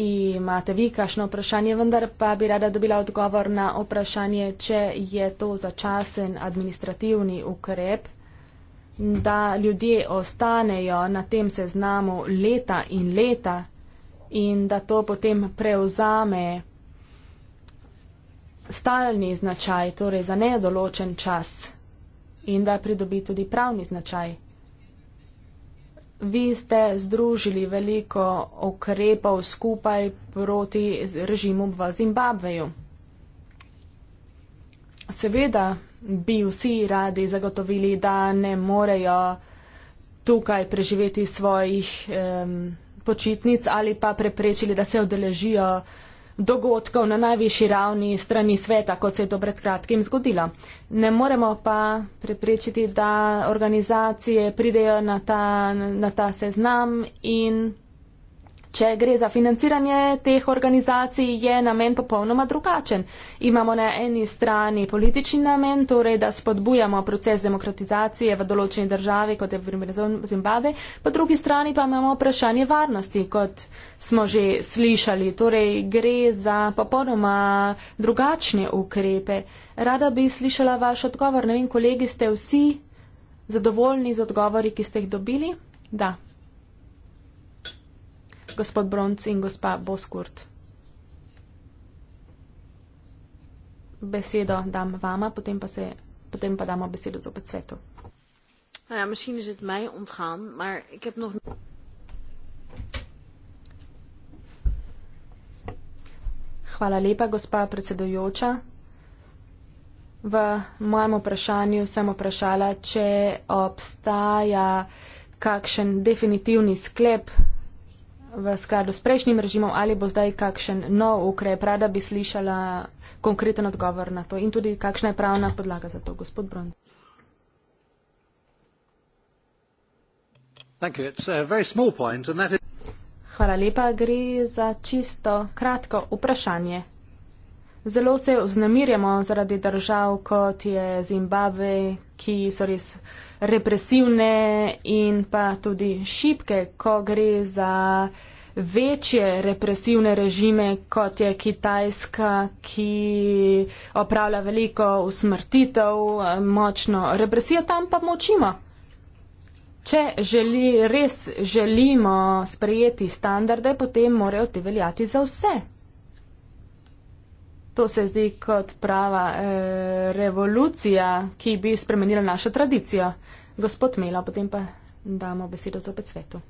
A: imate vi kakšno vprašanje, vendar pa bi rada dobila odgovor na vprašanje, če je to začasen administrativni ukrep, da ljudje ostanejo na tem seznamu leta in leta in da to potem preuzame stalni značaj, torej za nedoločen čas in da pridobi tudi pravni značaj. Vi ste združili veliko okrepov skupaj proti režimu v Zimbabveju. Seveda bi vsi radi zagotovili, da ne morejo tukaj preživeti svojih eh, počitnic ali pa preprečili, da se odeležijo eh, dogodkov na najvišji ravni strani sveta, kot se je to pred kratkim zgodilo. Ne moremo pa preprečiti, da organizacije pridejo na ta, na ta seznam in Če gre za financiranje teh organizacij, je namen popolnoma drugačen. Imamo na eni strani politični namen, torej da spodbujamo proces demokratizacije v določeni državi, kot je v primeru Zimbabve, po drugi strani pa imamo vprašanje varnosti, kot smo že slišali. Torej gre za popolnoma drugačne ukrepe. Rada bi slišala vaš odgovor. Ne vem, kolegi, ste vsi zadovoljni z odgovori, ki ste jih dobili? Da gospod Bronc in gospa Boskurt. Besedo dam vama, potem pa, se, potem pa damo besedo zopet svetu.
C: Nou ja, misschien is het mij ontgaan, maar ik heb nog.
A: Hvala lepa, gospa predsedujoča. V mojem vprašanju sem vprašala, če obstaja kakšen definitivni sklep v skladu s prejšnjim režimom ali bo zdaj kakšen nov ukrep. Rada bi slišala konkreten odgovor na to in tudi kakšna je pravna podlaga za to, gospod Bron. Hvala lepa, gre za čisto kratko vprašanje. Zelo se vznemirjamo zaradi držav, kot je Zimbabve, ki so res represivne in pa tudi šibke, ko gre za večje represivne režime, kot je Kitajska, ki opravlja veliko usmrtitev, močno represijo, tam pa močimo. Če želi, res želimo sprejeti standarde, potem morajo ti veljati za vse. To se zdi kot prava eh, revolucija, ki bi spremenila našo tradicijo. Gospod Mela, potem pa damo besedo zopet svetu.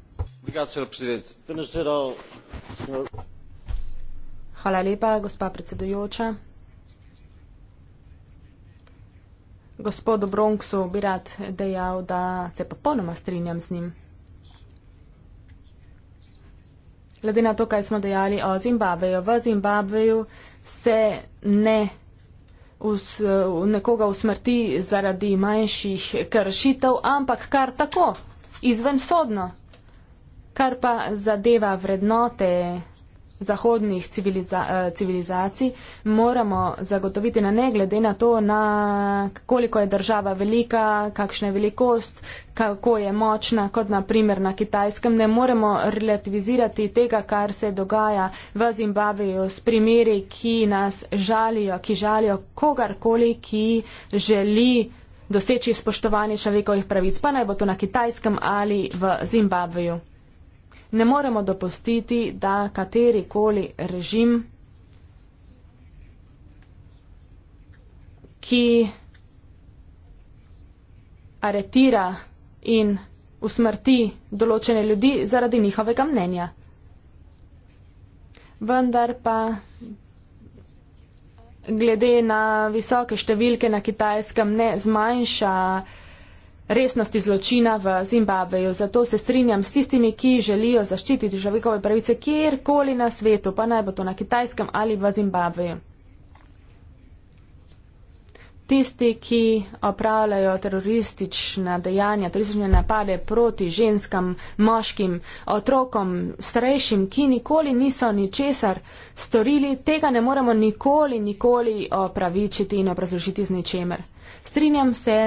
A: Hvala lepa, gospa predsedujoča. Gospodu Bronxu bi rad dejal, da se popolnoma strinjam z njim. Glede na to, kaj smo dejali o Zimbabveju, v Zimbabveju se ne us, nekoga usmrti zaradi manjših kršitev, ampak kar tako, izvensodno. Kar pa zadeva vrednote zahodnih civiliza eh, civilizacij, moramo zagotoviti na ne glede na to, na koliko je država velika, kakšna je velikost, kako je močna, kot naprimer na kitajskem, ne moremo relativizirati tega, kar se dogaja v Zimbabveju s primeri, ki nas žalijo, ki žalijo kogarkoli, ki želi doseči spoštovanje človekovih pravic, pa naj bo to na kitajskem ali v Zimbabveju ne moremo dopustiti, da katerikoli režim, ki aretira in usmrti določene ljudi zaradi njihovega mnenja. Vendar pa glede na visoke številke na kitajskem ne zmanjša resnosti zločina v Zimbabveju. Zato se strinjam s tistimi, ki želijo zaščititi človekove pravice kjerkoli na svetu, pa naj bo to na Kitajskem ali v Zimbabveju. Tisti, ki opravljajo teroristična dejanja, teroristične napade proti ženskam, moškim, otrokom, starejšim, ki nikoli niso ničesar storili, tega ne moremo nikoli, nikoli opravičiti in obrazložiti z ničemer. Strinjam se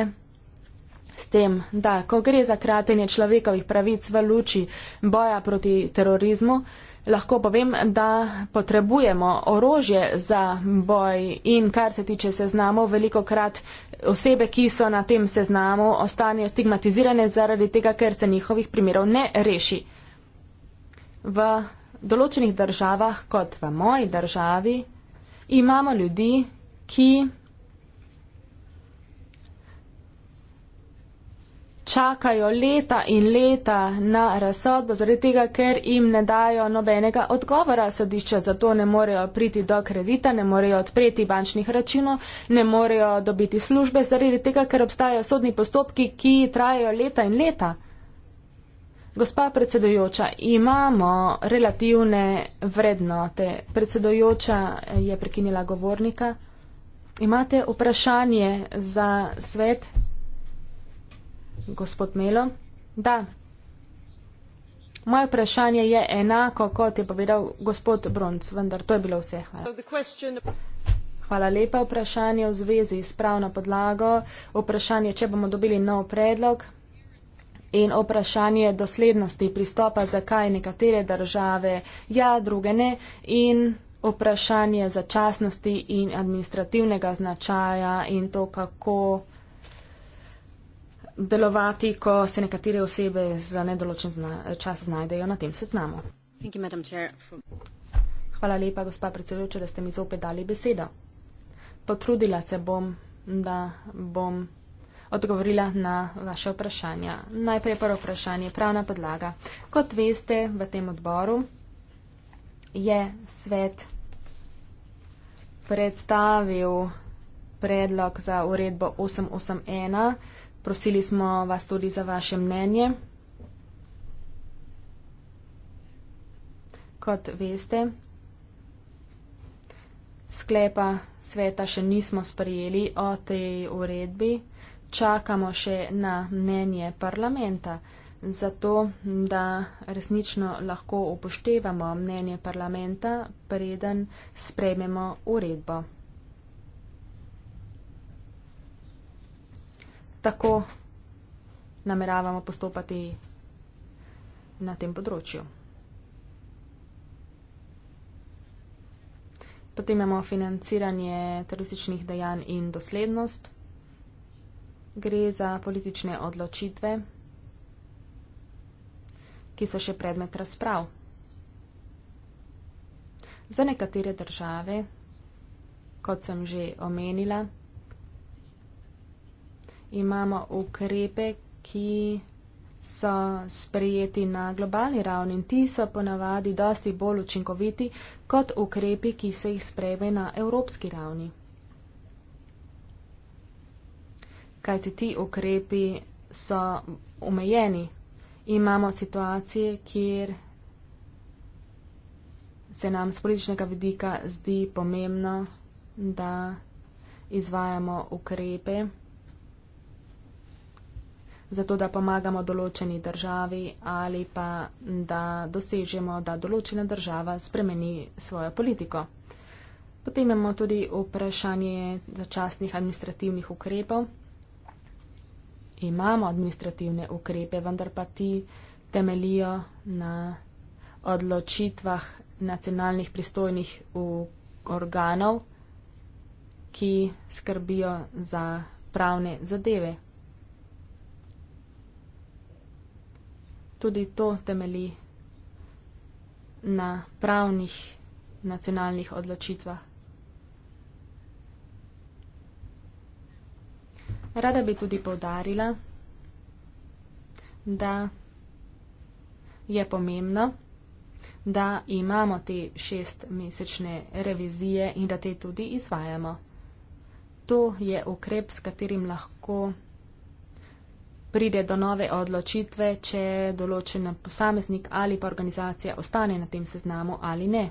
A: S tem, da ko gre za kratenje človekovih pravic v luči boja proti terorizmu, lahko povem, da potrebujemo orožje za boj in kar se tiče seznamo, veliko krat osebe, ki so na tem seznamu, ostanejo stigmatizirane zaradi tega, ker se njihovih primerov ne reši. V določenih državah, kot v moji državi, imamo ljudi, ki čakajo leta in leta na razsodbo, zaradi tega, ker jim ne dajo nobenega odgovora sodišča, zato ne morejo priti do kredita, ne morejo odpreti bančnih računov, ne morejo dobiti službe, zaradi tega, ker obstajajo sodni postopki, ki trajajo leta in leta. Gospa predsedujoča, imamo relativne vrednote. Predsedujoča je prekinila govornika. Imate vprašanje za svet? gospod Melo. Da. Moje vprašanje je enako, kot je povedal gospod Bronc, vendar to je bilo vse. Hvala. Hvala lepa. Vprašanje v zvezi s pravno podlago. Vprašanje, če bomo dobili nov predlog. In vprašanje doslednosti pristopa, zakaj nekatere države ja, druge ne. In vprašanje začasnosti in administrativnega značaja in to, kako delovati, ko se nekatere osebe za nedoločen zna, čas znajdejo na tem seznamu. Hvala lepa, gospa predsedujoča, da ste mi zopet dali besedo. Potrudila se bom, da bom odgovorila na vaše vprašanja. Najprej prvo vprašanje, pravna podlaga. Kot veste, v tem odboru je svet predstavil predlog za uredbo 881. Prosili smo vas tudi za vaše mnenje. Kot veste, sklepa sveta še nismo sprejeli o tej uredbi. Čakamo še na mnenje parlamenta, zato da resnično lahko upoštevamo mnenje parlamenta, preden sprejmemo uredbo. tako nameravamo postopati na tem področju. Potem imamo financiranje terorističnih dejanj in doslednost. Gre za politične odločitve, ki so še predmet razprav. Za nekatere države, kot sem že omenila, imamo ukrepe, ki so sprejeti na globalni ravni in ti so ponavadi dosti bolj učinkoviti kot ukrepi, ki se jih sprejme na evropski ravni. Kajti ti ukrepi so omejeni. Imamo situacije, kjer se nam z političnega vidika zdi pomembno, da izvajamo ukrepe zato da pomagamo določeni državi ali pa da dosežemo, da določena država spremeni svojo politiko. Potem imamo tudi vprašanje začasnih administrativnih ukrepov. Imamo administrativne ukrepe, vendar pa ti temelijo na odločitvah nacionalnih pristojnih organov, ki skrbijo za pravne zadeve tudi to temeli na pravnih nacionalnih odločitvah. Rada bi tudi povdarila, da je pomembno, da imamo te šestmesečne revizije in da te tudi izvajamo. To je ukrep, s katerim lahko pride do nove odločitve, če določen posameznik ali pa organizacija ostane na tem seznamu ali ne.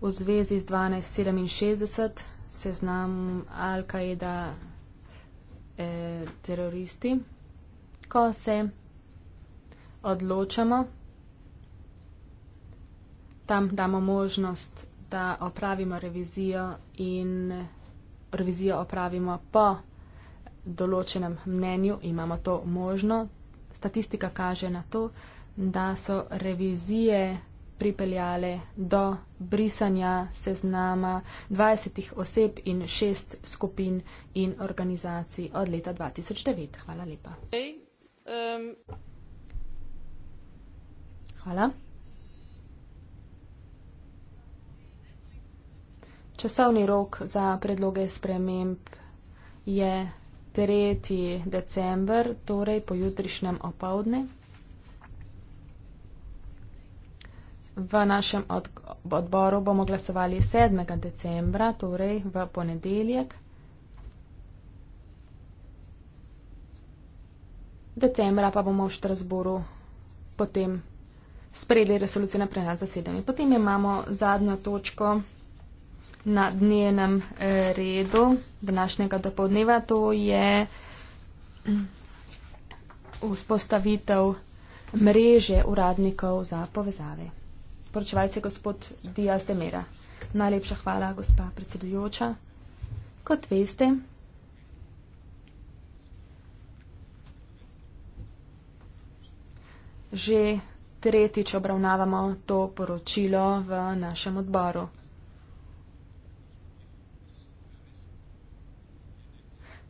A: V zvezi z 1267 seznam Al-Qaeda eh, teroristi, ko se odločamo, tam damo možnost, da opravimo revizijo in revizijo opravimo po določenem mnenju, imamo to možno. Statistika kaže na to, da so revizije pripeljale do brisanja seznama 20 oseb in 6 skupin in organizacij od leta 2009. Hvala lepa. Hvala. Časovni rok za predloge sprememb je 3. december, torej po jutrišnjem opovdne. V našem odboru bomo glasovali 7. decembra, torej v ponedeljek. Decembra pa bomo v Štrasboru potem sprejeli resolucijo na plenarnem zasedanju. Potem imamo zadnjo točko na dnevnem eh, redu današnjega dopoldneva, to je vzpostavitev mreže uradnikov za povezave. Poročevalce gospod Dias Demera. Najlepša hvala, gospa predsedujoča. Kot veste, že tretjič obravnavamo to poročilo v našem odboru.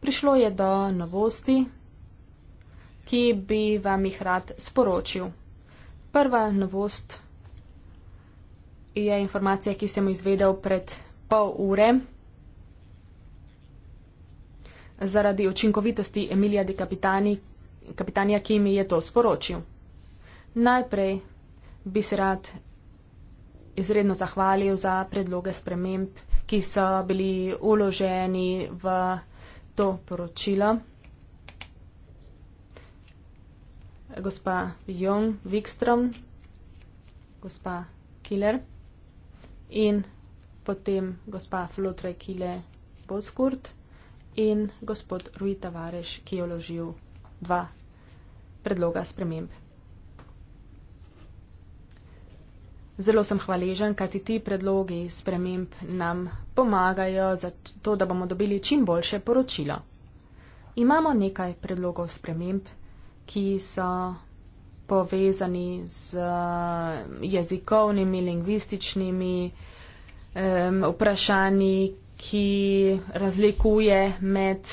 A: prišlo je do novosti, ki bi vam jih rad sporočil. Prva novost je informacija, ki sem izvedel pred pol ure. Zaradi učinkovitosti Emilija de Capitania, ki mi je to sporočil. Najprej bi se rad izredno zahvalil za predloge sprememb, ki so bili uloženi v do poročila. Gospa Jon Wikström, gospa Killer in potem gospa Flotre Kile Boskurt in gospod Rui Tavares, ki je vložil dva predloga sprememb. zelo sem hvaležen, kaj ti ti predlogi sprememb nam pomagajo za to, da bomo dobili čim boljše poročilo. Imamo nekaj predlogov sprememb, ki so povezani z eh, jezikovnimi, lingvističnimi um, vprašanji, ki razlikuje med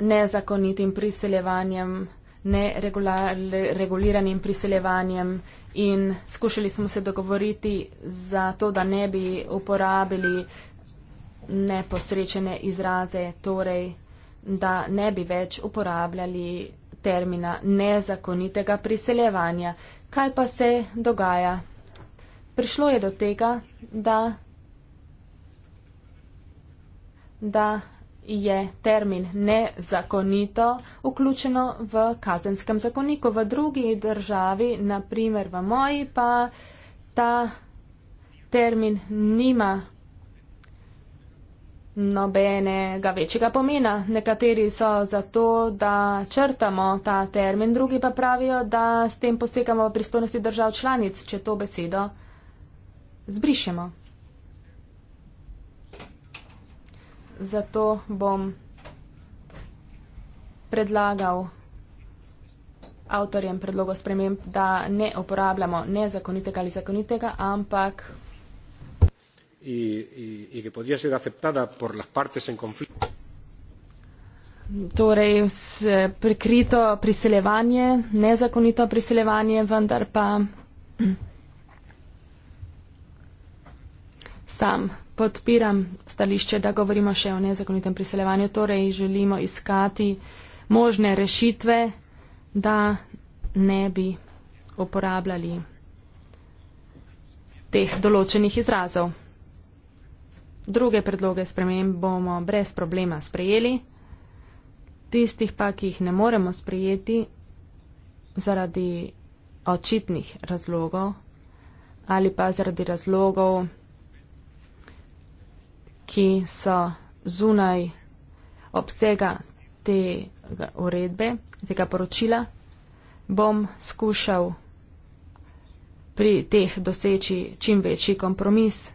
A: nezakonitim priseljevanjem nereguliranim priseljevanjem in skušali smo se dogovoriti za to, da ne bi uporabili neposrečene izraze, torej da ne bi več uporabljali termina nezakonitega priseljevanja. Kaj pa se dogaja? Prišlo je do tega, da, da je termin nezakonito vključeno v kazenskem zakoniku. V drugi državi, naprimer v moji, pa ta termin nima nobenega večjega pomena. Nekateri so zato, da črtamo ta termin, drugi pa pravijo, da s tem posekamo pristojnosti držav članic, če to besedo zbrišemo. zato bom predlagal avtorjem predlogo sprememb, da ne uporabljamo nezakonitega ali zakonitega, ampak.
D: Y, y, y podría ser aceptada por las partes en conflicto.
A: Torej, prikrito priseljevanje, nezakonito priseljevanje, vendar pa sam podpiram stališče, da govorimo še o nezakonitem priseljevanju, torej želimo iskati možne rešitve, da ne bi uporabljali teh določenih izrazov. Druge predloge sprememb bomo brez problema sprejeli, tistih pa, ki jih ne moremo sprejeti zaradi očitnih razlogov ali pa zaradi razlogov, ki so zunaj obsega te uredbe, tega poročila, bom skušal pri teh doseči čim večji kompromis.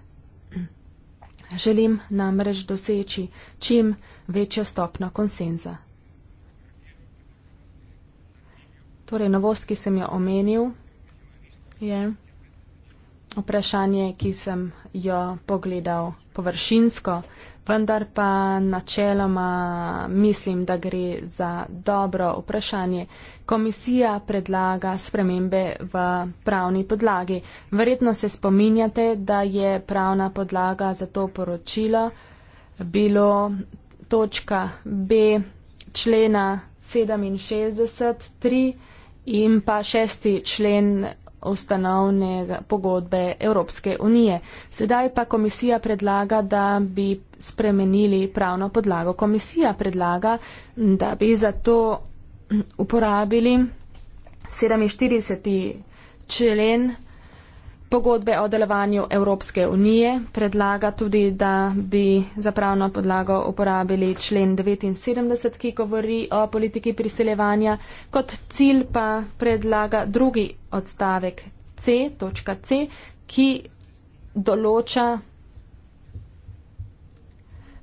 A: Želim namreč doseči čim večjo stopno konsenza. Torej, novost, ki sem jo omenil, je. Yeah vprašanje, ki sem jo pogledal površinsko, vendar pa načeloma mislim, da gre za dobro vprašanje. Komisija predlaga spremembe v pravni podlagi. Verjetno se spominjate, da je pravna podlaga za to poročilo bilo točka B člena 67.3 in pa šesti člen ustanovne pogodbe Evropske unije. Sedaj pa komisija predlaga, da bi spremenili pravno podlago. Komisija predlaga, da bi za to uporabili 47. člen pogodbe o delovanju Evropske unije predlaga tudi, da bi za pravno podlago uporabili člen 79, ki govori o politiki priseljevanja, kot cilj pa predlaga drugi odstavek C, točka C, ki določa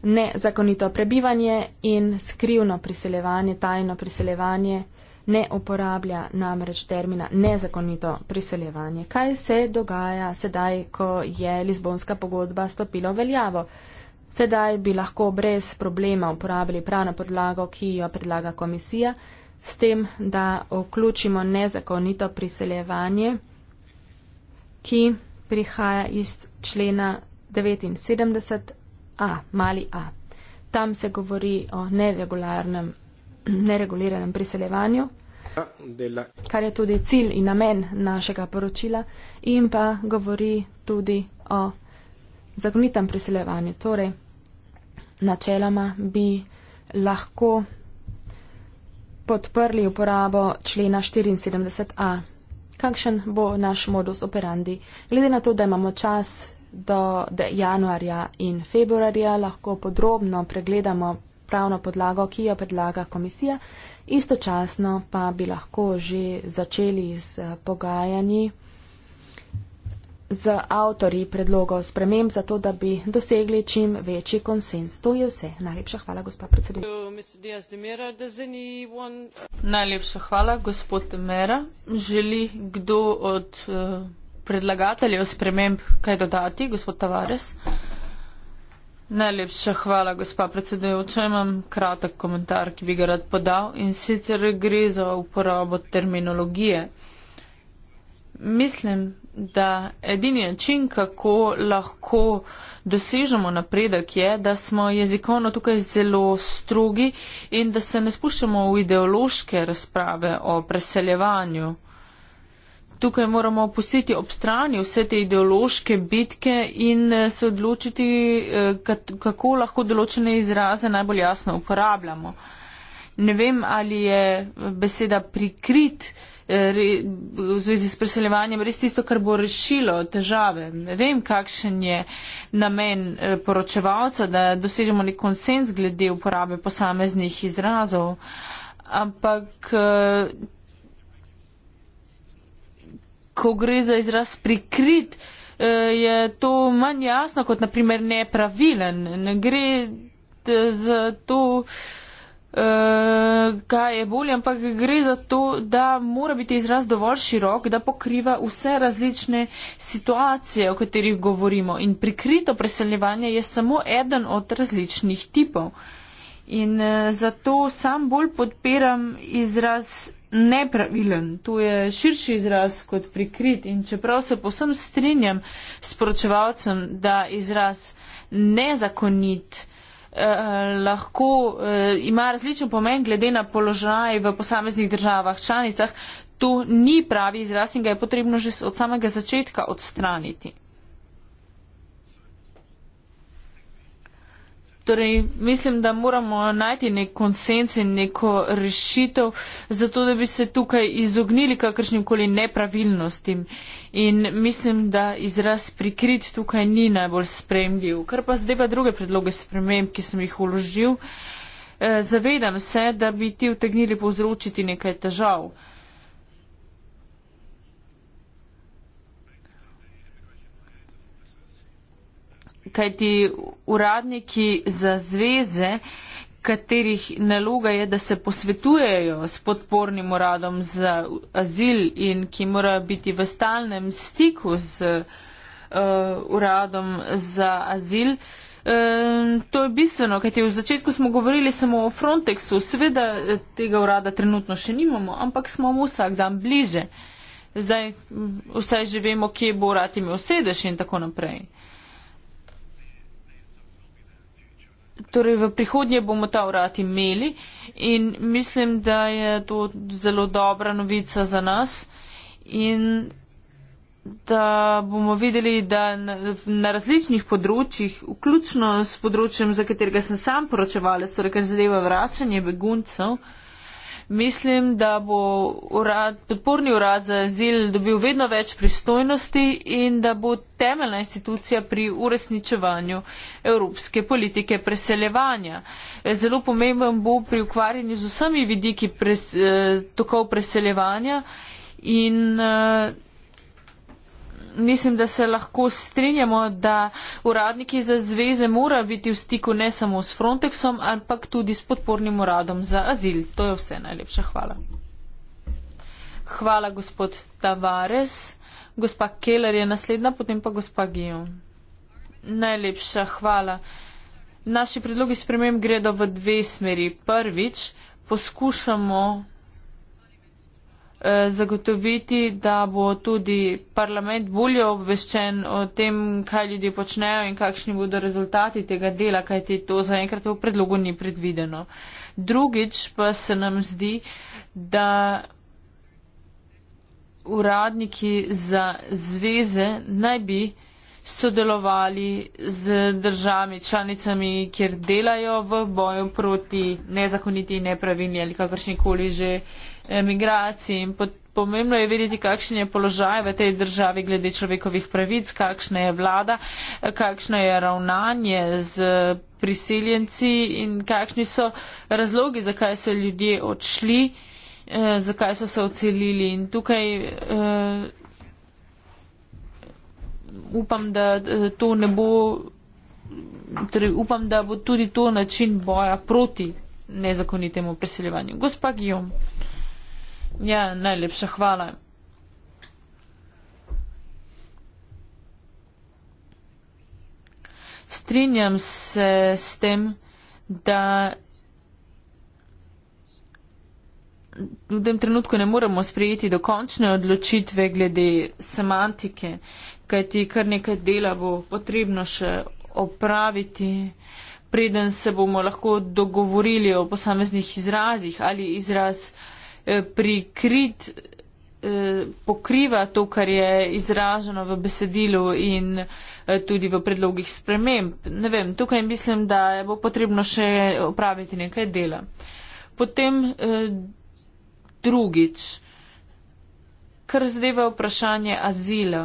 A: nezakonito prebivanje in skrivno priseljevanje, tajno priseljevanje ne uporablja namreč termina nezakonito priseljevanje. Kaj se dogaja sedaj, ko je Lizbonska pogodba stopila v veljavo? Sedaj bi lahko brez problema uporabili pravno podlago, ki jo predlaga komisija, s tem, da vključimo nezakonito priseljevanje, ki prihaja iz člena 79a, mali a. Tam se govori o neregularnem nereguliranem priseljevanju, kar je tudi cilj in namen našega poročila, in pa govori tudi o zakonitem priseljevanju. Torej, načeloma bi lahko podprli uporabo člena 74a. Kakšen bo naš modus operandi? Glede na to, da imamo čas do januarja in februarja, lahko podrobno pregledamo pravno podlago, ki jo predlaga komisija, istočasno pa bi lahko že začeli z eh, pogajanji z avtori predlogov sprememb za to, da bi dosegli čim večji konsens. To je vse. Najlepša hvala, gospa predsednica.
B: Najlepša hvala, gospod Mera. Želi kdo od eh, predlagateljev sprememb kaj dodati, gospod Tavares? No. Najlepša hvala, gospa predsedujoča. Imam kratek komentar, ki bi ga rad podal in sicer gre za uporabo terminologije. Mislim, da edini način, kako lahko dosežemo napredek, je, da smo jezikovno tukaj zelo strogi in da se ne spuščamo v ideološke razprave o preseljevanju tukaj moramo pustiti ob strani vse te ideološke bitke in eh, se odločiti, eh, kako lahko določene izraze najbolj jasno uporabljamo. Ne vem, ali je eh, beseda prikrit v zvezi s preseljevanjem res tisto, kar bo rešilo težave. Ne vem, kakšen je namen poročevalca, da dosežemo nek konsens glede uporabe posameznih izrazov, ampak ko gre za izraz prikrit, eh, je to manj jasno kot naprimer nepravilen. Ne gre za to, eh, kaj je bolje, ampak gre za to, da mora biti izraz dovolj širok, da pokriva vse različne situacije, o katerih govorimo. In prikrito preseljevanje je samo eden od različnih tipov. In eh, zato sam bolj podpiram izraz nepravilen, to je širši izraz kot prikrit in čeprav se posem strinjam s poročevalcem, da izraz nezakonit eh, lahko eh, ima različen pomen glede na položaj v posameznih državah, članicah, to ni pravi izraz in ga je potrebno že od samega začetka odstraniti. Torej, mislim, da moramo najti nek konsens in neko rešitev, zato da bi se tukaj izognili kakršnim koli nepravilnostim. In mislim, da izraz prikrit tukaj ni najbolj spremljiv. Kar pa zdaj pa druge predloge sprememb, ki sem jih uložil, eh, zavedam se, da bi ti utegnili povzročiti nekaj težav. Kaj ti uradniki za zveze, katerih naloga je, da se posvetujejo s podpornim uradom za azil in ki morajo biti v stalnem stiku z uh, uradom za azil. Um, to je bistveno, kajti v začetku smo govorili samo o Frontexu, seveda eh, tega urada trenutno še nimamo, ampak smo mu vsak dan bliže. Zdaj vsaj že vemo, kje bo urad imel sedež in tako naprej. torej v prihodnje bomo ta urad imeli in mislim, da je to zelo dobra novica za nas in da bomo videli, da na, na različnih področjih, vključno s področjem, za katerega sem sam poročevalec, torej kar zadeva vračanje beguncev, mislim, da bo urad, podporni urad za azil dobil vedno več pristojnosti in da bo temeljna institucija pri uresničevanju evropske politike preseljevanja. Zelo pomemben bo pri ukvarjanju z vsemi vidiki pres, eh, tokov preseljevanja in eh, mislim, da se lahko strinjamo, da uradniki za zveze mora biti v stiku ne samo s Frontexom, ampak tudi s podpornim uradom za azil. To je vse. Najlepša hvala. Hvala, gospod Tavares. Gospa Keller je naslednja, potem pa gospa Gijo. Najlepša hvala. Naši predlogi sprememb gredo v dve smeri. Prvič, poskušamo Eh, zagotoviti, da bo tudi parlament bolje obveščen o tem, kaj ljudje počnejo in kakšni bodo rezultati tega dela, kajti to zaenkrat v predlogu ni predvideno. Drugič pa se nam zdi, da uradniki za zveze naj bi sodelovali z državami, članicami, kjer delajo v boju proti nezakoniti, nepravilni ali kakršnikoli že emigracij in pomembno je videti, kakšen je položaj v tej državi glede človekovih pravic, kakšna je vlada, kakšno je ravnanje z priseljenci in kakšni so razlogi, zakaj so ljudje odšli, eh, zakaj so se ocelili. In tukaj uh, upam, da eh, to ne bo. Torej, upam, da bo tudi to način boja proti nezakonitemu preseljevanju. Gospa Gijom. Ja, najlepša hvala. Strinjam se s tem, da v tem trenutku ne moremo sprejeti dokončne odločitve glede semantike, kajti kar nekaj dela bo potrebno še opraviti, preden se bomo lahko dogovorili o posameznih izrazih ali izraz. Eh, prikrit, eh, pokriva to, kar je izraženo v besedilu in eh, tudi v predlogih sprememb. Ne vem, tukaj mislim, da bo potrebno še opraviti nekaj dela. Potem drugič, kar zadeva vprašanje azila.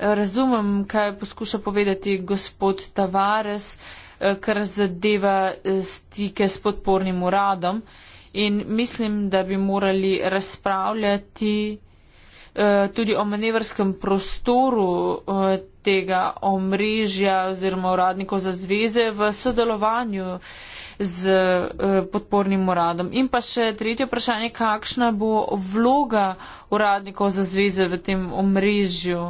B: Razumem, kaj poskuša povedati gospod Tavares. Eh, kar zadeva eh, stike s podpornim uradom. In mislim, da bi morali razpravljati eh, tudi o manevrskem prostoru tega omrežja oziroma uradnikov za zveze v sodelovanju z podpornim uradom. In pa še tretje vprašanje, kakšna bo vloga uradnikov za zveze v tem omrežju.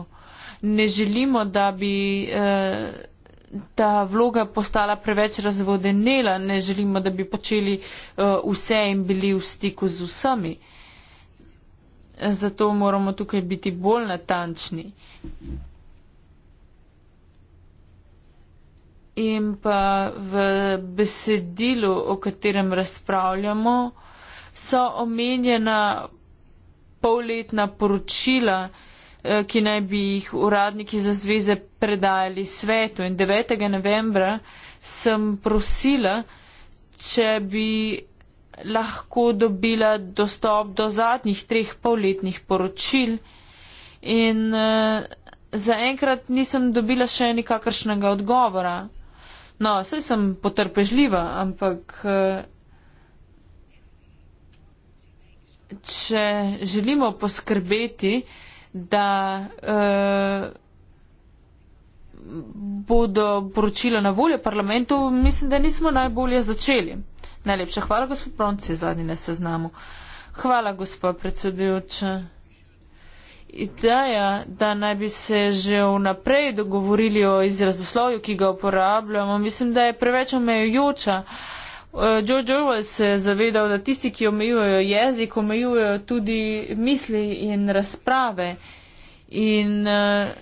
B: Ne želimo, da bi. Eh, ta vloga postala preveč razvodenela, ne želimo, da bi počeli uh, vse in bili v stiku z vsemi. Zato moramo tukaj biti bolj natančni. In pa v besedilu, o katerem razpravljamo, so omenjena polletna poročila, Eh, ki naj bi jih uradniki za zveze predajali svetu. In 9. novembra sem prosila, če bi lahko dobila dostop do zadnjih treh polletnih poročil. In uh, zaenkrat nisem dobila še nikakršnega odgovora. No, saj sem potrpežljiva, ampak. Uh, Če želimo poskrbeti, da eh, bodo poročila na voljo parlamentu, mislim, da nismo najbolje začeli. Najlepša hvala, gospod Pronci, zadnji na seznamu. Hvala, gospod predsedujoča. Ideja, da naj bi se že vnaprej dogovorili o izrazoslovju, ki ga uporabljamo, mislim, da je preveč omejujoča. Uh, Eh, George Orwell se je zavedal, da tisti, ki omejujejo jezik, omejujejo tudi misli in razprave. In eh,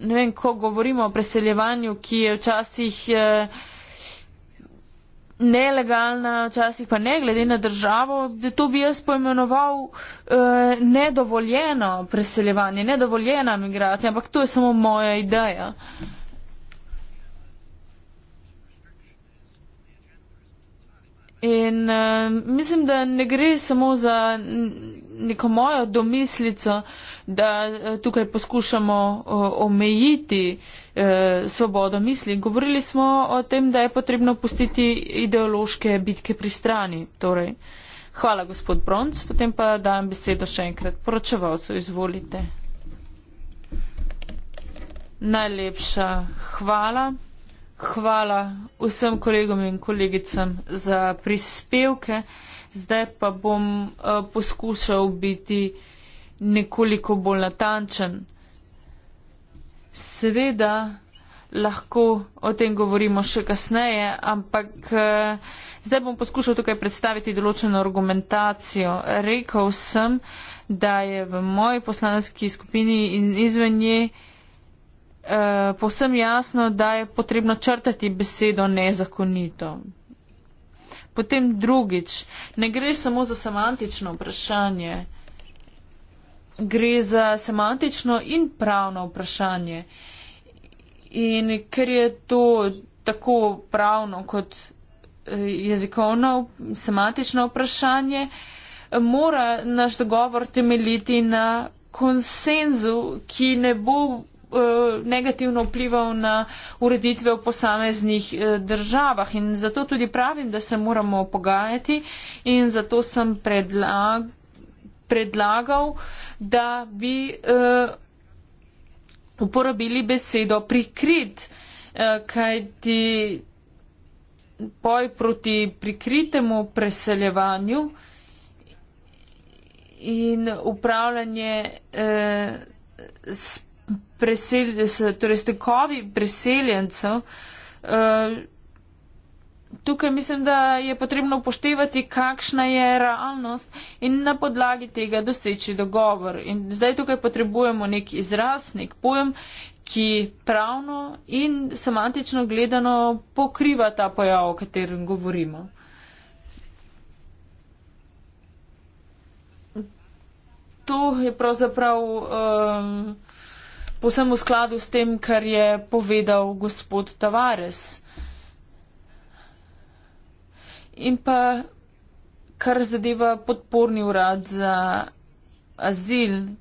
B: ne vem, ko govorimo o preseljevanju, ki je včasih eh, nelegalna, včasih pa ne glede na državo, da to bi jaz poimenoval eh, nedovoljeno preseljevanje, nedovoljena migracija, ampak to je samo moja ideja. Eh, In uh, mislim, da ne gre samo za neko mojo domislico, da uh, tukaj poskušamo uh, omejiti uh, svobodo misli. Govorili smo o tem, da je potrebno pustiti ideološke bitke pri strani. Torej. Hvala, gospod Bronc. Potem pa dajem besedo še enkrat poročevalcu. Izvolite. Najlepša hvala hvala vsem kolegom in kolegicam za prispevke. Zdaj pa bom eh, poskušal biti nekoliko bolj natančen. Seveda lahko o tem govorimo še kasneje, ampak eh, zdaj bom poskušal tukaj predstaviti določeno argumentacijo. Rekel sem, da je v moji poslanski skupini in izven njej eh, povsem jasno, da je potrebno črtati besedo nezakonito. Potem drugič, ne gre samo za semantično vprašanje, gre za semantično in pravno vprašanje. In ker je to tako pravno kot eh, jezikovno semantično vprašanje, mora naš dogovor temeljiti na konsenzu, ki ne bo Eh, negativno vplival na ureditve v posameznih eh, državah. In zato tudi pravim, da se moramo pogajati in zato sem predlag, predlagal, da bi eh, uporabili besedo prikrit, kaj ti poj proti prikritemu preseljevanju in upravljanje eh, s presel, torej stekovi preseljencev. Eh, tukaj mislim, da je potrebno upoštevati, kakšna je realnost in na podlagi tega doseči dogovor. In zdaj tukaj potrebujemo nek izraz, nek pojem, ki pravno in semantično gledano pokriva ta pojav, o katerem govorimo. To je pravzaprav. Um, posem v skladu s tem, kar je povedal gospod Tavares. In pa, kar zadeva podporni urad za azil,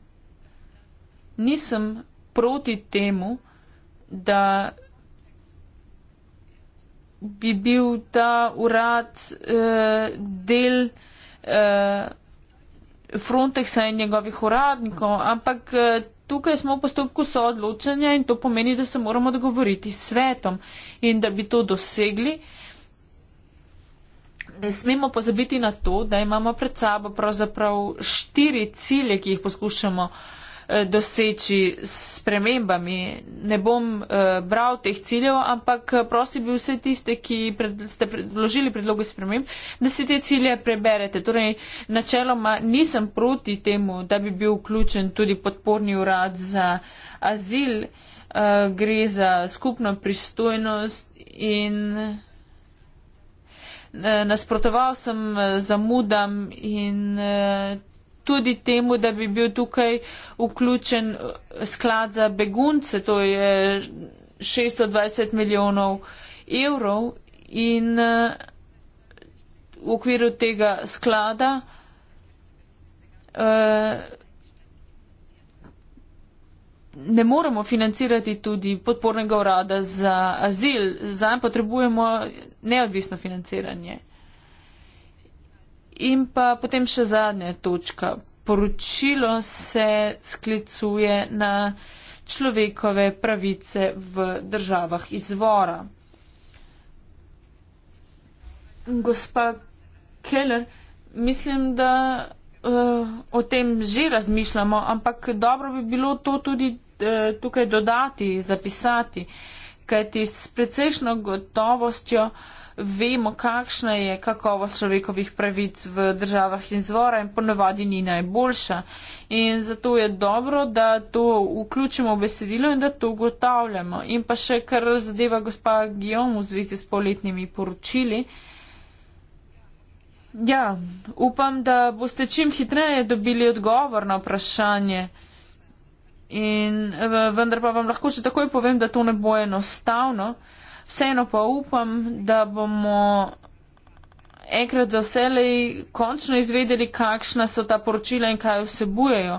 B: nisem proti temu, da bi bil ta urad eh, del eh, Frontexa in njegovih uradnikov, ampak eh, tukaj smo v postopku soodločanja in to pomeni, da se moramo dogovoriti s svetom in da bi to dosegli. Ne smemo pozabiti na to, da imamo pred sabo pravzaprav štiri cilje, ki jih poskušamo uh, Eh, doseči s spremembami. Ne bom uh, bral teh ciljev, ampak eh, prosim bi vse tiste, ki pred, ste predložili predloge sprememb, da si te cilje preberete. Torej, načeloma nisem proti temu, da bi bil vključen tudi podporni urad za azil, uh, gre za skupno pristojnost in uh, nasprotoval sem uh, zamudam in uh, tudi temu, da bi bil tukaj vključen eh, sklad za begunce, to je 620 milijonov evrov in eh, v okviru tega sklada eh, ne moremo financirati tudi podpornega urada za azil, zanj potrebujemo neodvisno financiranje. In pa potem še zadnja točka. Poročilo se sklicuje na človekove pravice v državah izvora. Gospa Keller, mislim, da uh, o tem že razmišljamo, ampak dobro bi bilo to tudi uh, tukaj dodati, zapisati. Uh, kajti s precejšno gotovostjo vemo, kakšna je kakovost človekovih pravic v državah izvora in ponavadi ni najboljša. In zato je dobro, da to vključimo v besedilo in da to ugotavljamo. In pa še kar zadeva gospa Gijom v zvezi s poletnimi poročili. Ja, upam, da boste čim hitreje dobili odgovor na vprašanje in vendar pa vam lahko že takoj povem, da to ne bo enostavno. Vseeno pa upam, da bomo enkrat za vselej končno izvedeli, kakšna so ta poročila in kaj vsebujejo.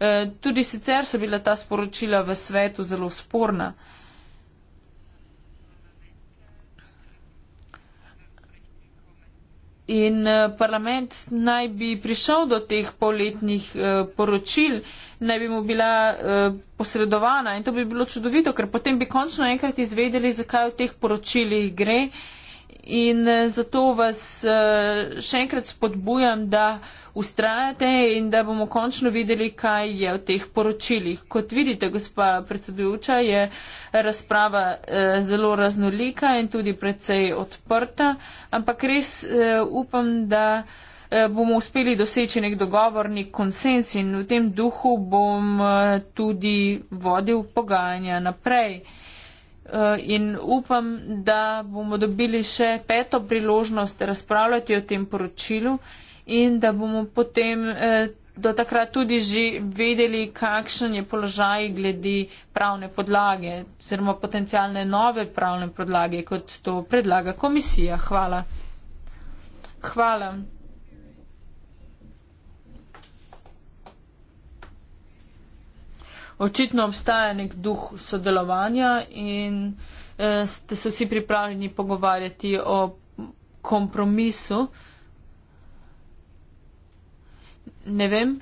B: E, tudi sicer so bila ta sporočila v svetu zelo sporna. In e, parlament naj bi prišel do teh poletnih e, poročil, naj bi mu bila uh, posredovana in to bi bilo čudovito, ker potem bi končno enkrat izvedeli, zakaj v teh poročilih gre. In eh, zato vas eh, še enkrat spodbujam, da ustrajate in da bomo končno videli, kaj je v teh poročilih. Kot vidite, gospa predsedujoča, je razprava zelo raznolika in tudi precej odprta, ampak res upam, da. Eh, bomo uspeli doseči nek dogovornik konsens in v tem duhu bom eh, tudi vodil pogajanja naprej. Eh, in upam, da bomo dobili še peto priložnost razpravljati o tem poročilu in da bomo potem do takrat tudi že vedeli, kakšen je položaj glede pravne podlage, oziroma potencijalne nove pravne podlage, kot to predlaga komisija. Hvala. Hvala. očitno obstaja nek duh sodelovanja in eh, ste se vsi pripravljeni pogovarjati o kompromisu. Ne vem,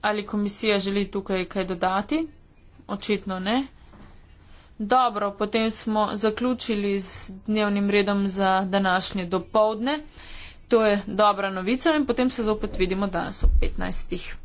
B: ali komisija želi tukaj kaj dodati. Očitno ne. Dobro, potem smo zaključili z dnevnim redom za današnje dopoldne. To je dobra novica in potem se zopet vidimo danes ob 15.